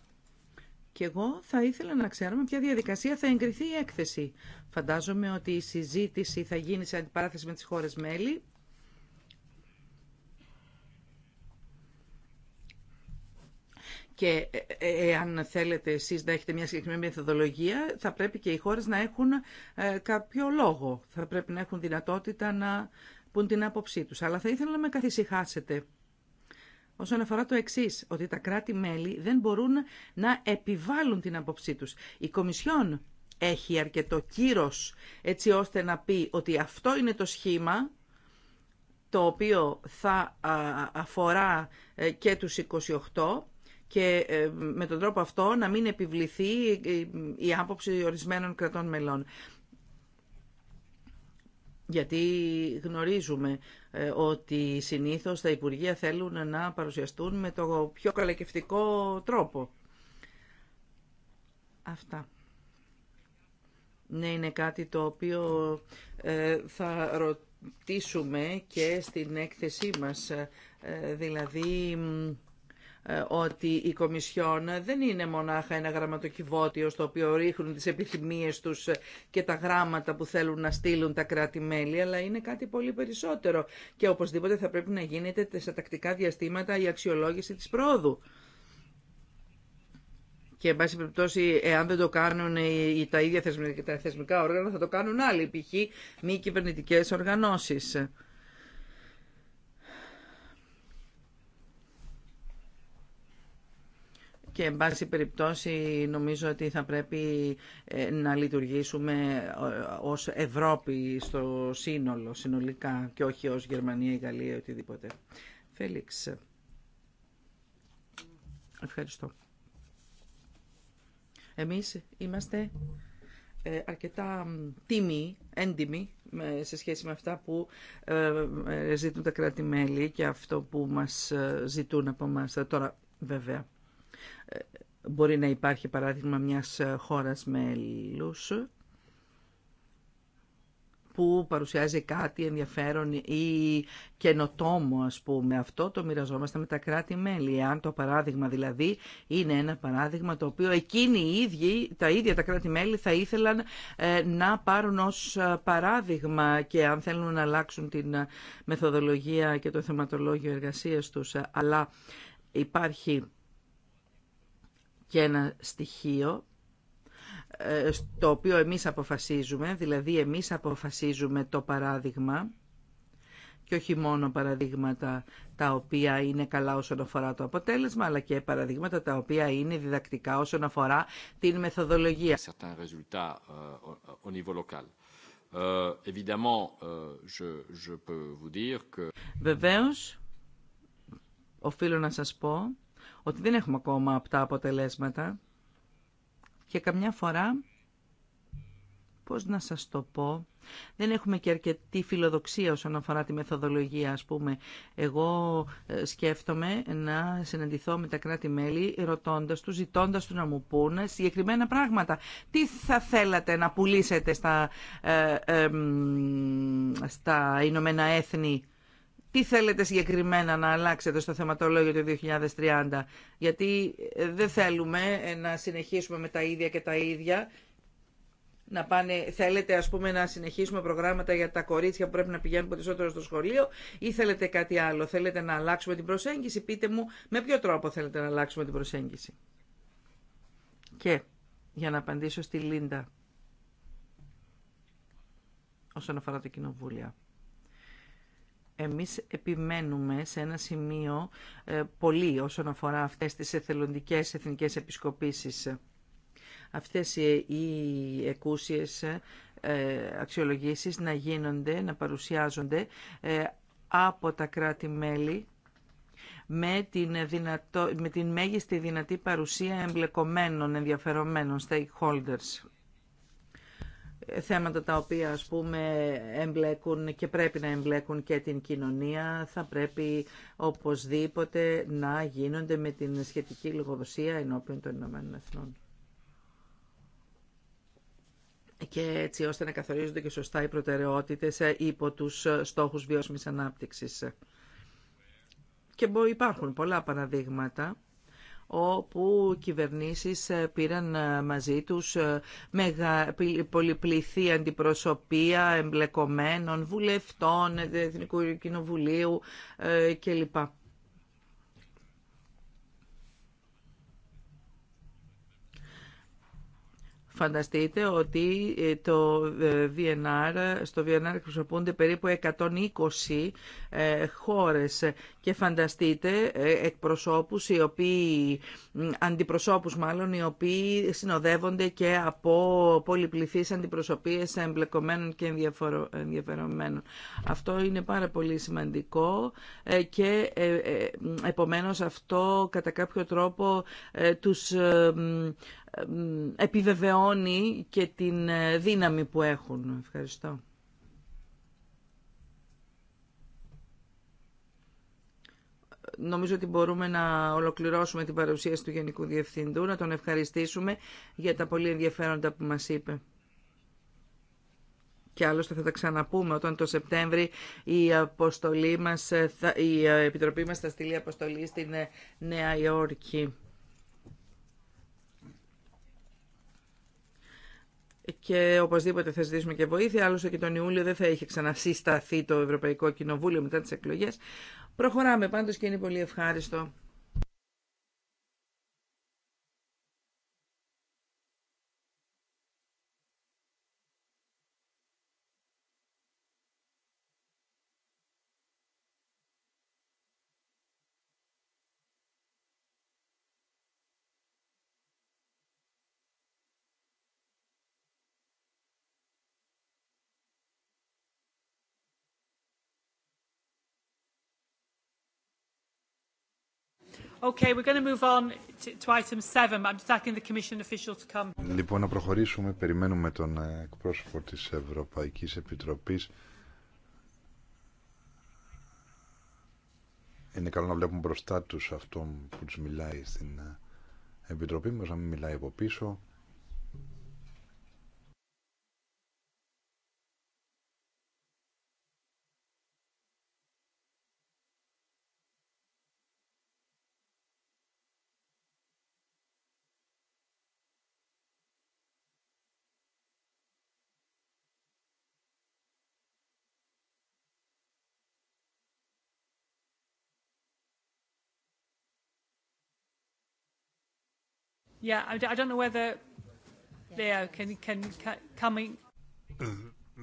Speaker 2: και εγώ θα ήθελα να ξέρω με ποια διαδικασία θα εγκριθεί η έκθεση. Φαντάζομαι ότι η συζήτηση θα γίνει σε αντιπαράθεση με τις χώρες μέλη και εάν ε, ε, ε, θέλετε εσείς να έχετε μια συγκεκριμένη μεθοδολογία, θα πρέπει και οι χώρες να έχουν κάποιο λόγο. Θα πρέπει να έχουν δυνατότητα να πουν την άποψή τους. Αλλά θα ήθελα να με καθησυχάσετε όσον αφορά το εξή, ότι τα κράτη-μέλη δεν μπορούν να επιβάλλουν την άποψή τους. Η Κομισιόν έχει αρκετό κύρος έτσι ώστε να πει ότι αυτό είναι το σχήμα το οποίο θα αφορά και τους 28 και ε, με τον τρόπο αυτό να μην επιβληθεί ε, η άποψη ορισμένων κρατών μελών. Γιατί γνωρίζουμε ε, ότι συνήθως τα Υπουργεία θέλουν να παρουσιαστούν με το πιο καλακευτικό τρόπο. Αυτά. Ναι, είναι κάτι το οποίο θα ρωτήσουμε και στην έκθεσή μας. Δηλαδή ε, ότι η Κομισιόν δεν είναι μονάχα ένα γραμματοκιβώτιο στο οποίο ρίχνουν τις επιθυμίες τους και τα γράμματα που θέλουν να στείλουν τα κράτη-μέλη, αλλά είναι κάτι πολύ περισσότερο και οπωσδήποτε θα πρέπει να γίνεται σε τακτικά διαστήματα η αξιολόγηση της πρόοδου. Και, εν πάση περιπτώσει, εάν δεν το κάνουν τα ίδια θεσμικά, τα θεσμικά όργανα, θα το κάνουν άλλοι, π.χ. μη κυβερνητικέ οργανώσεις. και εν πάση περιπτώσει νομίζω ότι θα πρέπει ε, να λειτουργήσουμε ε, ως Ευρώπη στο σύνολο, συνολικά και όχι ως Γερμανία ή Γαλλία ή οτιδήποτε. Φέλιξ. Ευχαριστώ. Εμείς είμαστε ε, αρκετά τίμοι, έντιμοι σε σχέση με αυτά που ζητούν τα κράτη-μέλη και αυτό που μας ζητούν από μας τώρα βέβαια μπορεί να υπάρχει παράδειγμα μιας χώρας μέλους που παρουσιάζει κάτι ενδιαφέρον ή καινοτόμο, ας πούμε. Αυτό το μοιραζόμαστε με τα κράτη-μέλη. Αν το παράδειγμα δηλαδή είναι ένα παράδειγμα το οποίο εκείνοι οι ίδιοι, τα ίδια τα κράτη-μέλη θα ήθελαν ε, να πάρουν ως παράδειγμα και αν θέλουν να αλλάξουν την μεθοδολογία και το θεματολόγιο εργασίας τους. Αλλά υπάρχει και ένα στοιχείο ε, στο οποίο εμείς αποφασίζουμε, δηλαδή εμείς αποφασίζουμε το παράδειγμα και όχι μόνο παραδείγματα τα οποία είναι καλά όσον αφορά το αποτέλεσμα, αλλά και παραδείγματα τα οποία είναι διδακτικά όσον αφορά την μεθοδολογία. Βεβαίως, οφείλω να σας πω ότι δεν έχουμε ακόμα αυτά αποτελέσματα και καμιά φορά, πώς να σας το πω, δεν έχουμε και αρκετή φιλοδοξία όσον αφορά τη μεθοδολογία, ας πούμε. Εγώ ε, σκέφτομαι να συναντηθώ με τα κράτη-μέλη ρωτώντας τους, ζητώντας τους να μου πούνε συγκεκριμένα πράγματα. Τι θα θέλατε να πουλήσετε στα, ε, ε, στα Ηνωμένα Έθνη τι θέλετε συγκεκριμένα να αλλάξετε στο θεματολόγιο του 2030, γιατί ε, δεν θέλουμε ε, να συνεχίσουμε με τα ίδια και τα ίδια. Να πάνε, θέλετε ας πούμε να συνεχίσουμε προγράμματα για τα κορίτσια που πρέπει να πηγαίνουν περισσότερο στο σχολείο ή θέλετε κάτι άλλο, θέλετε να αλλάξουμε την προσέγγιση, πείτε μου με ποιο τρόπο θέλετε να αλλάξουμε την προσέγγιση. Και για να απαντήσω στη Λίντα όσον αφορά τα κοινοβούλια. Εμείς επιμένουμε σε ένα σημείο ε, πολύ όσον αφορά αυτές τις εθελοντικές εθνικές επισκοπήσεις. Αυτές οι εκούσιες ε, αξιολογήσεις να γίνονται, να παρουσιάζονται ε, από τα κράτη-μέλη με την, με την μέγιστη δυνατή παρουσία εμπλεκομένων ενδιαφερομένων stakeholders θέματα τα οποία ας πούμε εμπλέκουν και πρέπει να εμπλέκουν και την κοινωνία θα πρέπει οπωσδήποτε να γίνονται με την σχετική λογοδοσία ενώπιον των Ηνωμένων Εθνών. Και έτσι ώστε να καθορίζονται και σωστά οι προτεραιότητες ε, υπό τους στόχους βιώσιμης ανάπτυξης. Και υπάρχουν πολλά παραδείγματα όπου κυβερνήσεις ε, πήραν ε, μαζί τους ε, μεγα, πολυπληθή αντιπροσωπεία εμπλεκομένων βουλευτών, Εθνικού Κοινοβουλίου κλπ. Φανταστείτε ότι ε, το VNR, ε, στο VNR εκπροσωπούνται περίπου 120 ε, χώρες και φανταστείτε εκπροσώπους οι οποίοι, αντιπροσώπους μάλλον, οι οποίοι συνοδεύονται και από πολυπληθείς αντιπροσωπείες εμπλεκομένων και ενδιαφερομένων. Αυτό είναι πάρα πολύ σημαντικό και επομένως αυτό κατά κάποιο τρόπο τους ε, επιβεβαιώνει και την ε, δύναμη που έχουν. Ευχαριστώ. Νομίζω ότι μπορούμε να ολοκληρώσουμε την παρουσίαση του Γενικού Διευθυντού, να τον ευχαριστήσουμε για τα πολύ ενδιαφέροντα που μας είπε. Και άλλωστε θα τα ξαναπούμε όταν το Σεπτέμβρη η, αποστολή μας, ε, η Επιτροπή μας θα στείλει αποστολή στην Νέα Υόρκη. και οπωσδήποτε θα ζητήσουμε και βοήθεια, άλλωστε και τον Ιούλιο δεν θα είχε ξανασυσταθεί το Ευρωπαϊκό Κοινοβούλιο μετά τις εκλογές. Προχωράμε πάντως και είναι πολύ ευχάριστο
Speaker 3: Okay, we're going to move on to item 7. I'm just asking the commission official to come. Λοιπόν, να προχωρήσουμε. Περιμένουμε τον ε, εκπρόσωπο της Ευρωπαϊκής Επιτροπής. Είναι καλό να βλέπουμε μπροστά τους αυτόν που τους μιλάει στην ε, Επιτροπή μας, να μην μιλάει από πίσω.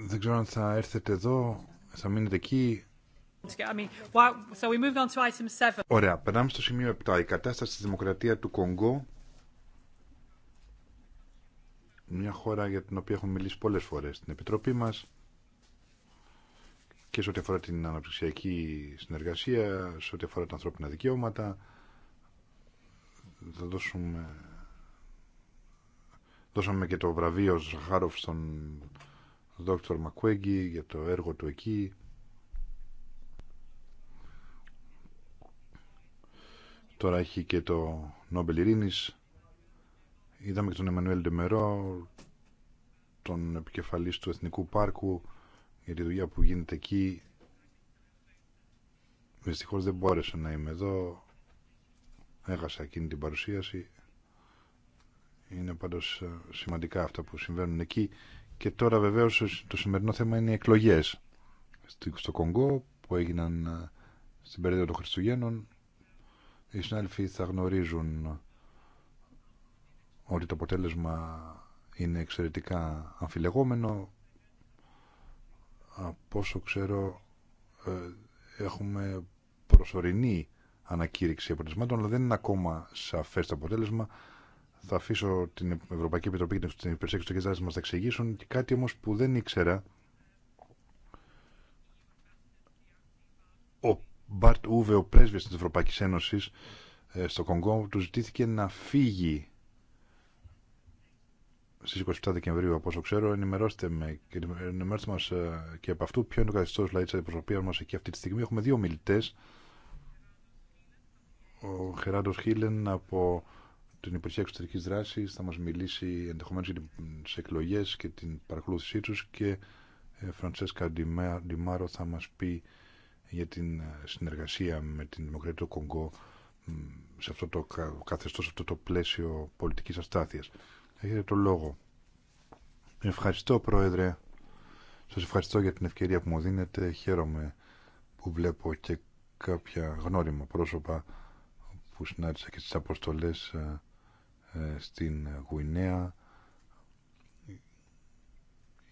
Speaker 3: Δεν ξέρω αν θα έρθετε εδώ, θα μείνετε εκεί. Ωραία, περνάμε στο σημείο 7. Η κατάσταση στη δημοκρατία του Κονγκό. Μια χώρα για την οποία έχουμε μιλήσει πολλές φορές στην Επιτροπή μας και σε ό,τι αφορά την αναπτυξιακή συνεργασία, σε ό,τι αφορά τα ανθρώπινα δικαιώματα. Θα δώσουμε Δώσαμε και το βραβείο Ζαχάροφ στον Δόκτωρ Μακουέγγι για το έργο του εκεί. Τώρα έχει και το Νόμπελ Ειρήνης. Είδαμε και τον Εμμανουέλ Ντεμερό, τον επικεφαλής του Εθνικού Πάρκου, για τη δουλειά που γίνεται εκεί. Δυστυχώ δεν μπόρεσα να είμαι εδώ. Έχασα εκείνη την παρουσίαση. Είναι πάντως ε, σημαντικά αυτά που συμβαίνουν εκεί. Και τώρα βεβαίως ε, το σημερινό θέμα είναι οι εκλογές στο Κονγκό που έγιναν ε, στην περίοδο των Χριστουγέννων. Οι συνάδελφοι θα γνωρίζουν ότι το αποτέλεσμα είναι εξαιρετικά αμφιλεγόμενο. Από όσο ξέρω έχουμε προσωρινή ανακήρυξη αποτελεσμάτων, αλλά δεν είναι ακόμα σαφές το αποτέλεσμα θα αφήσω την Ευρωπαϊκή Επιτροπή και την Υπηρεσία Εξωτερική Δράση να τα εξηγήσουν και κάτι όμως που δεν ήξερα. Ο Μπαρτ Ούβε, ο πρέσβης της Ευρωπαϊκή Ένωσης ε, στο Κονγκό, του ζητήθηκε να φύγει στις 27 Δεκεμβρίου, από όσο ξέρω. Ενημερώστε, με, ενημερώστε μας ε, και από αυτού ποιο είναι το καθεστώ δηλαδή, τη αντιπροσωπεία μα εκεί αυτή τη στιγμή. Έχουμε δύο μιλητέ. Ο Χεράντο Χίλεν από την Υπηρεσία Εξωτερική Δράση, θα μα μιλήσει ενδεχομένω για τι εκλογέ και την παρακολούθησή του και η Φραντσέσκα Ντιμάρο θα μα πει για την ε, συνεργασία με την Δημοκρατία του Κονγκό σε αυτό το καθεστώ, σε αυτό το πλαίσιο πολιτικής αστάθειας. Έχετε το λόγο. Ευχαριστώ Πρόεδρε. Σα ευχαριστώ για την ευκαιρία που μου δίνετε. Χαίρομαι που βλέπω και κάποια γνώριμα πρόσωπα που συνάντησα και στις αποστολές ε, ε, στην Γουινέα.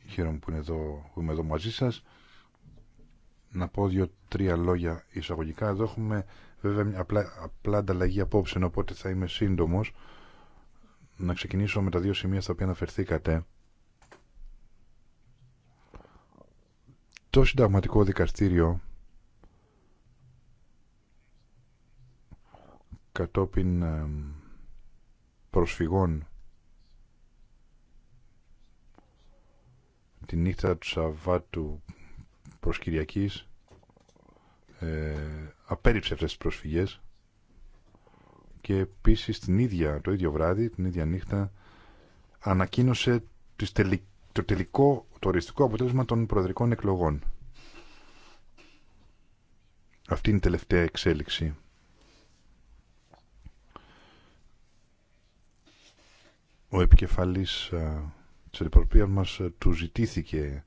Speaker 3: Χαίρομαι που, είναι εδώ, είμαι εδώ μαζί σας. Να πω δύο-τρία λόγια εισαγωγικά. Εδώ έχουμε βέβαια μια απλά, απλά ανταλλαγή απόψε, οπότε θα είμαι σύντομος. Να ξεκινήσω με τα δύο σημεία στα οποία αναφερθήκατε. Το συνταγματικό δικαστήριο κατόπιν προσφυγών. Τη νύχτα του Σαββάτου προς Κυριακής ε, απέριψε αυτές τις προσφυγές και επίσης την ίδια, το ίδιο βράδυ, την ίδια νύχτα ανακοίνωσε το τελικό, το οριστικό αποτέλεσμα των προεδρικών εκλογών. Αυτή είναι η τελευταία εξέλιξη. Ο επικεφαλής ε, της αντιπροπίας μας ε, του ζητήθηκε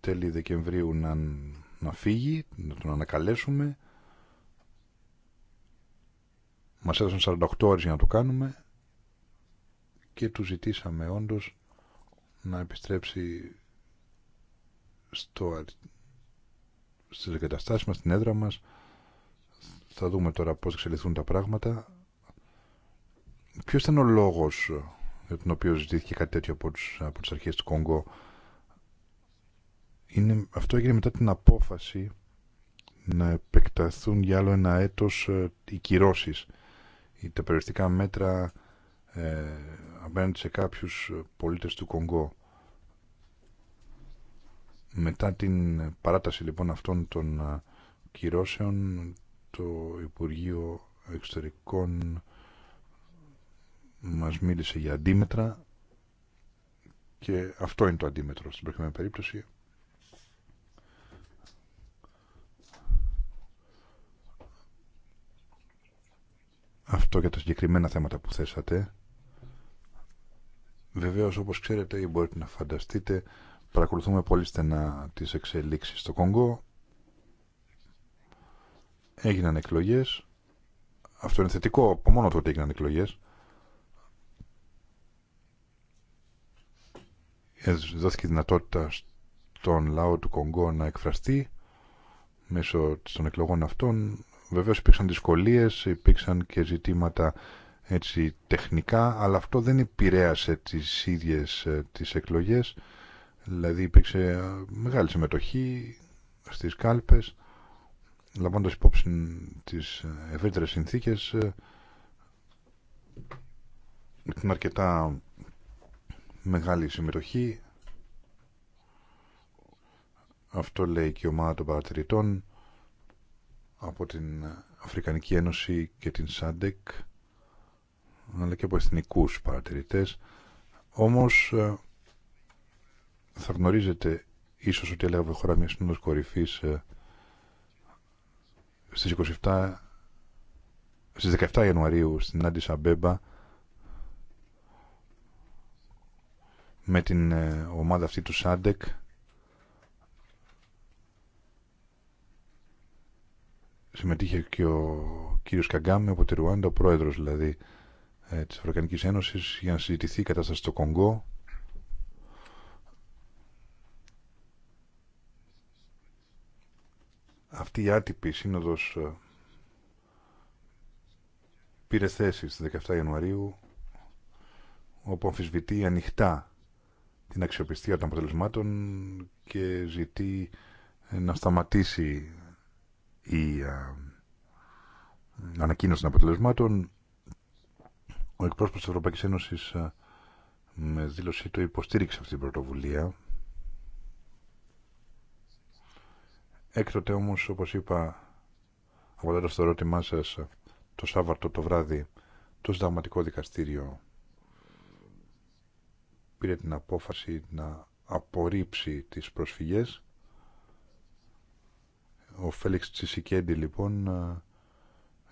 Speaker 3: τέλη Δεκεμβρίου να, να φύγει, να τον ανακαλέσουμε. Μας έδωσαν 48 ώρες για να το κάνουμε και του ζητήσαμε όντως να επιστρέψει στο, στις εγκαταστάσεις μας, στην έδρα μας. Θα δούμε τώρα πώς εξελιχθούν τα πράγματα. Ποιο ήταν ο λόγο για τον οποίο ζητήθηκε κάτι τέτοιο από, τις από τι αρχέ του Κονγκό. Είναι, αυτό έγινε μετά την απόφαση να επεκταθούν για άλλο ένα έτος ε, οι κυρώσεις. Τα περιοριστικά μέτρα ε, απέναντι σε κάποιους ε, πολίτες του Κονγκό. Μετά την παράταση λοιπόν αυτών των ε, κυρώσεων το Υπουργείο Εξωτερικών μας μίλησε για αντίμετρα και αυτό είναι το αντίμετρο στην προηγούμενη περίπτωση. Αυτό για τα συγκεκριμένα θέματα που θέσατε. Βεβαίως όπως ξέρετε ή μπορείτε να φανταστείτε παρακολουθούμε πολύ στενά τις εξελίξεις στο Κονγκό. Έγιναν εκλογές. Αυτό είναι θετικό από μόνο το ότι έγιναν εκλογές. δόθηκε δυνατότητα στον λαό του Κονγκό να εκφραστεί μέσω των εκλογών αυτών. Βεβαίως υπήρξαν δυσκολίες, υπήρξαν και ζητήματα έτσι τεχνικά, αλλά αυτό δεν επηρέασε τις ίδιες ε, τις εκλογές. Δηλαδή υπήρξε ε, μεγάλη συμμετοχή στις κάλπες, λαμβάνοντας υπόψη τις ε, ευρύτερες συνθήκες, ήταν αρκετά μεγάλη συμμετοχή. Αυτό λέει και η ομάδα των παρατηρητών από την Αφρικανική Ένωση και την ΣΑΝΤΕΚ αλλά και από εθνικού παρατηρητές. Όμως ε, θα γνωρίζετε ίσως ότι έλεγα χώρα μια σύνοδος κορυφής ε, στις 27 στις 17 Ιανουαρίου στην Άντισα Μπέμπα με την ε, ομάδα αυτή του ΣΑΝΤΕΚ συμμετείχε και ο κύριος Καγκάμι από τη Ρουάντα, ο πρόεδρος δηλαδή ε, της Αφρικανικής Ένωσης για να συζητηθεί η κατάσταση στο Κονγκό αυτή η άτυπη σύνοδος ε, πήρε θέση στις 17 Ιανουαρίου όπου αμφισβητεί ανοιχτά την αξιοπιστία των αποτελεσμάτων και ζητεί ε, να σταματήσει η ε, ανακοίνωση των αποτελεσμάτων. Ο εκπρόσωπος της Ευρωπαϊκής Ένωσης ε, με δήλωσή του υποστήριξε αυτή την πρωτοβουλία. Έκτοτε όμως, όπως είπα, απαντώντας το ερώτημά σας, το Σάββατο το βράδυ, το Συνταγματικό Δικαστήριο πήρε την απόφαση να απορρίψει τις προσφυγές. Ο Φέλιξ Τσισικέντη λοιπόν ε,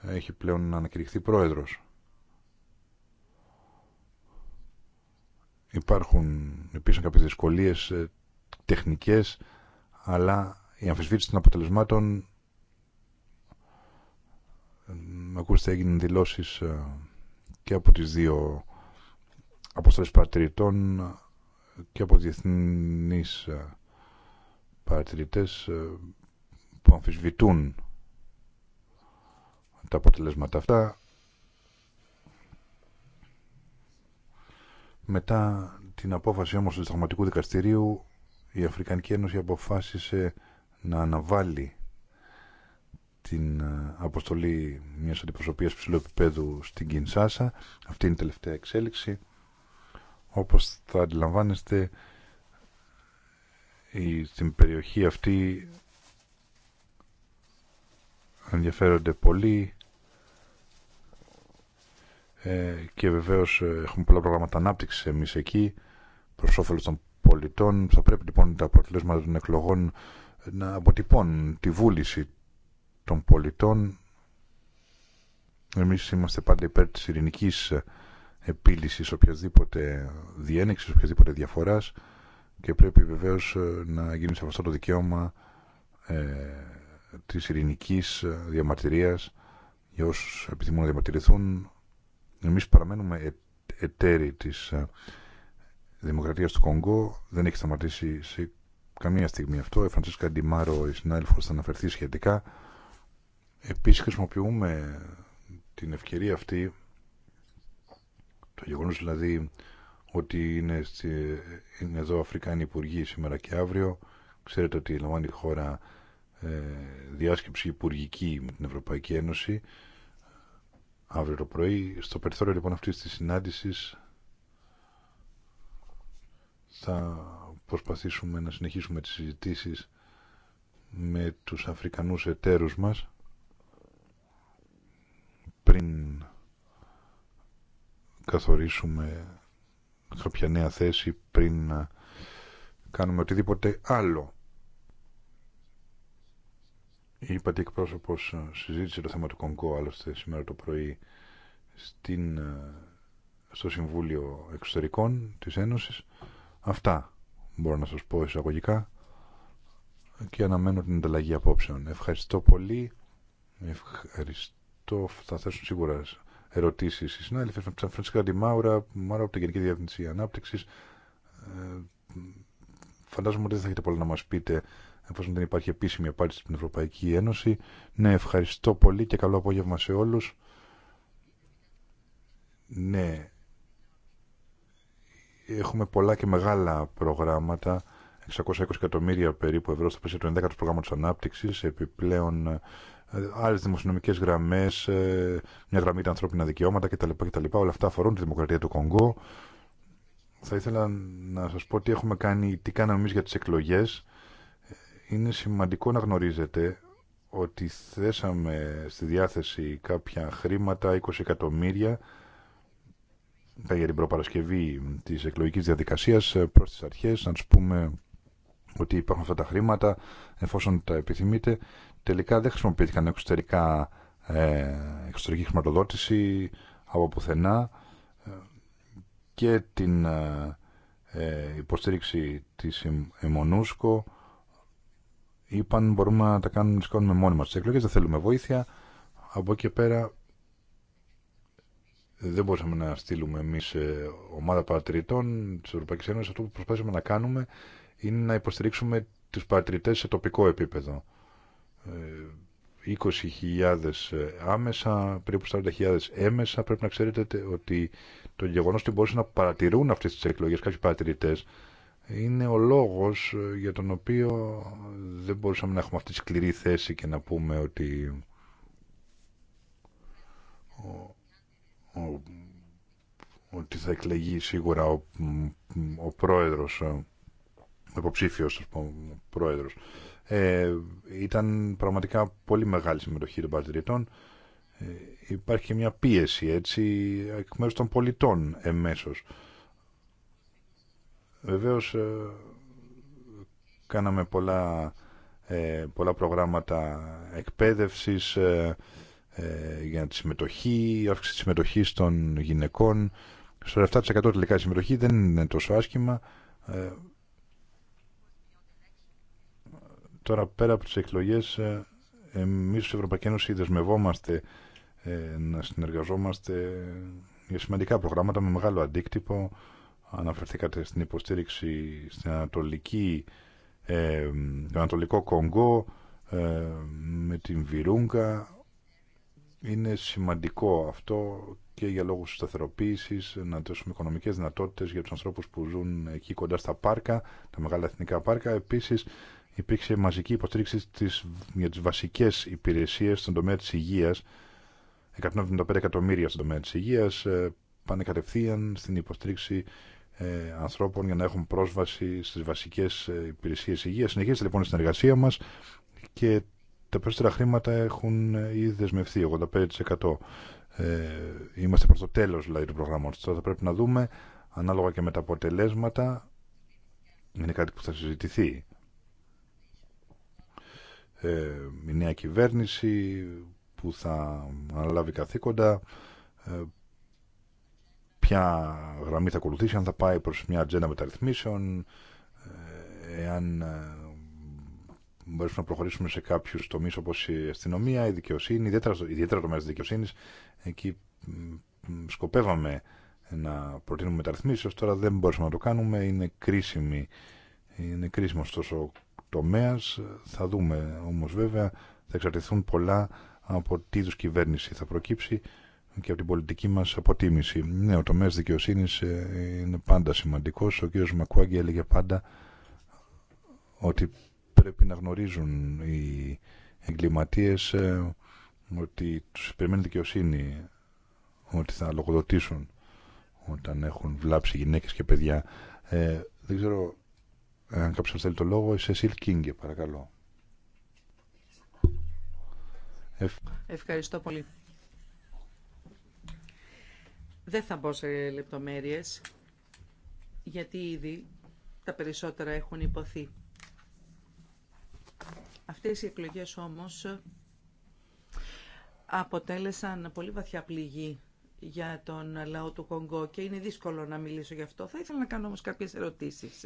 Speaker 3: έχει πλέον ανακηρυχθεί πρόεδρος. Υπάρχουν επίσης κάποιες δυσκολίες ε, τεχνικές, αλλά η αμφισβήτηση των αποτελεσμάτων ε, ακούστε έγινε δηλώσεις και από τις δύο αποστολές παρατηρητών και από διεθνείς ε, παρατηρητές ε, που αμφισβητούν τα αποτελέσματα αυτά. Μετά την απόφαση όμως του Σταγματικού Δικαστηρίου η Αφρικανική Ένωση αποφάσισε να αναβάλει την ε, αποστολή μιας αντιπροσωπείας ψηλού επίπεδου στην Κινσάσα. Αυτή είναι η τελευταία εξέλιξη. Όπως θα αντιλαμβάνεστε, η, στην περιοχή αυτή ενδιαφέρονται πολύ ε, και βεβαίως ε, έχουμε πολλά προγράμματα ανάπτυξης εμείς εκεί προς όφελος των πολιτών. Θα πρέπει λοιπόν τα αποτελέσματα των εκλογών να αποτυπώνουν τη βούληση των πολιτών. Εμείς είμαστε πάντα υπέρ της ειρηνικής ε, επίλυσης οποιασδήποτε διένεξης, οποιασδήποτε διαφορά, και πρέπει βεβαίως ε, να γίνει σεβαστό το δικαίωμα ε, της ειρηνικής ε, διαμαρτυρίας για όσου επιθυμούν να διαμαρτυρηθούν. Εμείς παραμένουμε ετέρη εταίροι της ε, Δημοκρατίας του Κονγκό. Δεν έχει σταματήσει σε καμία στιγμή αυτό. Η Φρανσίσκα Ντιμάρο, η συνάδελφο, θα αναφερθεί σχετικά. Επίση χρησιμοποιούμε την ευκαιρία αυτή το γεγονός δηλαδή ότι είναι, στη, είναι εδώ Αφρικάνοι Υπουργοί σήμερα και αύριο. Ξέρετε ότι λαμβάνει η χώρα ε, διάσκεψη υπουργική με την Ευρωπαϊκή Ένωση αύριο το πρωί. Στο περιθώριο λοιπόν αυτής της συνάντησης θα προσπαθήσουμε να συνεχίσουμε τις συζητήσεις με τους Αφρικανούς εταίρους μας πριν καθορίσουμε κάποια νέα θέση πριν να κάνουμε οτιδήποτε άλλο. Η Πατή εκπρόσωπος ε, συζήτησε το θέμα του Κονκό άλλωστε σήμερα το πρωί στην, ε, στο Συμβούλιο Εξωτερικών της Ένωσης. Αυτά μπορώ να σας πω εισαγωγικά και αναμένω την ανταλλαγή απόψεων. Ευχαριστώ πολύ. Ευχαριστώ. Θα θέσω σίγουρα Ερωτήσει. Οι συνάδελφοι από την Φρανσίκα από την Γενική Διεύθυνση Ανάπτυξη. ε, φαντάζομαι ότι δεν θα έχετε πολλά να μα πείτε εφόσον δεν υπάρχει επίσημη απάντηση στην Ευρωπαϊκή Ένωση. Ναι, ευχαριστώ πολύ και καλό απόγευμα σε όλου. Ναι, έχουμε πολλά και μεγάλα προγράμματα, 620 εκατομμύρια περίπου ευρώ στο πλαίσιο του 11ου προγράμματο ανάπτυξη, επιπλέον Άλλε δημοσιονομικέ γραμμέ, ε, μια γραμμή τα ανθρώπινα δικαιώματα κτλ. κτλ. Όλα αυτά αφορούν τη δημοκρατία του Κονγκό. Θα ήθελα να σα πω τι έχουμε κάνει, τι κάναμε εμεί για τι εκλογέ. Είναι σημαντικό να γνωρίζετε ότι θέσαμε στη διάθεση κάποια χρήματα, 20 εκατομμύρια, για την προπαρασκευή της εκλογικής διαδικασίας ε, προς τις αρχές, να τους πούμε ότι υπάρχουν αυτά τα χρήματα, εφόσον τα επιθυμείτε, τελικά δεν χρησιμοποιήθηκαν εξωτερικά, ε, εξωτερική χρηματοδότηση από πουθενά ε, και την ε, ε υποστήριξη της ΕΜΟΝΟΥΣΚΟ είπαν μπορούμε να τα κάνουμε, μόνιμα κάνουμε μόνοι μας τις εκλογές, δεν θέλουμε βοήθεια από εκεί πέρα δεν μπορούσαμε να στείλουμε εμείς ε, ομάδα παρατηρητών της Ευρωπαϊκής Ένωσης αυτό που προσπάθησαμε να κάνουμε είναι να υποστηρίξουμε τους παρατηρητές σε τοπικό επίπεδο 20.000 ε, ε, άμεσα, περίπου 40.000 έμεσα. Πρέπει να ξέρετε ότι το γεγονό ότι μπορούσαν να παρατηρούν αυτέ τι εκλογέ κάποιοι παρατηρητέ είναι ο λόγο ε, για τον οποίο δεν μπορούσαμε να έχουμε αυτή τη σκληρή θέση και να πούμε ότι ότι θα εκλεγεί σίγουρα ο, ο πρόεδρος ο υποψήφιος, ο πρόεδρος. Ε, ήταν πραγματικά πολύ μεγάλη συμμετοχή των παρατηρητών. Ε, υπάρχει και μια πίεση έτσι εκ μέρους των πολιτών εμέσως. Βεβαίως ε, κάναμε πολλά, ε, πολλά προγράμματα εκπαίδευσης για τη συμμετοχή, αύξηση της συμμετοχής των γυναικών. Στο 7% τελικά η συμμετοχή δεν είναι τόσο άσχημα. Τώρα πέρα από τις εκλογές ε, εμείς στην Ευρωπαϊκή Ένωση δεσμευόμαστε ε, να συνεργαζόμαστε για σημαντικά προγράμματα με μεγάλο αντίκτυπο. Αναφερθήκατε στην υποστήριξη στην Ανατολική, ε, Ανατολικό Κονγκό ε, με την Βιρούγκα. Είναι σημαντικό αυτό και για λόγους σταθεροποίησης να δώσουμε οικονομικές δυνατότητες για τους ανθρώπους που ζουν εκεί κοντά στα πάρκα, τα μεγάλα εθνικά πάρκα. Επίσης υπήρξε μαζική υποστήριξη για τι βασικέ υπηρεσίε στον τομέα τη υγεία, 175 εκατομμύρια στον τομέα τη υγεία, ε, πάνε κατευθείαν στην υποστήριξη ε, ανθρώπων για να έχουν πρόσβαση στι βασικέ ε, υπηρεσίε υγεία. Συνεχίζεται λοιπόν η συνεργασία μα και τα περισσότερα χρήματα έχουν ήδη δεσμευθεί, 85%. Ε, είμαστε προ το τέλο δηλαδή του προγράμματο. Τώρα θα πρέπει να δούμε, ανάλογα και με τα αποτελέσματα, είναι κάτι που θα συζητηθεί ε, η νέα κυβέρνηση που θα αναλάβει καθήκοντα, ε, ποια γραμμή θα ακολουθήσει, αν θα πάει προς μια ατζέντα μεταρρυθμίσεων, ε, εάν ε, μπορέσουμε να προχωρήσουμε σε κάποιους τομείς όπως η αστυνομία, η δικαιοσύνη, ιδιαίτερα, ιδιαίτερα τομέα της δικαιοσύνης, εκεί σκοπεύαμε να προτείνουμε μεταρρυθμίσεις, τώρα δεν μπορούμε να το κάνουμε, είναι κρίσιμη είναι κρίσιμο ωστόσο τομέας. Θα δούμε όμως βέβαια, θα εξαρτηθούν πολλά από τι είδου κυβέρνηση θα προκύψει και από την πολιτική μας αποτίμηση. Ναι, ο τομέας δικαιοσύνης ε, είναι πάντα σημαντικός. Ο κ. Μακουάγκη έλεγε πάντα ότι πρέπει να γνωρίζουν οι εγκληματίες ε, ότι τους περιμένει δικαιοσύνη ότι θα λογοδοτήσουν όταν έχουν βλάψει γυναίκες και παιδιά. Ε, δεν ξέρω αν κάποιο θέλει το λόγο, η Σεσίλ Κίνγκε, παρακαλώ.
Speaker 2: Ευχαριστώ πολύ. Δεν θα μπω σε λεπτομέρειες, γιατί ήδη τα περισσότερα έχουν υποθεί. Αυτές οι εκλογές όμως αποτέλεσαν πολύ βαθιά πληγή για τον λαό του Κονγκό και είναι δύσκολο να μιλήσω γι' αυτό. Θα ήθελα να κάνω όμως κάποιες ερωτήσεις.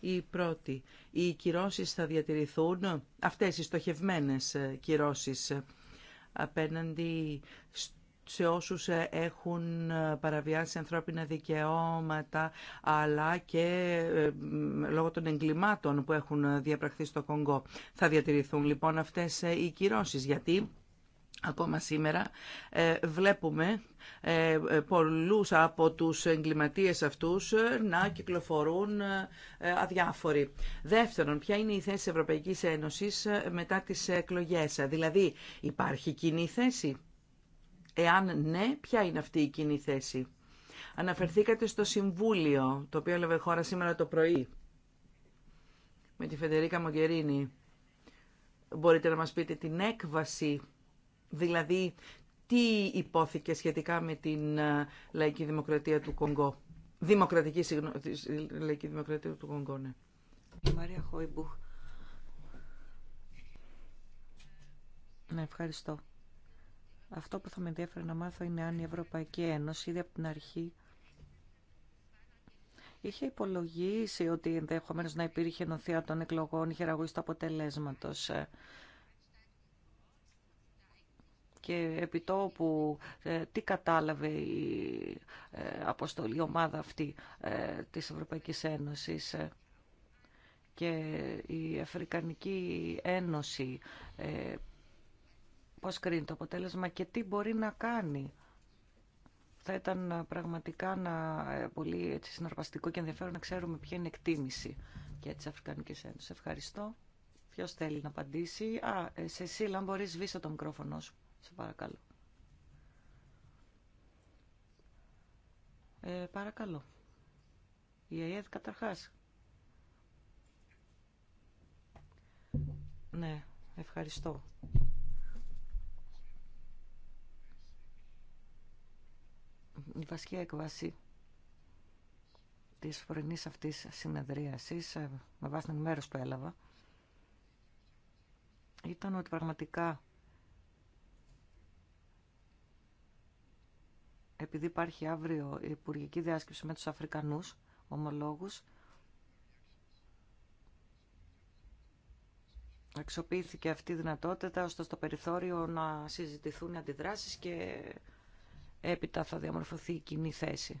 Speaker 2: Η πρώτη, οι κυρώσεις θα διατηρηθούν, αυτές οι στοχευμένες ε, κυρώσεις ε, απέναντι σε όσους ε, έχουν παραβιάσει ανθρώπινα δικαιώματα αλλά και λόγω των εγκλημάτων που έχουν διαπραχθεί στο Κονγκό. Θα διατηρηθούν λοιπόν αυτές οι κυρώσεις γιατί Ακόμα σήμερα ε, βλέπουμε ε, πολλούς από τους εγκληματίες αυτούς ε, να κυκλοφορούν αδιάφοροι. Δεύτερον, ποια είναι η θέση της Ευρωπαϊκής Ένωσης μετά τις εκλογές. Δηλαδή, υπάρχει κοινή θέση. Εάν ναι, ποια είναι αυτή η κοινή θέση. Αναφερθήκατε στο Συμβούλιο, το οποίο έλαβε χώρα σήμερα το πρωί, με τη Φεντερίκα Μογκερίνη. Μπορείτε να μας πείτε την έκβαση δηλαδή τι υπόθηκε σχετικά με την ε, λαϊκή δημοκρατία του Κονγκό. Δημοκρατική, συγγνώμη, λαϊκή δημοκρατία του Κονγκό, ναι.
Speaker 1: Μαρία Χόιμπουχ. Ναι, ευχαριστώ. Αυτό που θα με ενδιαφέρει να μάθω είναι αν η Ευρωπαϊκή Ένωση ήδη από την αρχή είχε υπολογίσει ότι ενδεχομένως να υπήρχε νοθεία των εκλογών χειραγωγής του αποτελέσματος και που ε, τι κατάλαβε η ε, αποστολή, η ομάδα αυτή ε, της Ευρωπαϊκής Ένωσης και η Αφρικανική Ένωση πώς κρίνει το αποτέλεσμα και τι μπορεί να κάνει. Θα ήταν πραγματικά να, πολύ έτσι, συναρπαστικό και ενδιαφέρον να ξέρουμε ποια είναι εκτίμηση για τις Αφρικανικές Ένωσες. Ευχαριστώ. Ποιος θέλει να απαντήσει. Α, Σεσίλα, αν μπορείς, σβήσε το μικρόφωνο σου. Σε παρακαλώ. Ε, παρακαλώ. Η ΑΕΔ καταρχάς. Ναι, ευχαριστώ. Η βασική έκβαση της φορεινής αυτής συνεδρίασης, ε, με βάση την μέρος που έλαβα, ήταν ότι πραγματικά επειδή υπάρχει αύριο η υπουργική διάσκεψη με τους Αφρικανούς ομολόγους, αξιοποιήθηκε αυτή η δυνατότητα ώστε στο περιθώριο να συζητηθούν οι αντιδράσεις και έπειτα θα διαμορφωθεί η κοινή θέση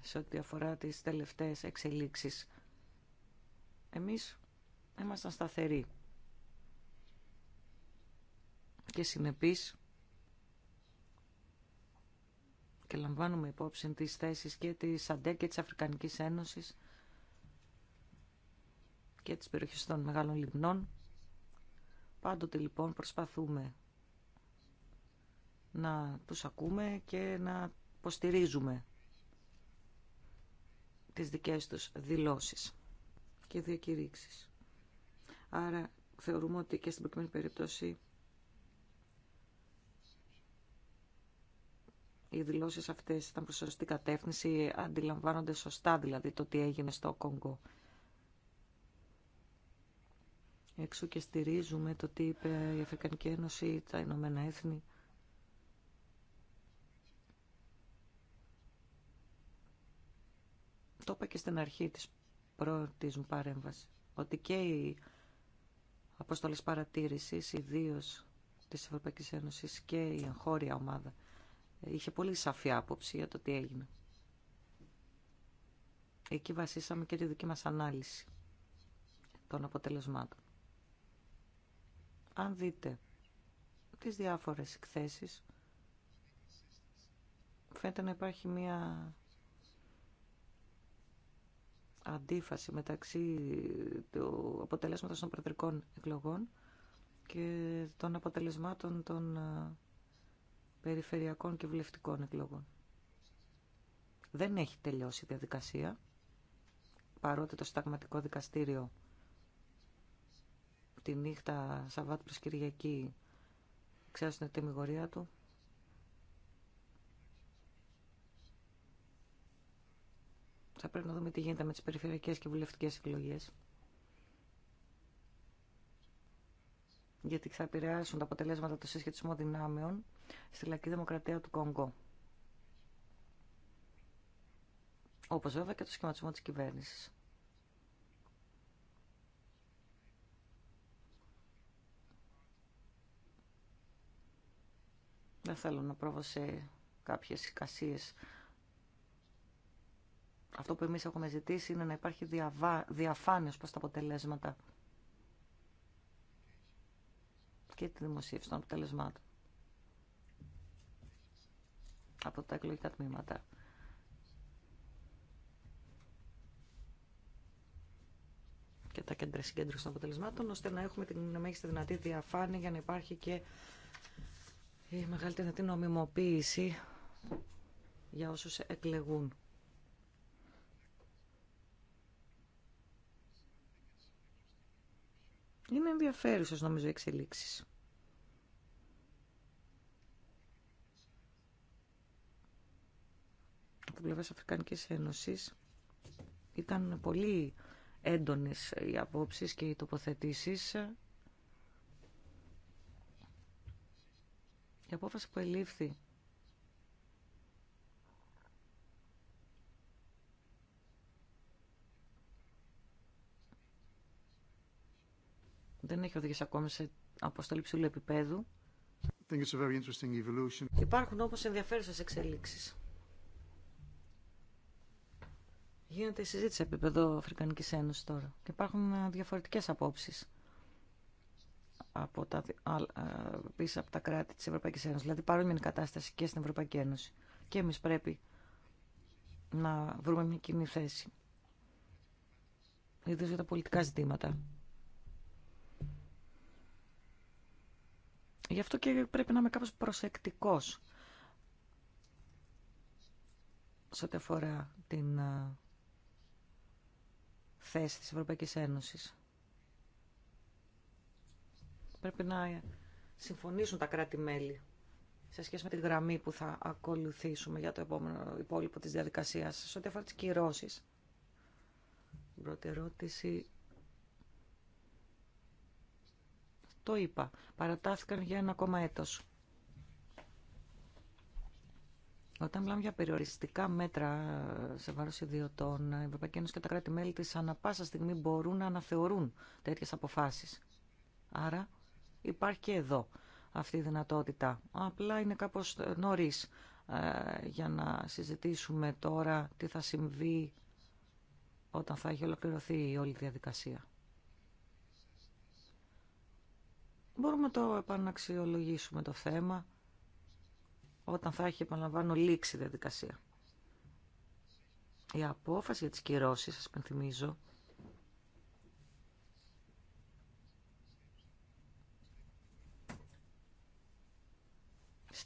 Speaker 1: σε ό,τι αφορά τις τελευταίες εξελίξεις. Εμείς ήμασταν σταθεροί και συνεπείς και λαμβάνουμε υπόψη τις θέσεις και της ΑΝΤΕ και της Αφρικανικής Ένωσης και της περιοχής των μεγάλων λιμνών. Πάντοτε λοιπόν προσπαθούμε να τους ακούμε και να υποστηρίζουμε τις δικές τους δηλώσεις και διακηρύξεις. Άρα θεωρούμε ότι και στην προηγούμενη περίπτωση οι δηλώσεις αυτές ήταν προς σωστή κατεύθυνση, αντιλαμβάνονται σωστά δηλαδή το τι έγινε στο Κόγκο. Έξω και στηρίζουμε το τι είπε η Αφρικανική Ένωση, τα Ηνωμένα Έθνη. Το είπα και στην αρχή της πρώτης μου παρέμβασης, ότι και οι αποστολές παρατήρησης, ιδίως της Ευρωπαϊκής Ένωσης και η εγχώρια ομάδα είχε πολύ σαφή άποψη για το τι έγινε. Εκεί βασίσαμε και τη δική μας ανάλυση των αποτελεσμάτων. Αν δείτε τις διάφορες εκθέσεις, φαίνεται να υπάρχει μία αντίφαση μεταξύ του αποτελέσματος των προεδρικών εκλογών και των αποτελεσμάτων των ε, περιφερειακών και βουλευτικών εκλογών. Δεν έχει τελειώσει η διαδικασία, παρότι το Σταγματικό Δικαστήριο τη νύχτα Σαββάτου προς Κυριακή ξέσουν τη μηγορία του. Θα πρέπει να δούμε τι γίνεται με τις περιφερειακές και βουλευτικές εκλογές. Γιατί θα επηρεάσουν τα αποτελέσματα του συσχετισμού δυνάμεων στη Λαϊκή Δημοκρατία του Κονγκό. Όπως βέβαια και το σχηματισμό της κυβέρνησης. Δεν θέλω να πρόβω σε κάποιες εικασίες. Αυτό που εμείς έχουμε ζητήσει είναι να υπάρχει διαβα... διαφάνεια προς τα αποτελέσματα και τη δημοσίευση των αποτελεσμάτων από τα εκλογικά τμήματα. και τα κέντρα συγκέντρωση των αποτελεσμάτων, ώστε να έχουμε την μέγιστη δυνατή διαφάνεια για να υπάρχει και η μεγαλύτερη δυνατή νομιμοποίηση για όσους εκλεγούν. Είναι ενδιαφέρουσες νομίζω οι εξελίξεις. από πλευρά Αφρικανική Ένωση ήταν πολύ έντονε οι απόψει και οι τοποθετήσει. Η απόφαση που ελήφθη δεν έχει οδηγήσει ακόμα σε αποστολή ψηλού επίπεδου. Υπάρχουν όμως ενδιαφέρουσες εξελίξεις. Γίνεται η συζήτηση σε επίπεδο Αφρικανικής Ένωση τώρα και υπάρχουν ε, διαφορετικές απόψεις από τα, ε, πίσω από τα κράτη της Ευρωπαϊκής Ένωσης. Δηλαδή παρόμοια είναι η κατάσταση και στην Ευρωπαϊκή Ένωση. Και εμεί πρέπει να βρούμε μια κοινή θέση. Ιδίω για τα πολιτικά ζητήματα. Γι' αυτό και πρέπει να είμαι κάπως προσεκτικός σε ό,τι αφορά την ε, θέση της Ευρωπαϊκής Ένωσης. Πρέπει να συμφωνήσουν τα κράτη-μέλη σε σχέση με τη γραμμή που θα ακολουθήσουμε για το επόμενο υπόλοιπο της διαδικασίας σε ό,τι αφορά τις κυρώσεις. πρώτη ερώτηση το είπα. Παρατάθηκαν για ένα ακόμα έτος. Όταν μιλάμε για περιοριστικά μέτρα σε βάρο ιδιωτών, η Ευρωπαϊκή Ένωση και τα κράτη-μέλη τη ανα πάσα στιγμή μπορούν να αναθεωρούν τέτοιε αποφάσει. Άρα υπάρχει και εδώ αυτή η δυνατότητα. Απλά είναι κάπω νωρί ε, για να συζητήσουμε τώρα τι θα συμβεί όταν θα έχει ολοκληρωθεί η όλη διαδικασία. Μπορούμε να το επαναξιολογήσουμε το θέμα όταν θα έχει, επαναλαμβάνω, λήξει η διαδικασία. Η απόφαση για τις κυρώσεις, σας πενθυμίζω,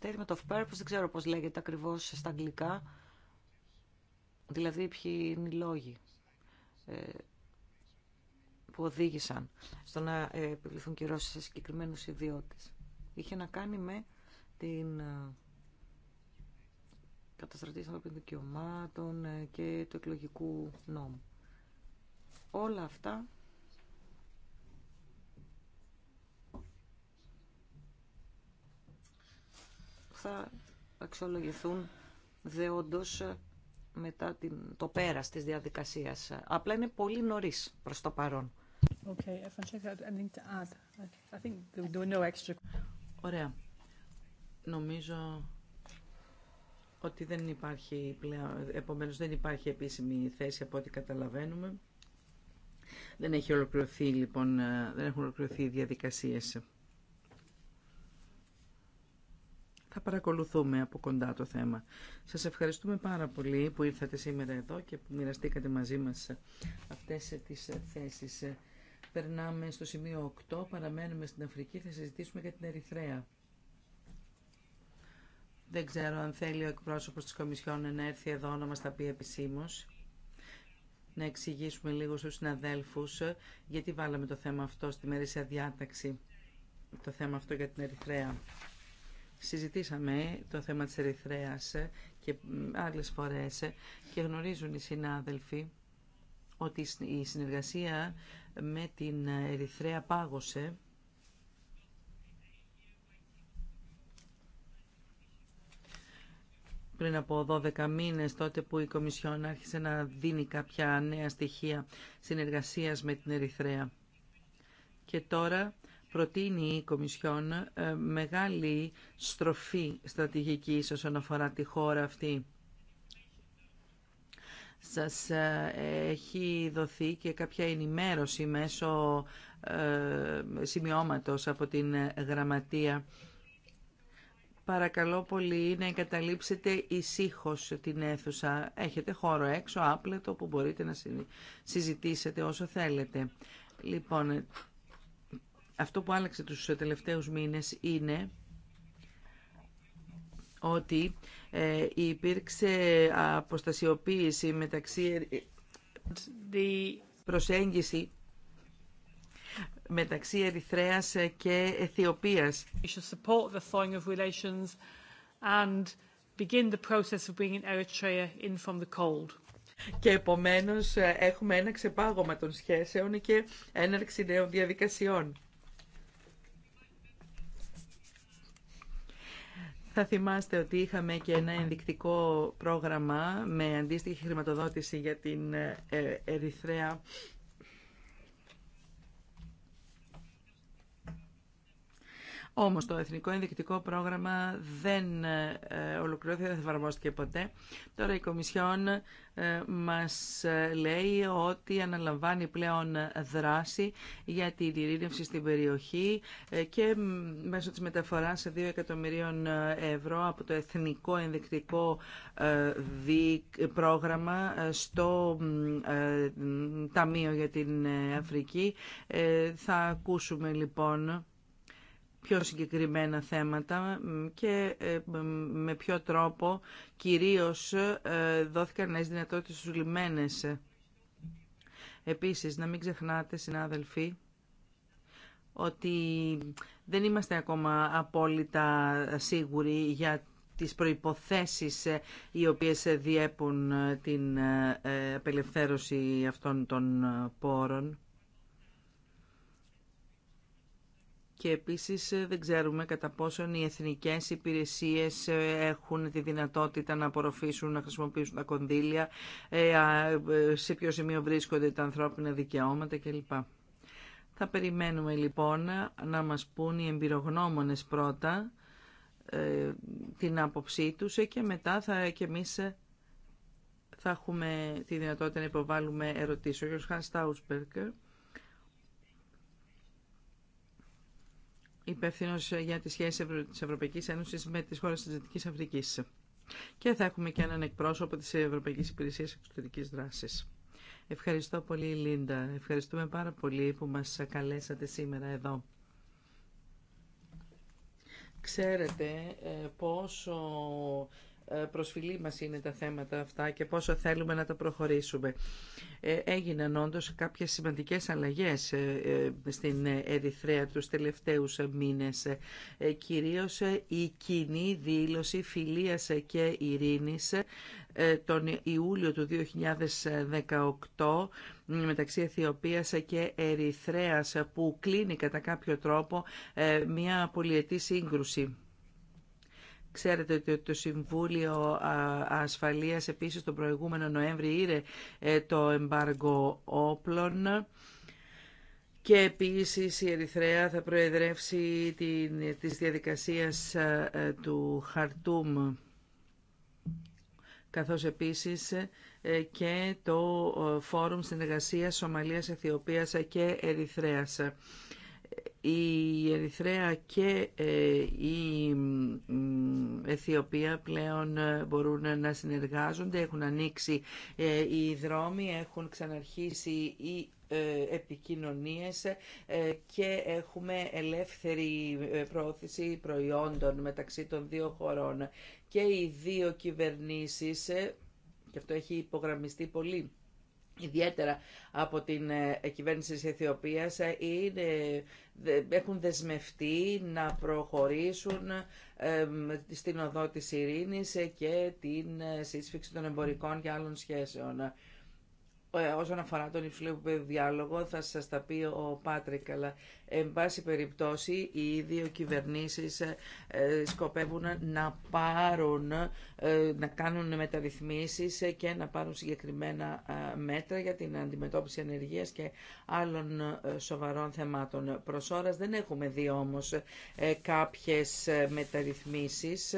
Speaker 1: statement of purpose, δεν ξέρω πώς λέγεται ακριβώς στα αγγλικά, δηλαδή ποιοι είναι οι λόγοι ε, που οδήγησαν στο να ε, επιβληθούν κυρώσεις σε συγκεκριμένους ιδιώτες. Είχε να κάνει με την ε, καταστρατής ανθρωπίνων δικαιωμάτων ε, και του εκλογικού νόμου. Όλα αυτά θα αξιολογηθούν δεόντως μετά την, το πέρας της διαδικασίας. Απλά είναι πολύ νωρίς προς το παρόν.
Speaker 2: Ωραία. Νομίζω ότι δεν υπάρχει πλέον, επομένως δεν υπάρχει επίσημη θέση από ό,τι καταλαβαίνουμε. Δεν, έχει ολοκληρωθεί, λοιπόν, ε, δεν έχουν ολοκληρωθεί οι διαδικασίες. Θα παρακολουθούμε από κοντά το θέμα. Σας ευχαριστούμε πάρα πολύ που ήρθατε σήμερα εδώ και που μοιραστήκατε μαζί μας αυτές τις θέσεις. Περνάμε στο σημείο 8, παραμένουμε στην Αφρική, θα συζητήσουμε για την Ερυθρέα. Δεν ξέρω αν θέλει ο εκπρόσωπος της Κομισιόν να έρθει εδώ να μα τα πει επισήμω, Να εξηγήσουμε λίγο στου συναδέλφου ε, γιατί βάλαμε το θέμα αυτό στη μερίσια διάταξη, το θέμα αυτό για την Ερυθρέα. Συζητήσαμε ε, το θέμα της Ερυθρέας ε, και άλλες φορές και γνωρίζουν οι συνάδελφοι ότι η συνεργασία με την Ερυθρέα πάγωσε πριν από 12 μήνες, τότε που η Κομισιόν άρχισε να δίνει κάποια νέα στοιχεία συνεργασίας με την Ερυθρέα. Και τώρα προτείνει η Κομισιόν ε, μεγάλη στροφή στρατηγικής όσον αφορά τη χώρα αυτή. Σας ε, έχει δοθεί και κάποια ενημέρωση μέσω ε, σημειώματος από την Γραμματεία Παρακαλώ πολύ να εγκαταλείψετε ησύχω την αίθουσα. Έχετε χώρο έξω, άπλετο, που μπορείτε να συζητήσετε όσο θέλετε. Λοιπόν, αυτό που άλλαξε τους τελευταίους μήνες είναι ότι ε, υπήρξε αποστασιοποίηση μεταξύ... Ε, ε, προσέγγιση μεταξύ Ερυθρέας και Αιθιοπίας. of relations and the process of from the cold. Και επομένως ε, έχουμε ένα ξεπάγωμα των σχέσεων και έναρξη νέων διαδικασιών. Θα θυμάστε ότι είχαμε και ένα ενδεικτικό πρόγραμμα με αντίστοιχη χρηματοδότηση για την ε, Ερυθρέα Όμω, το Εθνικό Ενδεικτικό Πρόγραμμα δεν ε, ε, ολοκληρώθηκε, δεν εφαρμόστηκε ποτέ. Τώρα η Κομισιόν ε, μας λέει ότι αναλαμβάνει πλέον δράση για τη διερήνευση στην περιοχή και μέσω της μεταφοράς 2 εκατομμυρίων ευρώ από το Εθνικό Ενδεικτικό Πρόγραμμα στο Ταμείο για την Αφρική. Θα ακούσουμε λοιπόν πιο συγκεκριμένα θέματα και ε, με ποιο τρόπο κυρίως ε, δόθηκαν νέες δυνατότητες στους λιμένες. Επίσης, να μην ξεχνάτε, συνάδελφοι, ότι δεν είμαστε ακόμα απόλυτα σίγουροι για τις προϋποθέσεις ε, οι οποίες διέπουν την απελευθέρωση αυτών των πόρων. και επίσης ε, δεν ξέρουμε κατά πόσον οι εθνικές υπηρεσίες ε, έχουν τη δυνατότητα να απορροφήσουν, να χρησιμοποιήσουν τα κονδύλια, ε, σε ποιο σημείο βρίσκονται τα ανθρώπινα δικαιώματα κλπ. Θα περιμένουμε λοιπόν να μας πούν οι εμπειρογνώμονες πρώτα την άποψή τους και μετά θα και εμείς θα έχουμε τη δυνατότητα να υποβάλουμε ερωτήσεις. υπεύθυνο για τις σχέσεις τη Ευρωπαϊκής Ένωση με τις χώρες της Δυτική Αφρικής. Και θα έχουμε και έναν εκπρόσωπο τη Ευρωπαϊκή Υπηρεσία Εξωτερικής Δράσης. Ευχαριστώ πολύ Λίντα. Ευχαριστούμε πάρα πολύ που μας καλέσατε σήμερα εδώ. Ξέρετε ε, πόσο ε, προσφυλή μας είναι τα θέματα αυτά και πόσο θέλουμε να τα προχωρήσουμε. Ε, έγιναν όντως κάποιες σημαντικές αλλαγές ε, στην Ερυθρέα τους τελευταίους μήνες. Κυρίως η κοινή δήλωση φιλίας και ειρήνης τον Ιούλιο του 2018 μεταξύ Αιθιοπίας και Ερυθρέας που κλείνει κατά κάποιο τρόπο μια πολυετή σύγκρουση. Ξέρετε ότι το Συμβούλιο Ασφαλείας επίσης τον προηγούμενο Νοέμβρη ήρε ε, το εμπάργο όπλων. Και επίσης η Ερυθρέα θα προεδρεύσει την, της διαδικασίας ε, ε, του Χαρτούμ, καθώς επίσης και το Φόρουμ Συνεργασίας Σομαλίας, Αιθιοπίας και Ερυθρέας η Ερυθρέα και ε, η Αιθιοπία πλέον ε, μπορούν να συνεργάζονται, έχουν ανοίξει ε, οι δρόμοι, έχουν ξαναρχίσει οι επικοινωνίες και έχουμε ελεύθερη προώθηση προϊόντων μεταξύ των δύο χωρών. Και οι δύο κυβερνήσεις, και αυτό έχει υπογραμμιστεί πολύ, ιδιαίτερα από την ε, κυβέρνηση της Αιθιοπίας, ε, είναι, έχουν δεσμευτεί να προχωρήσουν στην οδό της ειρήνης ε, και την σύσφυξη των εμπορικών και άλλων σχέσεων. Ε, όσον αφορά τον υψηλό διάλογο, θα σας τα πει ο Πάτρικ, αλλά εν πάση περιπτώσει οι δύο κυβερνήσεις ε, σκοπεύουν να πάρουν, ε, να κάνουν μεταρρυθμίσεις και να πάρουν συγκεκριμένα μέτρα για την αντιμετώπιση ανεργία και άλλων σοβαρών θεμάτων. Προς δεν έχουμε δει όμως κάποιες μεταρρυθμίσεις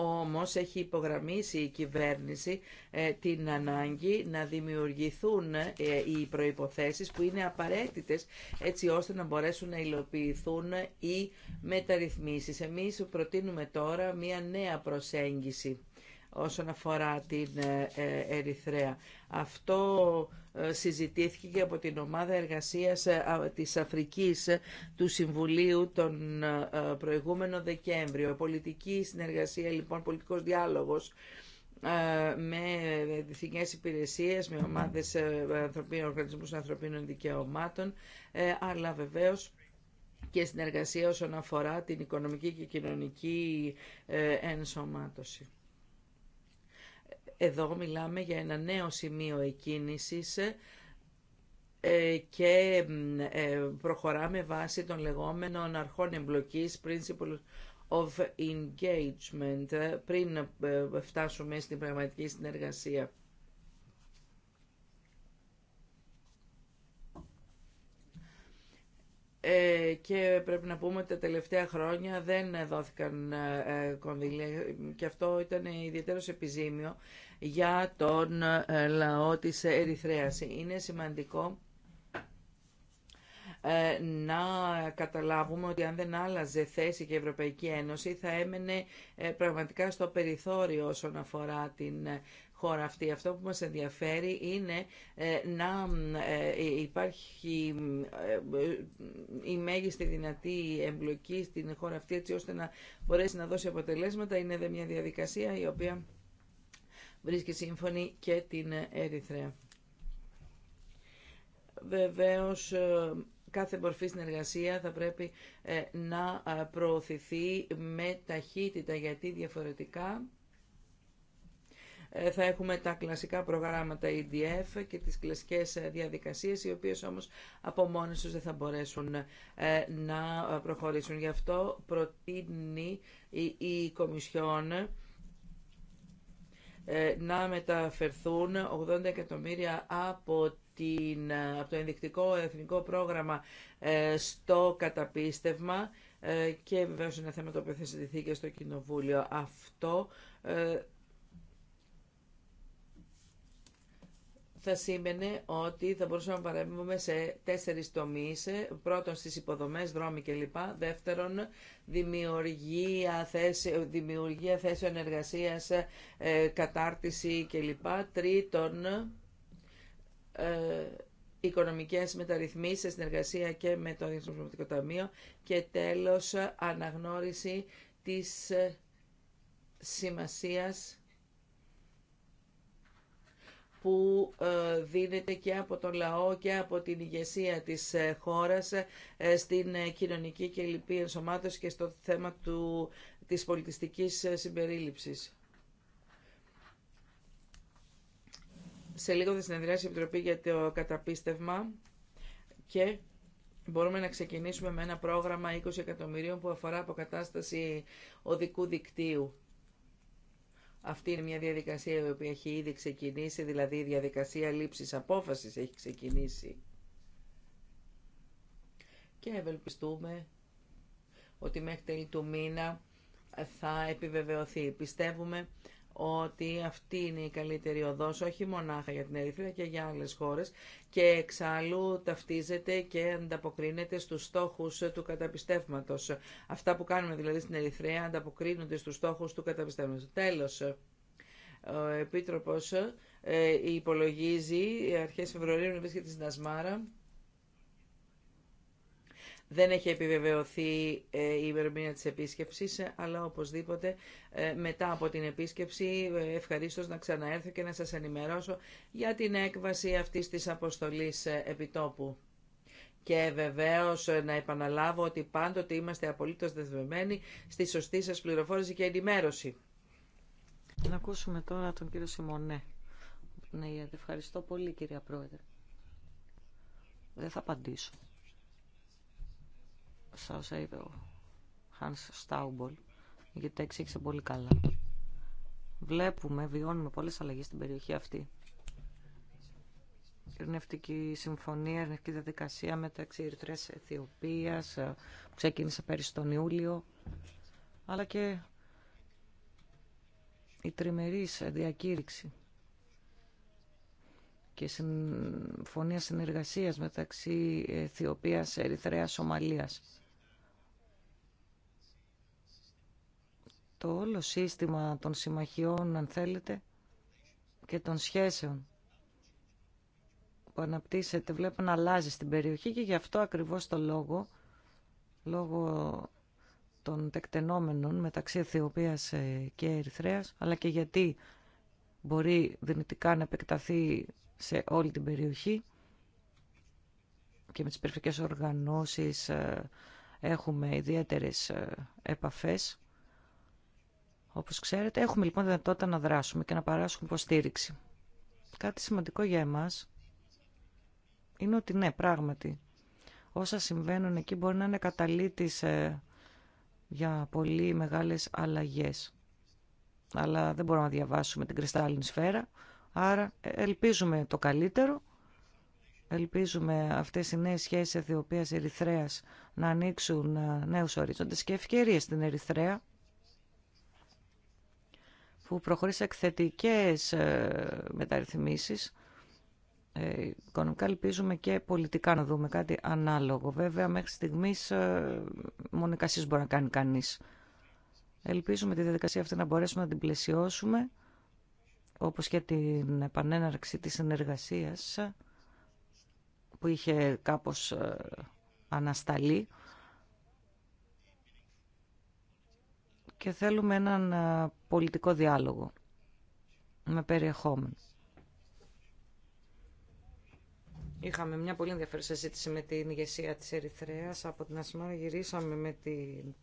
Speaker 2: όμως έχει υπογραμμίσει η κυβέρνηση ε, την ανάγκη να δημιουργηθούν ε, οι προϋποθέσεις που είναι απαραίτητες έτσι ώστε να μπορέσουν να υλοποιηθούν οι μεταρρυθμίσεις. Εμείς προτείνουμε τώρα μία νέα προσέγγιση όσον αφορά την ε, Ερυθρέα. Αυτό ε, συζητήθηκε από την ομάδα εργασίας ε, της Αφρικής ε, του Συμβουλίου τον προηγούμενο Δεκέμβριο. Πολιτική συνεργασία, λοιπόν, πολιτικός διάλογος με εθνικές υπηρεσίες, με ομάδες ανθρωπίνων οργανισμούς ανθρωπίνων δικαιωμάτων, αλλά βεβαίως και συνεργασία όσον αφορά την οικονομική και κοινωνική ενσωμάτωση. Εδώ μιλάμε για ένα νέο σημείο εκκίνησης ε, και ε, προχωράμε βάσει των λεγόμενων αρχών εμπλοκής, principles of engagement, ε, πριν φτάσουμε στην πραγματική συνεργασία. Ε, και πρέπει να πούμε ότι τα τελευταία χρόνια δεν δόθηκαν ε, ε, κονδύλια και αυτό ήταν ιδιαίτερο επιζήμιο για τον λαό της Ερυθρέας. Είναι σημαντικό να καταλάβουμε ότι αν δεν άλλαζε θέση και η Ευρωπαϊκή Ένωση θα έμενε πραγματικά στο περιθώριο όσον αφορά την χώρα Αυτό που μας ενδιαφέρει είναι ε, να ε, υπάρχει ε, η μέγιστη δυνατή εμπλοκή στην χώρα αυτή έτσι ώστε να μπορέσει να δώσει αποτελέσματα. Είναι μια διαδικασία η οποία βρίσκει σύμφωνη και την Ερυθρέα. Βεβαίως κάθε μορφή συνεργασία θα πρέπει να προωθηθεί με ταχύτητα γιατί διαφορετικά ε, θα έχουμε τα κλασικά προγράμματα EDF και τις κλασικές ε, διαδικασίες, οι οποίες όμως από μόνες τους δεν θα μπορέσουν ε, να προχωρήσουν. Γι' αυτό προτείνει η Κομισιόν να μεταφερθούν 80 εκατομμύρια από την, από το ενδεικτικό εθνικό πρόγραμμα στο καταπίστευμα και βεβαίως είναι θέμα το οποίο θα συζητηθεί και στο Κοινοβούλιο. Αυτό θα σήμαινε ότι θα μπορούσαμε να παρέμβουμε σε τέσσερις τομείς. Πρώτον, στις υποδομές, δρόμοι κλπ. Δεύτερον, δημιουργία, θέση, δημιουργία θέσεων εργασίας, ε, κατάρτιση κλπ. Τρίτον, ε, οικονομικές μεταρρυθμίσεις σε συνεργασία και με το Διεθνές Ταμείο. Και τέλος, αναγνώριση της ε, σημασίας που ε, δίνεται και από τον λαό και από την ηγεσία της ε, χώρας ε, στην κοινωνική και λοιπή ενσωμάτωση και στο θέμα του, της πολιτιστικής συμπερίληψης. Σε λίγο θα συνεδριάσει η Επιτροπή για το καταπίστευμα και μπορούμε να ξεκινήσουμε με ένα πρόγραμμα 20 εκατομμυρίων που αφορά αποκατάσταση οδικού δικτύου. Αυτή είναι μια διαδικασία η οποία έχει ήδη ξεκινήσει, δηλαδή η διαδικασία λήψης απόφασης έχει ξεκινήσει. Και ευελπιστούμε ότι μέχρι τέλη του μήνα θα επιβεβαιωθεί. Πιστεύουμε ότι αυτή είναι η καλύτερη οδός, όχι μονάχα για την Ερυθρέα και για άλλες χώρες και εξάλλου ταυτίζεται και ανταποκρίνεται στους στόχους του καταπιστεύματος. Αυτά που κάνουμε δηλαδή στην Ερυθρέα ανταποκρίνονται στους στόχους του καταπιστεύματος. Τέλος, ε, ο Επίτροπος ε, υπολογίζει αρχές Φεβρουαρίου να βρίσκεται στην Ασμάρα δεν έχει επιβεβαιωθεί ε, η ημερομηνία της επίσκεψης, αλλά οπωσδήποτε ε, μετά από την επίσκεψη ε, ευχαρίστως να ξαναέρθω και να σας ενημερώσω για την έκβαση αυτής της αποστολής επιτόπου. Και βεβαίω να επαναλάβω ότι πάντοτε είμαστε απολύτως δεσμευμένοι στη σωστή σας πληροφόρηση και ενημέρωση.
Speaker 1: Να ακούσουμε τώρα τον κύριο Σιμονέ.
Speaker 2: Ναι, ευχαριστώ
Speaker 1: πολύ κυρία Πρόεδρε. Δεν θα απαντήσω σα όσα είπε ο Χάνς Στάουμπολ, γιατί τα εξήγησε πολύ καλά. Βλέπουμε, βιώνουμε πολλές αλλαγές στην περιοχή αυτή. Ειρνευτική συμφωνία, ειρνευτική διαδικασία μεταξύ Ερυθρέας Αιθιοπίας, που ε, ξεκίνησε πέρυσι τον Ιούλιο, αλλά και η τριμερής διακήρυξη και συμφωνία συνεργασίας μεταξύ Αιθιοπίας, Ερυθρέας, Σομαλίας. το όλο σύστημα των συμμαχιών, αν θέλετε, και των σχέσεων που αναπτύσσεται, βλέπω να αλλάζει στην περιοχή και γι' αυτό ακριβώς το λόγο, λόγω των τεκτενόμενων μεταξύ Αιθιοπίας ε, και Ερυθρέας, αλλά και γιατί μπορεί δυνητικά να επεκταθεί σε όλη την περιοχή και με τις περιφερειακές οργανώσεις ε, έχουμε ιδιαίτερες ε, επαφές Όπω ξέρετε, έχουμε λοιπόν δυνατότητα να δράσουμε και να παράσχουμε υποστήριξη. Κάτι σημαντικό για εμάς είναι ότι ναι, πράγματι, όσα συμβαίνουν εκεί μπορεί να είναι καταλήτης ε, για πολύ μεγάλες αλλαγές. Αλλά δεν μπορούμε να διαβάσουμε την κρυστάλλινη σφαίρα, άρα ε, ελπίζουμε το καλύτερο. Ελπίζουμε αυτές οι νέες σχέσεις Αιθιοπίας-Ερυθρέας να ανοίξουν ε, νέους ορίζοντες και ευκαιρίες στην Ερυθρέα που προχωρήσει σε εκθετικές ε, μεταρρυθμίσεις. Ε, οικονομικά ελπίζουμε και πολιτικά να δούμε κάτι ανάλογο. Βέβαια, μέχρι στιγμής ε, μόνο εικασίες μπορεί να κάνει κανείς. Ελπίζουμε τη διαδικασία αυτή να μπορέσουμε να την πλαισιώσουμε, όπως και την επανέναρξη της συνεργασίας που είχε κάπως ανασταλεί. Και θέλουμε έναν πολιτικό διάλογο με περιεχόμενο. Είχαμε μια πολύ ενδιαφέρουσα συζήτηση με την ηγεσία της Ερυθρέας. Από την Ασημάρα γυρίσαμε με την...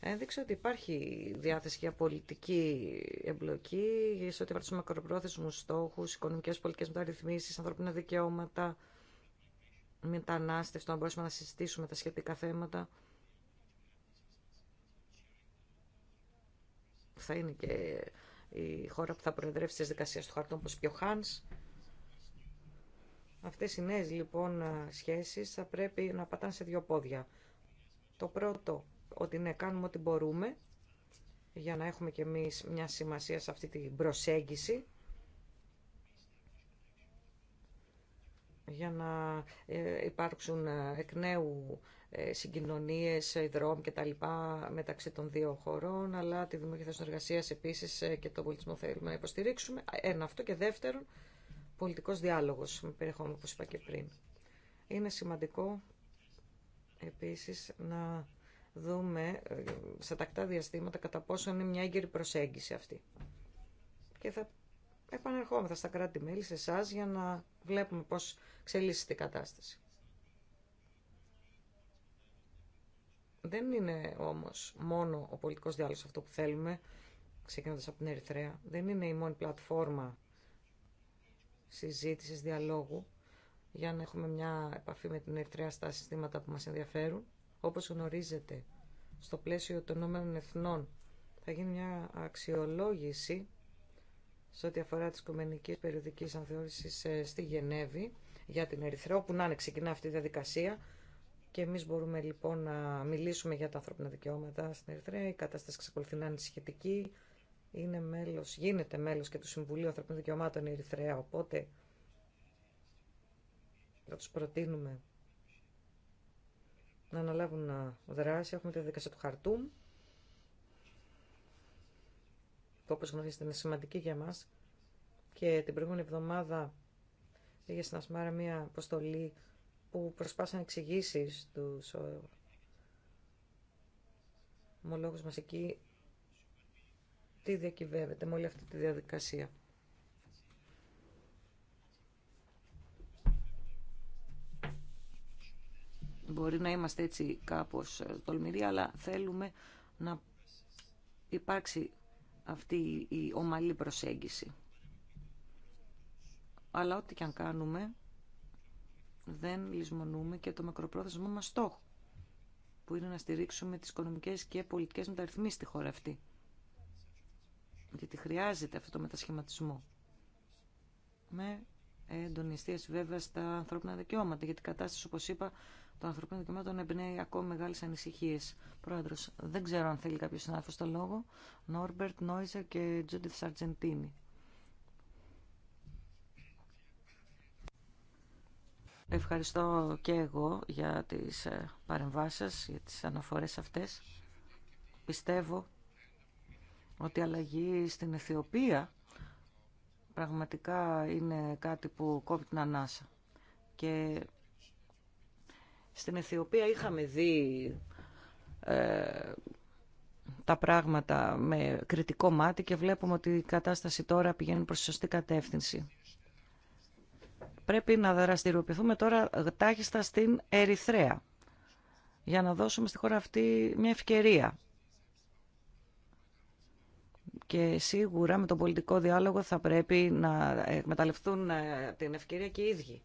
Speaker 1: Έδειξε ότι υπάρχει διάθεση για πολιτική εμπλοκή, για ό,τι υπάρχει του στόχους, στόχου, οικονομικέ πολιτικέ μεταρρυθμίσει, ανθρώπινα δικαιώματα, μετανάστευση, το να μπορέσουμε να συζητήσουμε τα σχετικά θέματα. θα είναι και η χώρα που θα προεδρεύσει τις δικασίες του χαρτών, όπως και ο Χάνς. Αυτές οι νέες λοιπόν σχέσεις θα πρέπει να πατάνε σε δύο πόδια. Το πρώτο, ότι ναι, κάνουμε ό,τι μπορούμε για να έχουμε και εμείς μια σημασία σε αυτή την προσέγγιση για να ε, υπάρξουν ε, εκ νέου ε, συγκοινωνίες, δρόμοι και τα λοιπά μεταξύ των δύο χωρών, αλλά τη δημιουργία συνεργασία επίσης και τον πολιτισμό θέλουμε να υποστηρίξουμε. Ένα αυτό και δεύτερον, πολιτικός διάλογος με περιεχόμενο όπως είπα και πριν. Είναι σημαντικό επίσης να δούμε σε τακτά διαστήματα κατά πόσο είναι μια έγκαιρη προσέγγιση αυτή. Και θα επανερχόμεθα στα κράτη-μέλη, σε εσά, για να βλέπουμε πώς εξελίσσεται η κατάσταση. Δεν είναι όμως μόνο ο πολιτικός διάλογος αυτό που θέλουμε, ξεκινώντας από την Ερυθρέα. Δεν είναι η μόνη πλατφόρμα συζήτησης, διαλόγου, για να έχουμε μια επαφή με την Ερυθρέα στα συστήματα που μας ενδιαφέρουν. Όπως γνωρίζετε, στο πλαίσιο των Ηνωμένων Εθνών θα γίνει μια αξιολόγηση σε ό,τι αφορά τη Οικουμενική Περιοδική Ανθεώρηση ε, στη Γενέβη για την Ερυθρέα, όπου να είναι ξεκινά αυτή η διαδικασία. Και εμεί μπορούμε λοιπόν να μιλήσουμε για τα ανθρώπινα δικαιώματα στην Ερυθρέα. Η κατάσταση ξεκολουθεί να είναι σχετική. Είναι μέλος, γίνεται μέλο και του Συμβουλίου Ανθρωπίνων Δικαιωμάτων η Ερυθρέα. Οπότε θα του προτείνουμε να αναλάβουν ε, δράση. Έχουμε τη διαδικασία του Χαρτούμ που όπως γνωρίζετε είναι σημαντική για μας και την προηγούμενη εβδομάδα πήγε στην Ασμάρα μια αποστολή που προσπάθησαν να εξηγήσει του. Ε, ομολόγου μα εκεί τι διακυβεύεται με όλη αυτή τη διαδικασία. Μπορεί να είμαστε έτσι κάπως ε, τολμηροί, αλλά θέλουμε να υπάρξει αυτή η ομαλή προσέγγιση αλλά ό,τι και αν κάνουμε δεν λησμονούμε και το μακροπρόθεσμό μας στόχο που είναι να στηρίξουμε τις οικονομικές και πολιτικές μεταρρυθμίσεις στη χώρα αυτή. Γιατί χρειάζεται αυτό το μετασχηματισμό. Με έντονη βέβαια στα ανθρώπινα δικαιώματα, γιατί η κατάσταση, όπως είπα, των ανθρώπινων δικαιωμάτων εμπνέει ακόμη μεγάλες ανησυχίες. Πρόεδρος, δεν ξέρω αν θέλει κάποιος συνάδελφος το λόγο. Νόρμπερτ Νόιζερ και Τζούντιθ Σαρτζεντίνη. Ευχαριστώ και εγώ για τις ε, παρεμβάσεις για τις αναφορές αυτές. Πιστεύω ότι η αλλαγή στην Αιθιοπία πραγματικά είναι κάτι που κόβει την ανάσα. Και στην Αιθιοπία είχαμε δει ε, τα πράγματα με κριτικό μάτι και βλέπουμε ότι η κατάσταση τώρα πηγαίνει προς σωστή κατεύθυνση. Πρέπει να δραστηριοποιηθούμε τώρα τάχιστα στην Ερυθρέα για να δώσουμε στη χώρα αυτή μια ευκαιρία. Και σίγουρα με τον πολιτικό διάλογο θα πρέπει να εκμεταλλευτούν ε, την ευκαιρία και οι ίδιοι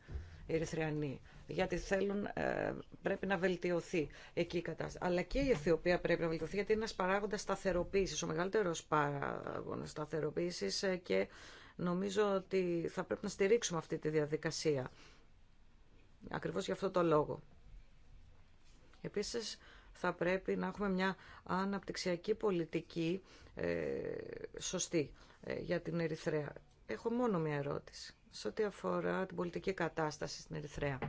Speaker 1: οι Ερυθρεανοί, γιατί θέλουν, ε, πρέπει να βελτιωθεί εκεί η κατάσταση. Αλλά και η Αιθιοπία πρέπει να βελτιωθεί, γιατί είναι ένα παράγοντα σταθεροποίηση, ο μεγαλύτερο παράγοντα σταθεροποίηση ε, και Νομίζω ότι θα πρέπει να στηρίξουμε αυτή τη διαδικασία. Ακριβώς γι' αυτό το λόγο. Επίσης, θα πρέπει να έχουμε μια αναπτυξιακή πολιτική ε, σωστή ε, για την Ερυθρέα. Έχω μόνο μια ερώτηση σε ό,τι αφορά την πολιτική κατάσταση στην Ερυθρέα.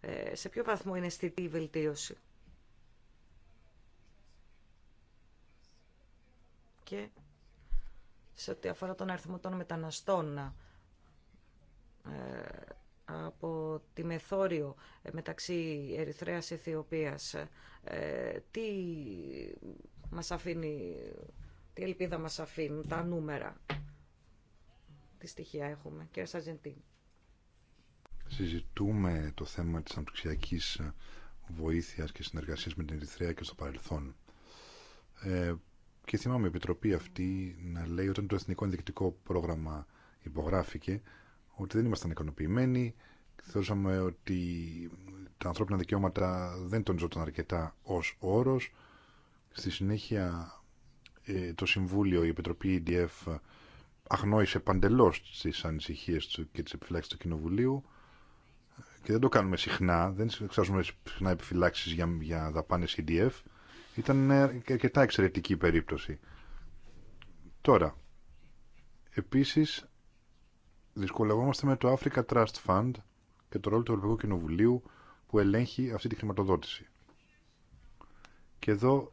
Speaker 1: Ε, σε ποιο βαθμό είναι αισθητή η βελτίωση. Και σε ό,τι αφορά τον αριθμό των μεταναστών ε, από τη μεθόριο ε, μεταξύ Ερυθρέας και Αιθιοπίας. Ε, τι μας αφήνει, τι ελπίδα μας αφήνουν τα νούμερα. Τι στοιχεία έχουμε. Κύριε Σαζεντίνη.
Speaker 3: Συζητούμε το θέμα της αναπτυξιακής βοήθειας και συνεργασίας με την Ερυθρέα και στο παρελθόν. Και θυμάμαι η Επιτροπή αυτή να λέει όταν το Εθνικό Ενδεικτικό Πρόγραμμα υπογράφηκε ότι δεν ήμασταν ικανοποιημένοι, θεωρούσαμε ότι τα ανθρώπινα δικαιώματα δεν τονιζόταν αρκετά ως όρος. Στη συνέχεια ε, το Συμβούλιο, η Επιτροπή EDF αγνόησε παντελώς τις ανησυχίες του και τις επιφυλάξεις του Κοινοβουλίου και δεν το κάνουμε συχνά, δεν εξάζουμε συχνά επιφυλάξεις για, για δαπάνες EDF ήταν μια αρκετά εξαιρετική περίπτωση. Τώρα, επίσης δυσκολευόμαστε με το Africa Trust Fund και το ρόλο του Ευρωπαϊκού Κοινοβουλίου που ελέγχει αυτή τη χρηματοδότηση. Και εδώ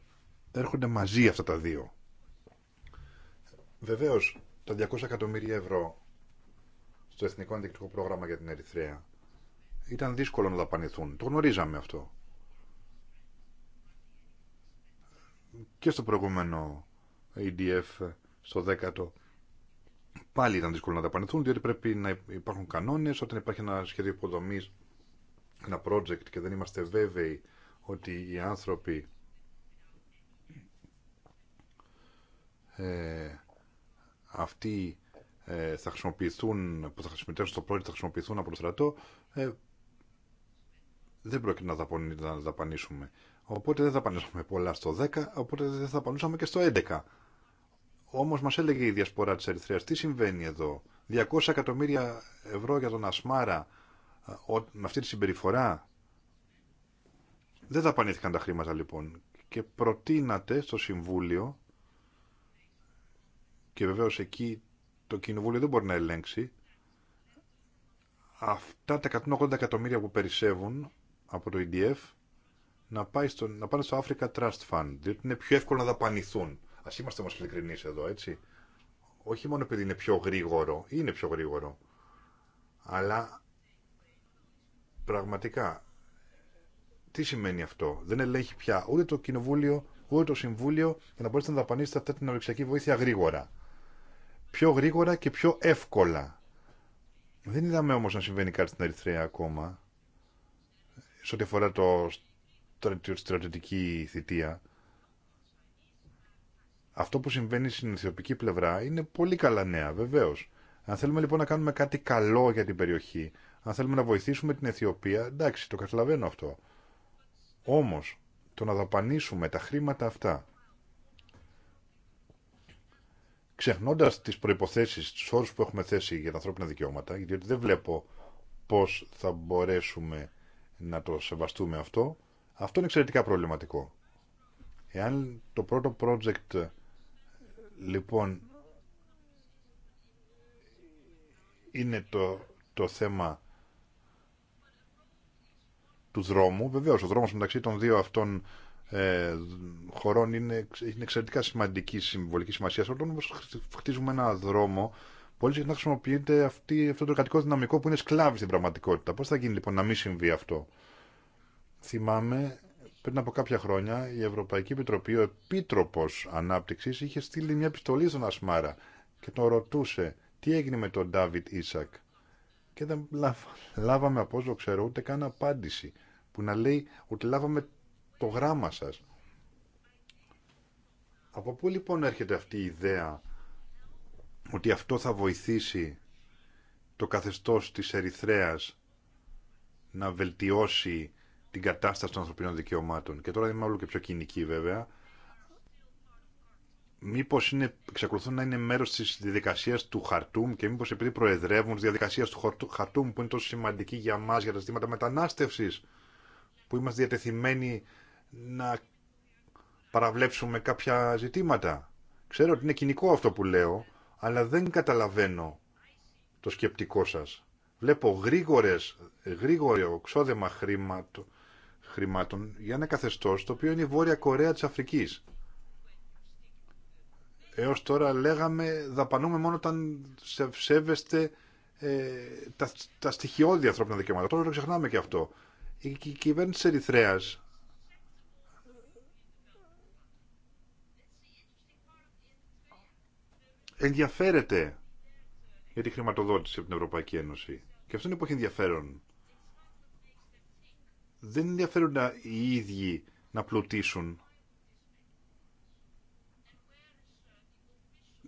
Speaker 3: έρχονται μαζί αυτά τα δύο. Βεβαίως, τα 200 εκατομμύρια ευρώ στο Εθνικό Αντικτικό Πρόγραμμα για την Ερυθρέα ήταν δύσκολο να δαπανηθούν. Το γνωρίζαμε αυτό. και στο προηγούμενο EDF στο 10ο πάλι ήταν δύσκολο να δαπανηθούν διότι πρέπει να υπάρχουν κανόνες όταν υπάρχει ένα σχέδιο υποδομή, ένα project και δεν είμαστε βέβαιοι ότι οι άνθρωποι ε, αυτοί ε, θα χρησιμοποιηθούν, που θα χρησιμοποιηθούν στο project θα χρησιμοποιηθούν από το στρατό, ε, δεν πρόκειται να, δαπανίσουμε. Οπότε δεν θα πανούσαμε πολλά στο 10, οπότε δεν θα πανούσαμε και στο 11. Όμως μας έλεγε η διασπορά της Ερυθρέας, τι συμβαίνει εδώ. 200 εκατομμύρια ευρώ για τον Ασμάρα ε, με αυτή τη συμπεριφορά. Δεν δαπανήθηκαν τα χρήματα λοιπόν. Και προτείνατε στο Συμβούλιο και βεβαίως εκεί το Κοινοβούλιο δεν μπορεί να ελέγξει αυτά τα 180 εκατομμύρια που περισσεύουν από το EDF να, πάει στο, να πάνε στο Africa Trust Fund, διότι είναι πιο εύκολο να δαπανηθούν. Α είμαστε όμω ειλικρινεί εδώ, έτσι. Όχι μόνο επειδή είναι πιο γρήγορο, είναι πιο γρήγορο, αλλά πραγματικά τι σημαίνει αυτό. Δεν ελέγχει πια ούτε το Κοινοβούλιο, ούτε το Συμβούλιο για να μπορέσετε να δαπανίσετε αυτή την αναπτυξιακή βοήθεια γρήγορα. Πιο γρήγορα και πιο εύκολα. Δεν είδαμε όμω να συμβαίνει κάτι στην Ερυθρέα ακόμα. Σε ό,τι αφορά το στρατιωτική θητεία. Αυτό που συμβαίνει στην αιθιοπική πλευρά είναι πολύ καλά νέα, βεβαίω, Αν θέλουμε λοιπόν να κάνουμε κάτι καλό για την περιοχή, αν θέλουμε να βοηθήσουμε την Αιθιοπία, εντάξει, το καταλαβαίνω αυτό. Όμως, το να δαπανίσουμε τα χρήματα αυτά, ξεχνώντα τις προϋποθέσεις, του όρου που έχουμε θέσει για τα ανθρώπινα δικαιώματα, γιατί δεν βλέπω πώ θα μπορέσουμε να το σεβαστούμε αυτό, αυτό είναι εξαιρετικά προβληματικό. Εάν το πρώτο project λοιπόν είναι το, το θέμα του δρόμου, βεβαίως ο δρόμος μεταξύ των δύο αυτών ε, χωρών είναι, είναι εξαιρετικά σημαντική συμβολική σημασία. Όταν χτίζουμε ένα δρόμο, πολύ συχνά χρησιμοποιείται αυτή, αυτό το εργατικό δυναμικό που είναι σκλάβη στην πραγματικότητα. Πώς θα γίνει λοιπόν να μην συμβεί αυτό. Θυμάμαι πριν από κάποια χρόνια η Ευρωπαϊκή Επιτροπή, ο Επίτροπος Ανάπτυξης είχε στείλει μια επιστολή στον Ασμάρα και τον ρωτούσε τι έγινε με τον Ντάβιτ Ίσακ και δεν λάβαμε από όσο ξέρω ούτε καν απάντηση που να λέει ότι λάβαμε το γράμμα σας. Από πού λοιπόν έρχεται αυτή η ιδέα ότι αυτό θα βοηθήσει το καθεστώς της Ερυθρέας να βελτιώσει την κατάσταση των ανθρωπινών δικαιωμάτων. Και τώρα είμαι όλο και πιο κοινική βέβαια. Μήπω εξακολουθούν να είναι μέρο τη διαδικασία του Χαρτούμ και μήπω επειδή προεδρεύουν τη διαδικασία του Χαρτούμ που είναι τόσο σημαντική για μα για τα ζητήματα μετανάστευση, που είμαστε διατεθειμένοι να παραβλέψουμε κάποια ζητήματα. Ξέρω ότι είναι κοινικό αυτό που λέω, αλλά δεν καταλαβαίνω το σκεπτικό σας. Βλέπω γρήγορες, γρήγορο ξόδεμα χρήματο, χρημάτων για ένα καθεστώς το οποίο είναι η Βόρεια Κορέα της Αφρικής. Έως τώρα λέγαμε δαπανούμε μόνο όταν σέβεστε ε, τα, τα στοιχειώδη ανθρώπινα δικαιώματα. Τώρα το ξεχνάμε και αυτό. Η, η κυβέρνηση της Ερυθρέας ενδιαφέρεται για τη χρηματοδότηση από την Ευρωπαϊκή Ένωση. Και αυτό είναι που έχει ενδιαφέρον δεν ενδιαφέρονται οι ίδιοι να πλουτίσουν.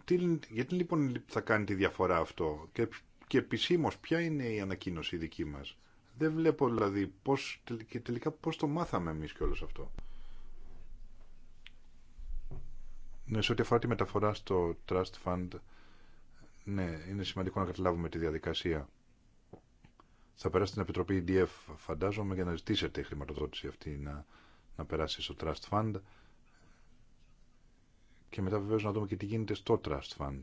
Speaker 3: Τι, γιατί λοιπόν θα κάνει τη διαφορά αυτό και, και επισήμω ποια είναι η ανακοίνωση δική μας. Δεν βλέπω δηλαδή πώς, και τελικά πώς το μάθαμε εμείς και όλο αυτό. Ναι, σε ό,τι αφορά τη μεταφορά στο Trust Fund, ναι, είναι σημαντικό να καταλάβουμε τη διαδικασία θα περάσει στην Επιτροπή EDF, φαντάζομαι, για να ζητήσετε η χρηματοδότηση αυτή να, να περάσει στο Trust Fund. Και μετά βεβαίω να δούμε και τι γίνεται στο Trust Fund.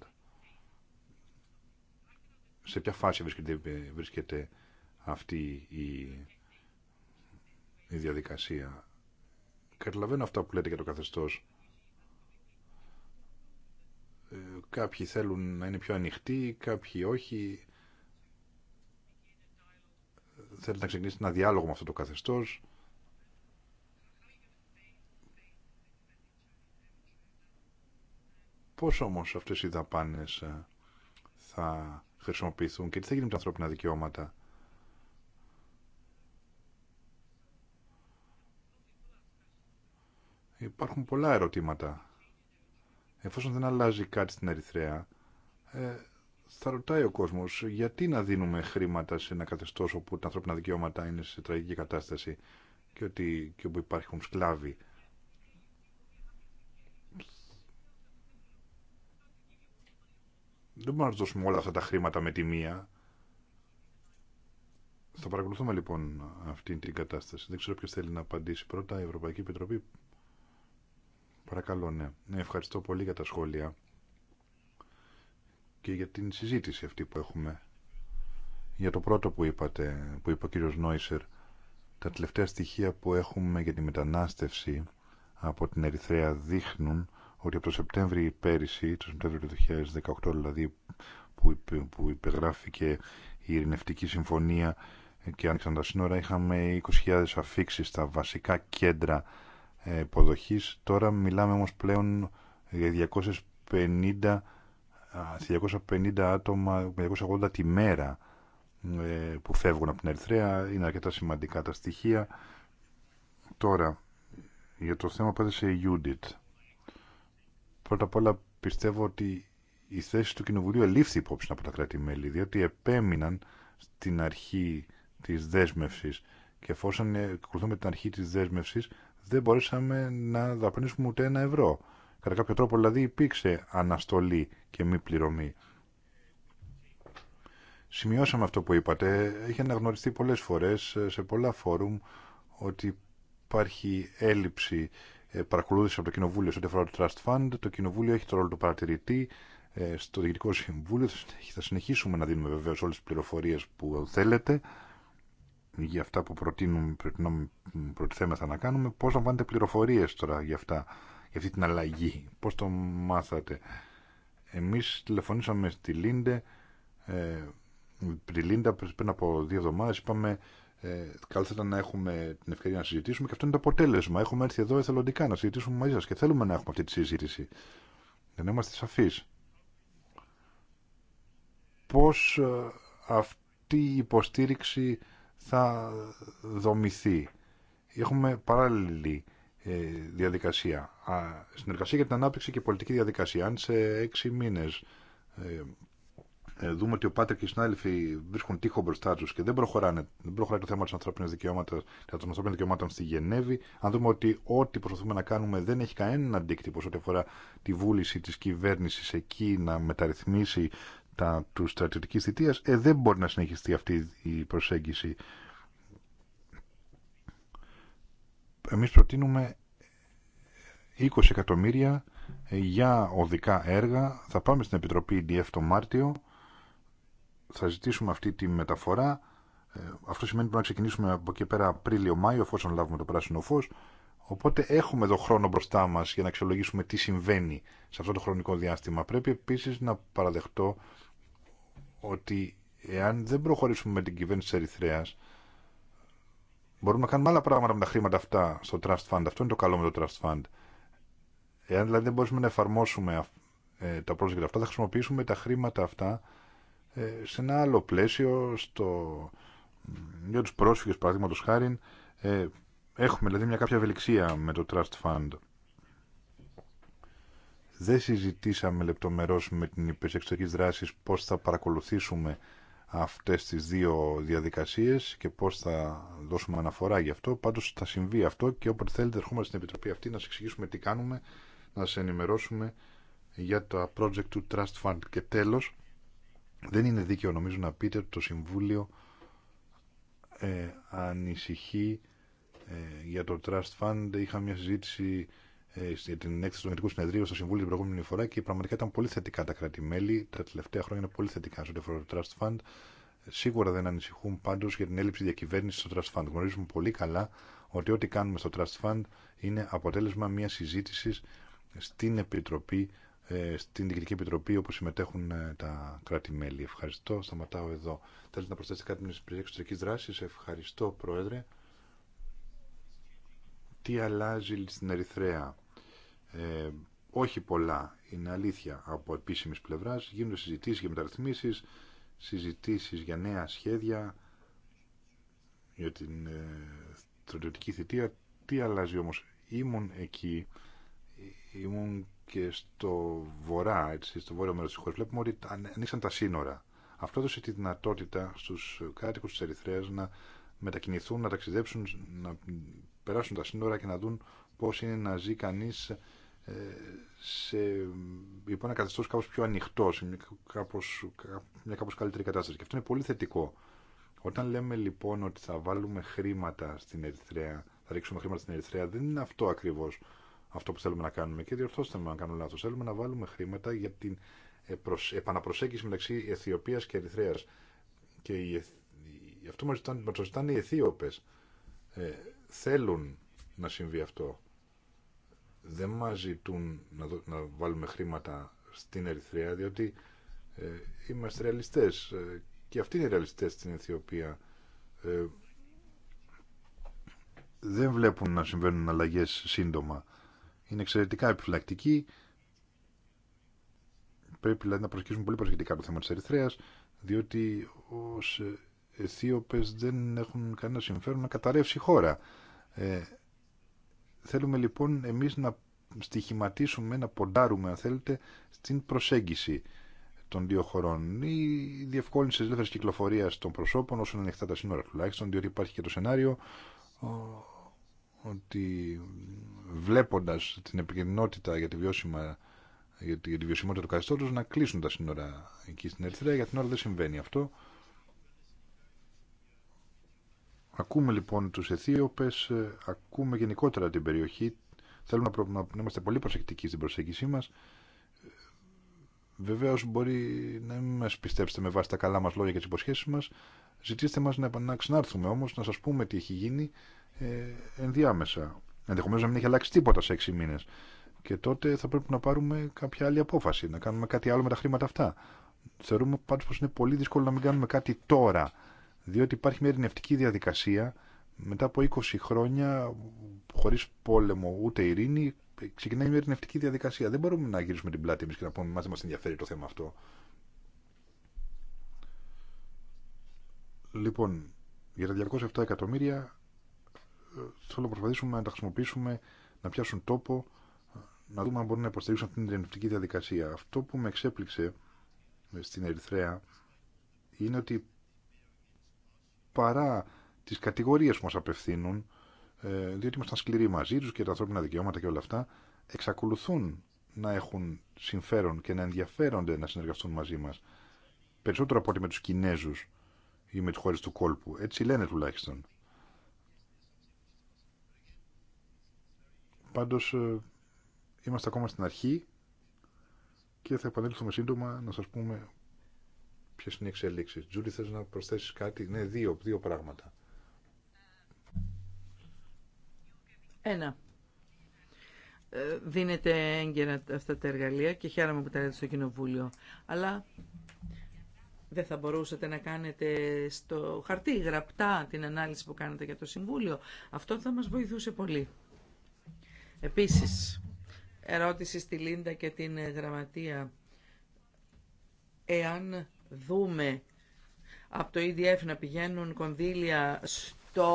Speaker 3: Σε ποια φάση βρίσκεται, βρίσκεται αυτή η, η διαδικασία. Καταλαβαίνω αυτά που λέτε για το καθεστώς. Ε, κάποιοι θέλουν να είναι πιο ανοιχτοί, κάποιοι όχι θέλει να ξεκινήσει ένα διάλογο με αυτό το καθεστώς. Πώ όμως αυτές οι δαπάνε ε, θα χρησιμοποιηθούν και τι θα γίνει με τα ανθρώπινα δικαιώματα. Υπάρχουν πολλά ερωτήματα. Εφόσον δεν αλλάζει κάτι στην Ερυθρέα, ε, θα ρωτάει ο κόσμο γιατί να δίνουμε χρήματα σε ένα καθεστώ όπου τα ανθρώπινα δικαιώματα είναι σε τραγική κατάσταση και, ότι, και όπου υπάρχουν σκλάβοι. Δεν μπορούμε να δώσουμε όλα αυτά τα χρήματα με τη μία. Θα παρακολουθούμε λοιπόν αυτή την κατάσταση. Δεν ξέρω ποιο θέλει να απαντήσει πρώτα. Η Ευρωπαϊκή Επιτροπή. Παρακαλώ, ναι. ναι ευχαριστώ πολύ για τα σχόλια και για την συζήτηση αυτή που έχουμε. Για το πρώτο που είπατε, που είπε ο κύριος Νόισερ, τα τελευταία στοιχεία που έχουμε για τη μετανάστευση από την Ερυθρέα δείχνουν ότι από το Σεπτέμβριο πέρυσι, το Σεπτέμβριο του 2018 δηλαδή, που, υπεγράφηκε η Ειρηνευτική Συμφωνία και άνοιξαν τα σύνορα, είχαμε 20.000 αφήξεις στα βασικά κέντρα ε, υποδοχής. Τώρα μιλάμε όμως πλέον για 250 250 άτομα, 280 τη μέρα ε, που φεύγουν από την Ερθρέα. Είναι αρκετά σημαντικά τα στοιχεία. Τώρα, για το θέμα που έθεσε η Ιούντιτ. Πρώτα απ' όλα πιστεύω ότι η θέση του Κοινοβουλίου ελήφθη υπόψη από τα κράτη-μέλη, διότι επέμειναν στην αρχή της δέσμευσης και εφόσον ε, ακολουθούμε την αρχή της δέσμευσης δεν μπορέσαμε να δαπανίσουμε ούτε ένα ευρώ. Κατά κάποιο τρόπο δηλαδή υπήρξε αναστολή και μη πληρωμή. Σημειώσαμε αυτό που είπατε. Έχει αναγνωριστεί πολλές φορές ε, σε πολλά φόρουμ ότι υπάρχει έλλειψη ε, παρακολούθηση από το Κοινοβούλιο σε ό,τι αφορά το Trust Fund. Το Κοινοβούλιο έχει το ρόλο του παρατηρητή ε, στο Διοικητικό Συμβούλιο. Θα συνεχίσουμε να δίνουμε βεβαίως όλες τις πληροφορίες που θέλετε για αυτά που προτείνουμε, προτιθέμεθα να κάνουμε. Πώ λαμβάνετε πληροφορίε τώρα για αυτά για αυτή την αλλαγή. Πώς το μάθατε. Εμείς τηλεφωνήσαμε στη Λίντε, ε, Λίντα πριν από δύο εβδομάδες, είπαμε ε, καλό να έχουμε την ευκαιρία να συζητήσουμε και αυτό είναι το αποτέλεσμα. Έχουμε έρθει εδώ εθελοντικά να συζητήσουμε μαζί σας και θέλουμε να έχουμε αυτή τη συζήτηση. Για να είμαστε σαφείς. Πώς ε, αυτή η υποστήριξη θα δομηθεί. Έχουμε παράλληλη ε, διαδικασία. Συνεργασία για την ανάπτυξη και πολιτική διαδικασία. Αν σε έξι μήνες ε, ε, δούμε ότι ο Πάτρικ και οι συνάδελφοι βρίσκουν τείχο μπροστά του και δεν προχωράνε, δεν προχωράει το θέμα των ανθρώπινων δικαιωμάτων, στη Γενέβη, αν δούμε ότι ό,τι προσπαθούμε να κάνουμε δεν έχει κανένα αντίκτυπο σε ό,τι αφορά τη βούληση τη κυβέρνηση εκεί να μεταρρυθμίσει τα, του στρατιωτική θητεία, δεν μπορεί να συνεχιστεί αυτή η προσέγγιση. Εμείς προτείνουμε 20 εκατομμύρια για οδικά έργα. Θα πάμε στην Επιτροπή EDF το Μάρτιο. Θα ζητήσουμε αυτή τη μεταφορά. Ε, αυτό σημαίνει πρέπει να ξεκινήσουμε από εκεί πέρα Απρίλιο-Μάιο, εφόσον λάβουμε το πράσινο φω. Οπότε έχουμε εδώ χρόνο μπροστά μα για να αξιολογήσουμε τι συμβαίνει σε αυτό το χρονικό διάστημα. Πρέπει επίση να παραδεχτώ ότι εάν δεν προχωρήσουμε με την κυβέρνηση τη Ερυθρέα, Μπορούμε να κάνουμε άλλα πράγματα με τα χρήματα αυτά στο Trust Fund. Αυτό είναι το καλό με το Trust Fund. Εάν δηλαδή δεν μπορούμε να εφαρμόσουμε ε, τα project αυτά, θα χρησιμοποιήσουμε τα χρήματα αυτά ε, σε ένα άλλο πλαίσιο, στο... για τους πρόσφυγες παραδείγματος χάρη, ε, έχουμε δηλαδή μια κάποια ευελιξία με το Trust Fund. Δεν συζητήσαμε λεπτομερώς με την υπηρεσία εξωτερικής δράσης πώς θα παρακολουθήσουμε αυτές τις δύο διαδικασίες και πώς θα δώσουμε αναφορά γι' αυτό. Πάντως θα συμβεί αυτό και όποτε θέλετε ερχόμαστε στην Επιτροπή αυτή να σας εξηγήσουμε τι κάνουμε, να σας ενημερώσουμε για το project του Trust Fund. Και τέλος, δεν είναι δίκαιο νομίζω να πείτε ότι το Συμβούλιο ε, ανησυχεί ε, για το Trust Fund. Είχα μια συζήτηση για ε, την έκθεση του Μετρικού Συνεδρίου στο Συμβούλιο την προηγούμενη φορά και πραγματικά ήταν πολύ θετικά τα κράτη-μέλη. Τα τελευταία χρόνια είναι πολύ θετικά στο το Trust Fund. Σίγουρα δεν ανησυχούν πάντω για την έλλειψη διακυβέρνηση στο Trust Fund. Γνωρίζουμε πολύ καλά ότι ό,τι κάνουμε στο Trust Fund είναι αποτέλεσμα μια συζήτηση στην Επιτροπή, ε, στην Διοικητική Επιτροπή όπου συμμετέχουν ε, τα κράτη-μέλη. Ευχαριστώ. Σταματάω εδώ. Θέλετε να προσθέσετε κάτι με τι εξωτερική δράση. Ευχαριστώ, Πρόεδρε. Τι αλλάζει στην Ερυθρέα. Ε, όχι πολλά, είναι αλήθεια, από επίσημης πλευράς. Γίνονται συζητήσεις για μεταρρυθμίσεις, συζητήσεις για νέα σχέδια, για την ε, στρατιωτική θητεία. Τι αλλάζει όμως, ήμουν εκεί, ήμουν και στο βορρά, έτσι, στο βόρειο μέρος της χώρας. Βλέπουμε ότι ανοίξαν τα σύνορα. Αυτό έδωσε τη δυνατότητα στους κάτοικους της Ερυθρέας να μετακινηθούν, να ταξιδέψουν, να περάσουν τα σύνορα και να δουν πώς είναι να ζει κανεί. Ε, σε υπό ένα καθεστώ κάπως πιο ανοιχτό, σε μια κάπω καλύτερη κατάσταση. Και αυτό είναι πολύ θετικό. Όταν λέμε λοιπόν ότι θα βάλουμε χρήματα στην Ερυθρέα, θα ρίξουμε χρήματα στην Ερυθρέα, δεν είναι αυτό ακριβώ αυτό που θέλουμε να κάνουμε. Και διορθώστε με αν κάνω λάθο. Θέλουμε να βάλουμε χρήματα για την ε, επαναπροσέγγιση μεταξύ Αιθιοπία και Ερυθρέα. Και η... αυτό μα το ζητάνε οι Αιθίωπε. Ε, θέλουν να συμβεί αυτό δεν μας ζητούν να, να βάλουμε χρήματα στην Ερυθρέα διότι ε, είμαστε ρεαλιστές ε, και αυτοί είναι οι ρεαλιστές στην Αιθιοπία ε, δεν βλέπουν να συμβαίνουν αλλαγές σύντομα είναι εξαιρετικά επιφυλακτικοί πρέπει δηλαδή, να προσκύσουμε πολύ προσεκτικά το θέμα της Ερυθρέας διότι ως Αιθίωπες δεν έχουν κανένα συμφέρον να καταρρεύσει η χώρα ε, Θέλουμε λοιπόν εμείς να στοιχηματίσουμε, να ποντάρουμε αν θέλετε, στην προσέγγιση των δύο χωρών. Η διευκόλυνση της ελεύθερης κυκλοφορία των προσώπων, όσων είναι ανοιχτά τα σύνορα τουλάχιστον, διότι υπάρχει και το σενάριο ότι βλέποντας την επικαιρνότητα για τη, βιώσιμα, για τη, βιωσιμότητα του καθεστώτος να κλείσουν τα σύνορα εκεί στην Ερθρέα Για την ώρα δεν συμβαίνει αυτό. Ακούμε λοιπόν τους Αιθίωπες, ε, ακούμε γενικότερα την περιοχή. Θέλουμε να είμαστε πολύ προσεκτικοί στην προσέγγιση μας. Βεβαίω μπορεί να μην μα πιστέψετε με βάση τα καλά μας λόγια και τις υποσχέσεις μας. Ζητήστε μας να, να ξανάρθουμε όμως, να σας πούμε τι έχει γίνει ε, ενδιάμεσα. Ενδεχομένω να μην έχει αλλάξει τίποτα σε έξι μήνε. Και τότε θα πρέπει να πάρουμε κάποια άλλη απόφαση, να κάνουμε κάτι άλλο με τα χρήματα αυτά. Θεωρούμε πάντως πω είναι πολύ δύσκολο να μην κάνουμε κάτι τώρα διότι υπάρχει μια ειρηνευτική διαδικασία μετά από 20 χρόνια χωρίς πόλεμο ούτε ειρήνη ξεκινάει μια ειρηνευτική διαδικασία δεν μπορούμε να γυρίσουμε την πλάτη εμείς και να πούμε μας δεν μας ενδιαφέρει το θέμα αυτό λοιπόν για τα 207 εκατομμύρια ε, θέλω να προσπαθήσουμε να τα χρησιμοποιήσουμε να πιάσουν τόπο να δούμε αν μπορούν να υποστηρίξουν αυτήν την ειρηνευτική διαδικασία αυτό που με εξέπληξε ε, στην Ερυθρέα είναι ότι παρά τις κατηγορίες που μας απευθύνουν, ε, διότι ήμασταν σκληροί μαζί τους και τα ανθρώπινα δικαιώματα και όλα αυτά, εξακολουθούν να έχουν συμφέρον και να ενδιαφέρονται να συνεργαστούν μαζί μας. Περισσότερο από ότι με τους Κινέζους ή με τις χώρες του κόλπου. Έτσι λένε τουλάχιστον. Πάντως ε, είμαστε ακόμα στην αρχή και θα επανέλθουμε σύντομα να σας πούμε ποιε είναι οι εξελίξει. Τζούλη, θε να προσθέσει κάτι. Ναι, δύο, δύο πράγματα.
Speaker 2: Ένα. Ε, δίνετε έγκαιρα αυτά τα εργαλεία και χαίρομαι που τα λέτε στο Κοινοβούλιο. Αλλά δεν θα μπορούσατε να κάνετε στο χαρτί γραπτά την ανάλυση που κάνετε για το Συμβούλιο. Αυτό θα μας βοηθούσε πολύ. Επίσης, ερώτηση στη Λίντα και την Γραμματεία. Εάν δούμε από το EDF να πηγαίνουν κονδύλια στο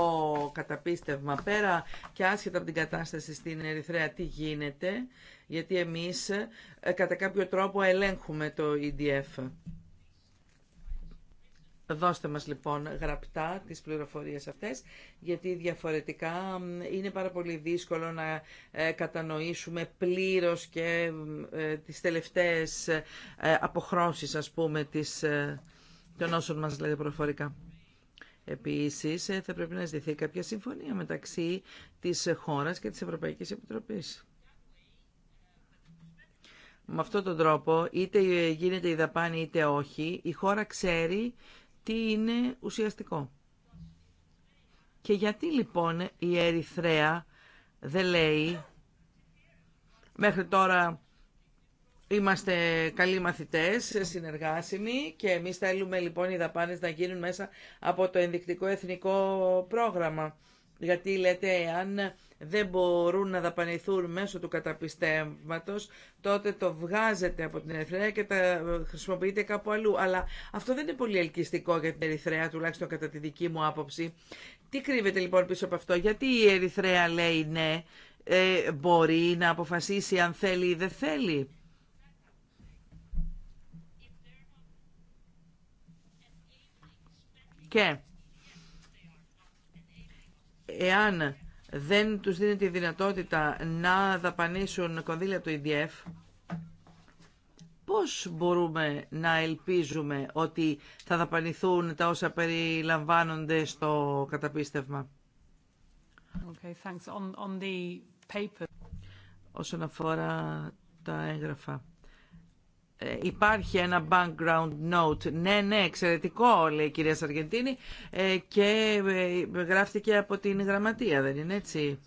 Speaker 2: καταπίστευμα πέρα και άσχετα από την κατάσταση στην Ερυθρέα τι γίνεται, γιατί εμείς ε, κατά κάποιο τρόπο ελέγχουμε το EDF. Δώστε μας λοιπόν γραπτά τις πληροφορίες αυτές, γιατί διαφορετικά είναι πάρα πολύ δύσκολο να ε, κατανοήσουμε πλήρως και ε, τις τελευταίες ε, αποχρώσεις, ας πούμε, της, των όσων μας λέτε προφορικά. Επίσης, θα πρέπει να ζητηθεί κάποια συμφωνία μεταξύ της χώρας και της Ευρωπαϊκής Επιτροπής. Με αυτόν τον τρόπο, είτε γίνεται η δαπάνη είτε όχι, η χώρα ξέρει τι είναι ουσιαστικό. Και γιατί λοιπόν η Ερυθρέα δεν λέει μέχρι τώρα είμαστε καλοί μαθητές, συνεργάσιμοι και εμείς θέλουμε λοιπόν οι δαπάνες να γίνουν μέσα από το ενδεικτικό εθνικό πρόγραμμα. Γιατί λέτε εάν δεν μπορούν να δαπανηθούν μέσω του καταπιστεύματος, τότε το βγάζετε από την Ερυθρέα και τα χρησιμοποιείτε κάπου αλλού. Αλλά αυτό δεν είναι πολύ ελκυστικό για την Ερυθρέα, τουλάχιστον κατά τη δική μου άποψη. Τι κρύβεται λοιπόν πίσω από αυτό, γιατί η Ερυθρέα λέει ναι, ε, μπορεί να αποφασίσει αν θέλει ή δεν θέλει. Και εάν δεν τους δίνει τη δυνατότητα να δαπανίσουν κονδύλια του EDF, πώς μπορούμε να ελπίζουμε ότι θα δαπανηθούν τα όσα περιλαμβάνονται στο καταπίστευμα.
Speaker 1: Okay, the paper.
Speaker 2: Όσον αφορά τα έγγραφα. Ε, υπάρχει ένα background note. Ναι, ναι, εξαιρετικό, λέει η κυρία Σαργεντίνη ε, και ε, γράφτηκε από την γραμματεία, δεν είναι έτσι.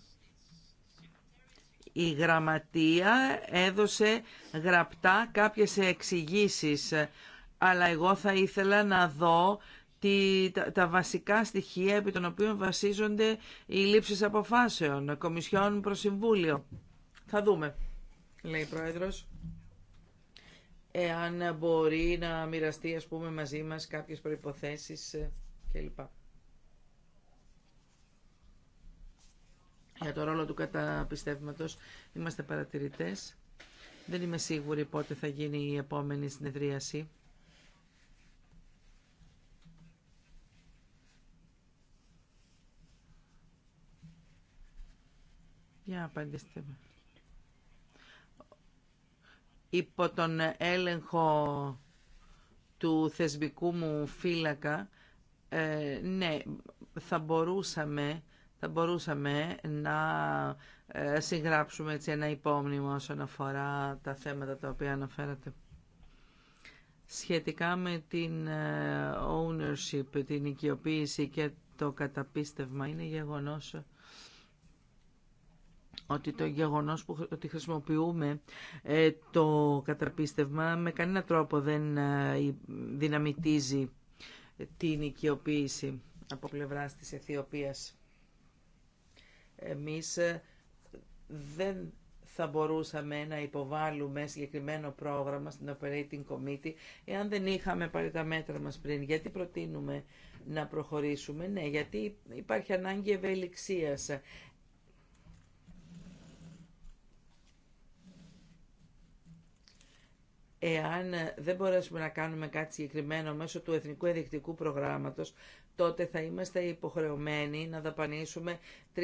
Speaker 2: Η γραμματεία έδωσε γραπτά κάποιες εξηγήσει, αλλά εγώ θα ήθελα να δω τη, τα, τα, βασικά στοιχεία επί των οποίων βασίζονται οι λήψεις αποφάσεων, κομισιόν προς συμβούλιο. Θα δούμε, λέει η Πρόεδρος εάν μπορεί να μοιραστεί ας πούμε μαζί μας κάποιες προϋποθέσεις ε, κλπ. Για το ρόλο του καταπιστεύματος είμαστε παρατηρητές. Δεν είμαι σίγουρη πότε θα γίνει η επόμενη συνεδρίαση. Για απαντήστε υπό τον έλεγχο του θεσμικού μου φύλακα, ε, ναι, θα μπορούσαμε, θα μπορούσαμε να ε, συγγράψουμε έτσι ένα υπόμνημα όσον αφορά τα θέματα τα οποία αναφέρατε. Σχετικά με την ε, ownership, την οικειοποίηση και το καταπίστευμα, είναι γεγονός ότι το γεγονός που, ότι χρησιμοποιούμε ε, το καταπίστευμα με κανένα τρόπο δεν ε, δυναμητίζει την οικειοποίηση από πλευράς της Αιθιοπίας. Εμείς ε, δεν θα μπορούσαμε να υποβάλουμε συγκεκριμένο πρόγραμμα στην Operating Committee εάν δεν είχαμε πάρει τα μέτρα μας πριν. Γιατί προτείνουμε να προχωρήσουμε. Ναι, γιατί υπάρχει ανάγκη ευελιξίας. Εάν ε, δεν μπορέσουμε να κάνουμε κάτι συγκεκριμένο μέσω του Εθνικού Ενδεικτικού Προγράμματος, τότε θα είμαστε υποχρεωμένοι να δαπανίσουμε 3,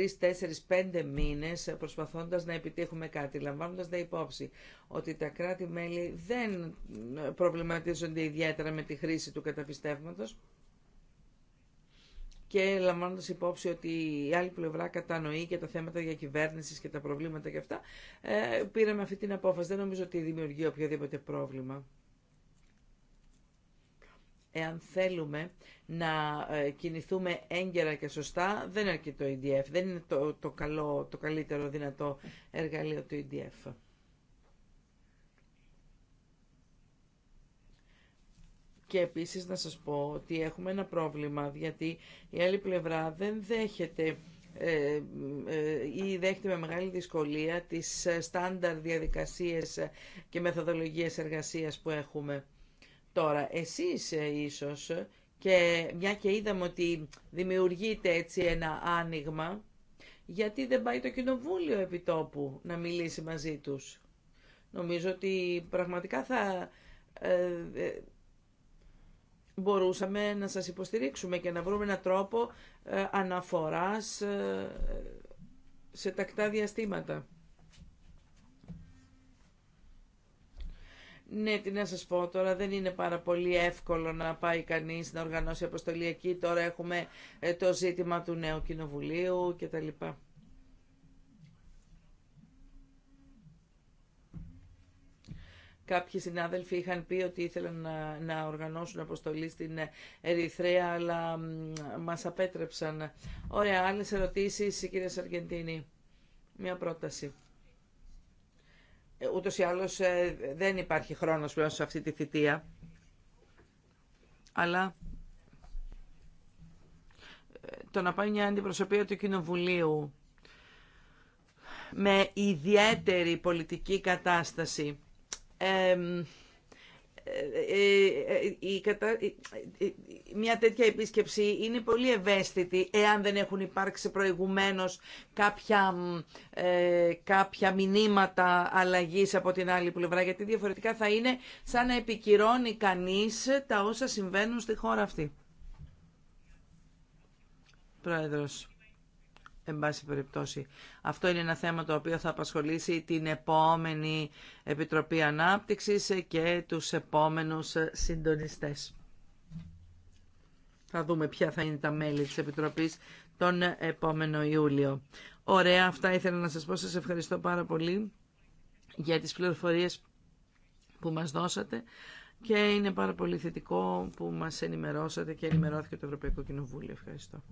Speaker 2: 4, 5 μήνες ε, προσπαθώντας να επιτύχουμε κάτι, λαμβάνοντας τα υπόψη ότι τα κράτη-μέλη δεν ε, προβληματίζονται ιδιαίτερα με τη χρήση του καταπιστεύματος και λαμβάνοντα υπόψη ότι η άλλη πλευρά κατανοεί και τα θέματα διακυβέρνηση και τα προβλήματα και αυτά, ε, πήραμε αυτή την απόφαση. Δεν νομίζω ότι δημιουργεί οποιοδήποτε πρόβλημα. Εάν θέλουμε να ε, κινηθούμε έγκαιρα και σωστά, δεν αρκεί το EDF. Δεν είναι το, το, καλό, το καλύτερο δυνατό εργαλείο του EDF. Και επίσης να σας πω ότι έχουμε ένα πρόβλημα, γιατί η άλλη πλευρά δεν δέχεται ε, ε, ή δέχεται με μεγάλη δυσκολία τις ε, στάνταρ διαδικασίες και μεθοδολογίες εργασίας που έχουμε. Τώρα, εσείς ίσως, και μια και είδαμε ότι δημιουργείται έτσι ένα άνοιγμα, γιατί δεν πάει το κοινοβούλιο επιτόπου να μιλήσει μαζί τους. Νομίζω ότι πραγματικά θα μπορούσαμε να σας υποστηρίξουμε και να βρούμε έναν τρόπο ε, αναφοράς ε, σε τακτά διαστήματα. Ναι, τι να σας πω τώρα, δεν είναι πάρα πολύ εύκολο να πάει κανείς να οργανώσει αποστολή εκεί. Τώρα έχουμε ε, το ζήτημα του νέου κοινοβουλίου κτλ. Κάποιοι συνάδελφοι είχαν πει ότι ήθελαν να, να οργανώσουν αποστολή στην Ερυθρέα, αλλά μας απέτρεψαν. Ωραία, άλλες ερωτήσεις, κύριε Σαργεντίνη. Μια πρόταση. Ε, ούτως ή άλλως ε, δεν υπάρχει χρόνος πλέον σε αυτή τη θητεία, αλλά ε, το να πάει μια αντιπροσωπεία του Κοινοβουλίου με ιδιαίτερη πολιτική κατάσταση ε, ε, ε, μια τέτοια επίσκεψη είναι πολύ ευαίσθητη εάν δεν έχουν υπάρξει προηγουμένως κάποια, κάποια μηνύματα αλλαγής από την άλλη πλευρά γιατί διαφορετικά θα είναι σαν να επικυρώνει κανείς τα όσα συμβαίνουν στη χώρα αυτή. Πρόεδρος. Εν πάση περιπτώσει, αυτό είναι ένα θέμα το οποίο θα απασχολήσει την επόμενη Επιτροπή Ανάπτυξης και τους επόμενους συντονιστές. Θα δούμε ποια θα είναι τα μέλη της Επιτροπής τον επόμενο Ιούλιο. Ωραία, αυτά ήθελα να σας πω. Σας ευχαριστώ πάρα πολύ για τις πληροφορίες που μας δώσατε και είναι πάρα πολύ θετικό που μας ενημερώσατε και ενημερώθηκε το Ευρωπαϊκό Κοινοβούλιο. Ευχαριστώ.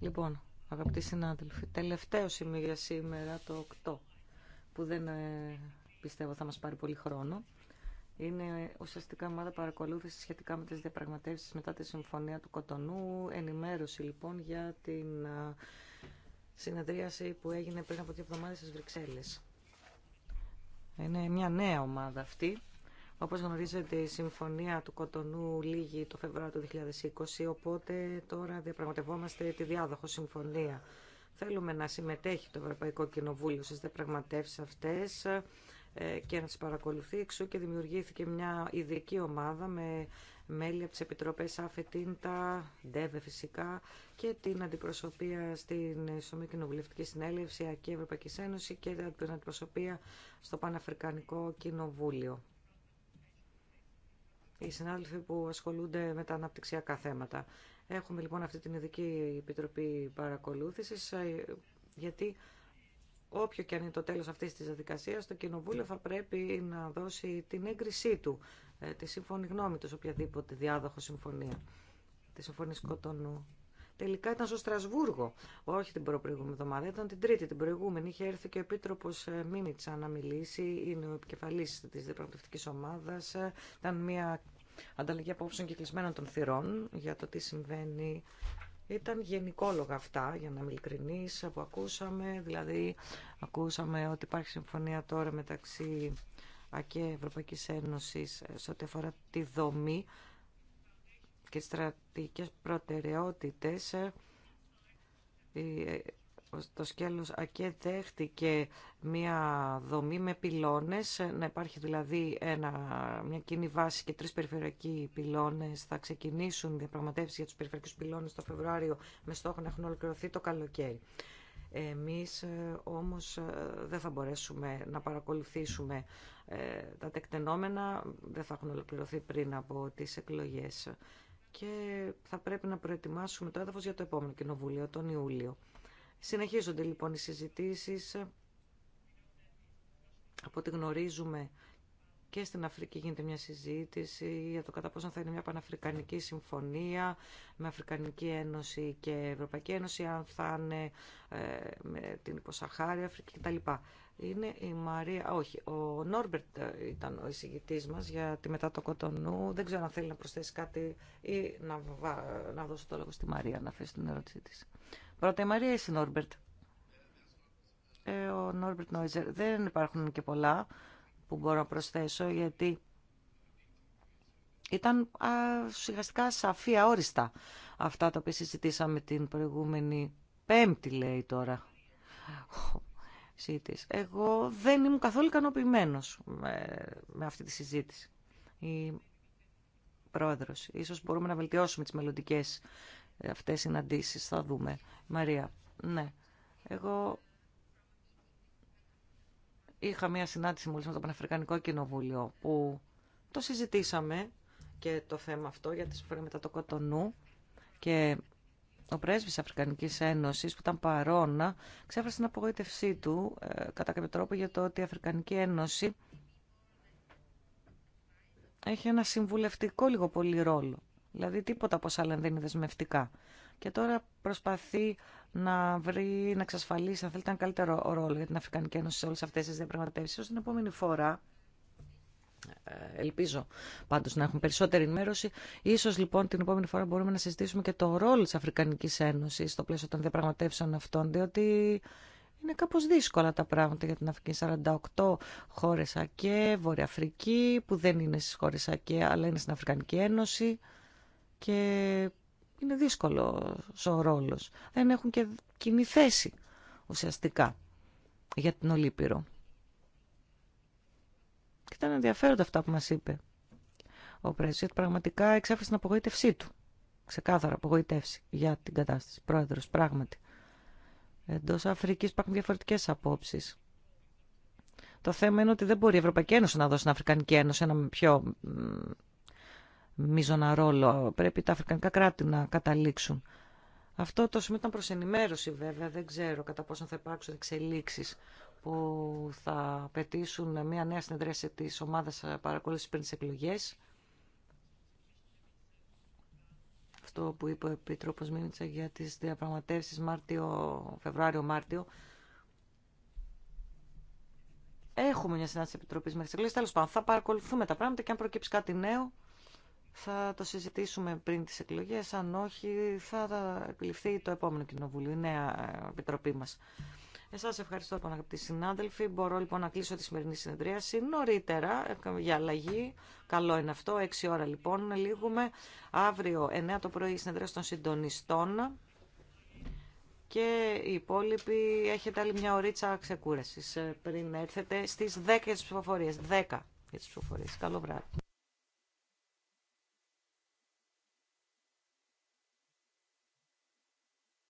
Speaker 1: Λοιπόν, αγαπητοί συνάδελφοι, τελευταίο σημείο για σήμερα το 8, που δεν ε, πιστεύω θα μας πάρει πολύ χρόνο. Είναι ουσιαστικά ομάδα παρακολούθηση σχετικά με τις διαπραγματεύσεις μετά τη Συμφωνία του Κοτονού. Ενημέρωση λοιπόν για την ε, συνεδρίαση που έγινε πριν από δύο εβδομάδες στις Βρυξέλλες. Είναι μια νέα ομάδα αυτή όπως γνωρίζετε η συμφωνία του Κοτονού λήγει το Φεβρουάριο του 2020, οπότε τώρα διαπραγματευόμαστε τη διάδοχο συμφωνία. Θέλουμε να συμμετέχει το Ευρωπαϊκό Κοινοβούλιο στις διαπραγματεύσει αυτές ε, και να τις παρακολουθεί. Εξού και δημιουργήθηκε μια ειδική ομάδα με μέλη από τις Επιτροπές ΑΦΕΤΙΝΤΑ, ΝΤΕΒΕ φυσικά και την αντιπροσωπεία στην Σωμή Κοινοβουλευτική Συνέλευση και Ευρωπαϊκή Ένωση και την αντιπροσωπεία στο Παναφρικανικό Κοινοβούλιο οι συνάδελφοι που ασχολούνται με τα αναπτυξιακά θέματα. Έχουμε λοιπόν αυτή την ειδική επιτροπή παρακολούθησης, ε, γιατί όποιο και αν είναι το τέλο αυτής της διαδικασίας, το Κοινοβούλιο θα πρέπει να δώσει την έγκρισή του, ε, τη σύμφωνη γνώμη του, οποιαδήποτε διάδοχο συμφωνία, τη συμφωνή Τελικά ήταν στο Στρασβούργο. Όχι την προηγούμενη εβδομάδα, ήταν την Τρίτη, την προηγούμενη. Είχε έρθει και ο Επίτροπο ε, Μίμητσα να μιλήσει. Είναι ο επικεφαλή τη διαπραγματευτική ομάδα. Ε, ήταν μια ανταλλαγή απόψεων και κλεισμένων των θυρών για το τι συμβαίνει. Ήταν γενικόλογα αυτά, για να είμαι ειλικρινή, που ακούσαμε. Δηλαδή, ακούσαμε ότι υπάρχει συμφωνία τώρα μεταξύ ΑΚΕ Ευρωπαϊκή Ένωση ε, σε ό,τι αφορά τη δομή και στρατικές στρατηγικές προτεραιότητες ε, το σκέλος ΑΚΕ δέχτηκε μια δομή με πυλώνες, να υπάρχει δηλαδή ένα, μια κοινή βάση και τρεις περιφερειακοί πυλώνες. Θα ξεκινήσουν διαπραγματεύσεις για τους περιφερειακούς πυλώνες το Φεβρουάριο με στόχο να έχουν ολοκληρωθεί το καλοκαίρι. Εμείς ε, όμως ε, δεν θα μπορέσουμε να παρακολουθήσουμε τα τεκτενόμενα, δεν θα έχουν ολοκληρωθεί πριν από τις εκλογές και θα πρέπει να προετοιμάσουμε το έδαφος για το επόμενο κοινοβούλιο, τον Ιούλιο. Συνεχίζονται λοιπόν οι συζητήσεις. Από ό,τι γνωρίζουμε και στην Αφρική γίνεται μια συζήτηση για το κατά πόσο θα είναι μια Παναφρικανική Συμφωνία με Αφρικανική Ένωση και Ευρωπαϊκή Ένωση, αν θα είναι ε, με την Υποσαχάρη Αφρική κτλ. Είναι η Μαρία, όχι, ο Νόρμπερτ ε, ήταν ο εισηγητή μα για τη μετά το Κοτονού. Δεν ξέρω αν θέλει να προσθέσει κάτι ή να, να δώσω το λόγο στη Μαρία να θέσει την ερώτησή τη Πρώτα η Μαρία ή η Νόρμπερτ. Ε, ο Νόρμπερτ Νόιζερ. Δεν υπάρχουν και πολλά που μπορώ να προσθέσω γιατί ήταν σιγαστικά σαφή αόριστα αυτά τα οποία συζητήσαμε την προηγούμενη πέμπτη λέει τώρα. Εγώ δεν ήμουν καθόλου ικανοποιημένο με, με αυτή τη συζήτηση. Η πρόεδρος. Ίσως μπορούμε να βελτιώσουμε τις μελλοντικέ ε, αυτές συναντήσεις. Θα δούμε. Μαρία, ναι. Εγώ Είχα μια συνάντηση μόλις με το Πανεφρικανικό Κοινοβούλιο που το συζητήσαμε και το θέμα αυτό για τη συμφωνία μετά το Κοτονού και ο πρέσβης Αφρικανικής Ένωσης που ήταν παρόνα ξέφρασε την απογοήτευσή του ε, κατά κάποιο τρόπο για το ότι η Αφρικανική Ένωση έχει ένα συμβουλευτικό λίγο πολύ ρόλο. Δηλαδή τίποτα από όσα άλλα δεν είναι δεσμευτικά. Και τώρα προσπαθεί να βρει, να εξασφαλίσει, αν θέλει ένα καλύτερο ρόλο για την Αφρικανική Ένωση σε όλε αυτέ τι διαπραγματεύσει. την επόμενη φορά, ε, ελπίζω πάντω να έχουμε περισσότερη ενημέρωση. Ίσως λοιπόν την επόμενη φορά μπορούμε να συζητήσουμε και το ρόλο τη Αφρικανική Ένωση, στο πλαίσιο των διαπραγματεύσεων αυτών, διότι είναι κάπω δύσκολα τα πράγματα για την Αφρική. 48 χώρε ΑΚΕ, Βόρεια που δεν είναι στι χώρε ΑΚΕ, αλλά είναι στην Αφρικανική Ένωση και είναι δύσκολο ο ρόλος. Δεν έχουν και κοινή θέση ουσιαστικά για την Ολύπηρο. Και ήταν ενδιαφέροντα αυτά που μας είπε ο Πρέσβης. Πραγματικά εξέφρασε την απογοήτευσή του. Ξεκάθαρα απογοητεύσει για την κατάσταση. Πρόεδρος, πράγματι. Εντό Αφρική υπάρχουν διαφορετικέ απόψει. Το θέμα είναι ότι δεν μπορεί η Ευρωπαϊκή Ένωση να δώσει στην Αφρικανική Ένωση ένα πιο μείζωνα ρόλο. Πρέπει τα αφρικανικά κράτη να καταλήξουν. Αυτό το σημείο ήταν προ ενημέρωση βέβαια, δεν ξέρω κατά πόσο θα υπάρξουν εξελίξει που θα απαιτήσουν μια νέα συνεδρίαση τη ομάδα παρακολούθηση πριν τι εκλογέ. Αυτό που είπε ο Επίτροπο Μίμητσα για τι διαπραγματεύσει μαρτιο Μάρτιο, Φεβρουάριο-Μάρτιο. Έχουμε μια συνάντηση επιτροπή μέχρι τι εκλογέ. Τέλο πάντων, θα παρακολουθούμε τα πράγματα και αν προκύψει κάτι νέο, θα το συζητήσουμε πριν τις εκλογές, αν όχι θα εκλειφθεί το επόμενο κοινοβούλιο, η νέα επιτροπή μας. Εσάς ευχαριστώ λοιπόν αγαπητοί συνάδελφοι. Μπορώ λοιπόν να κλείσω τη σημερινή συνεδρίαση νωρίτερα ε, για αλλαγή. Καλό είναι αυτό. Έξι ώρα λοιπόν λίγουμε. Αύριο 9 το πρωί η συνεδρία των συντονιστών. Και οι υπόλοιποι έχετε άλλη μια ωρίτσα ξεκούρασης ε, πριν έρθετε στις 10 για τις ψηφοφορίες. 10 για τις ψηφοφορίες. Καλό
Speaker 3: βράδυ.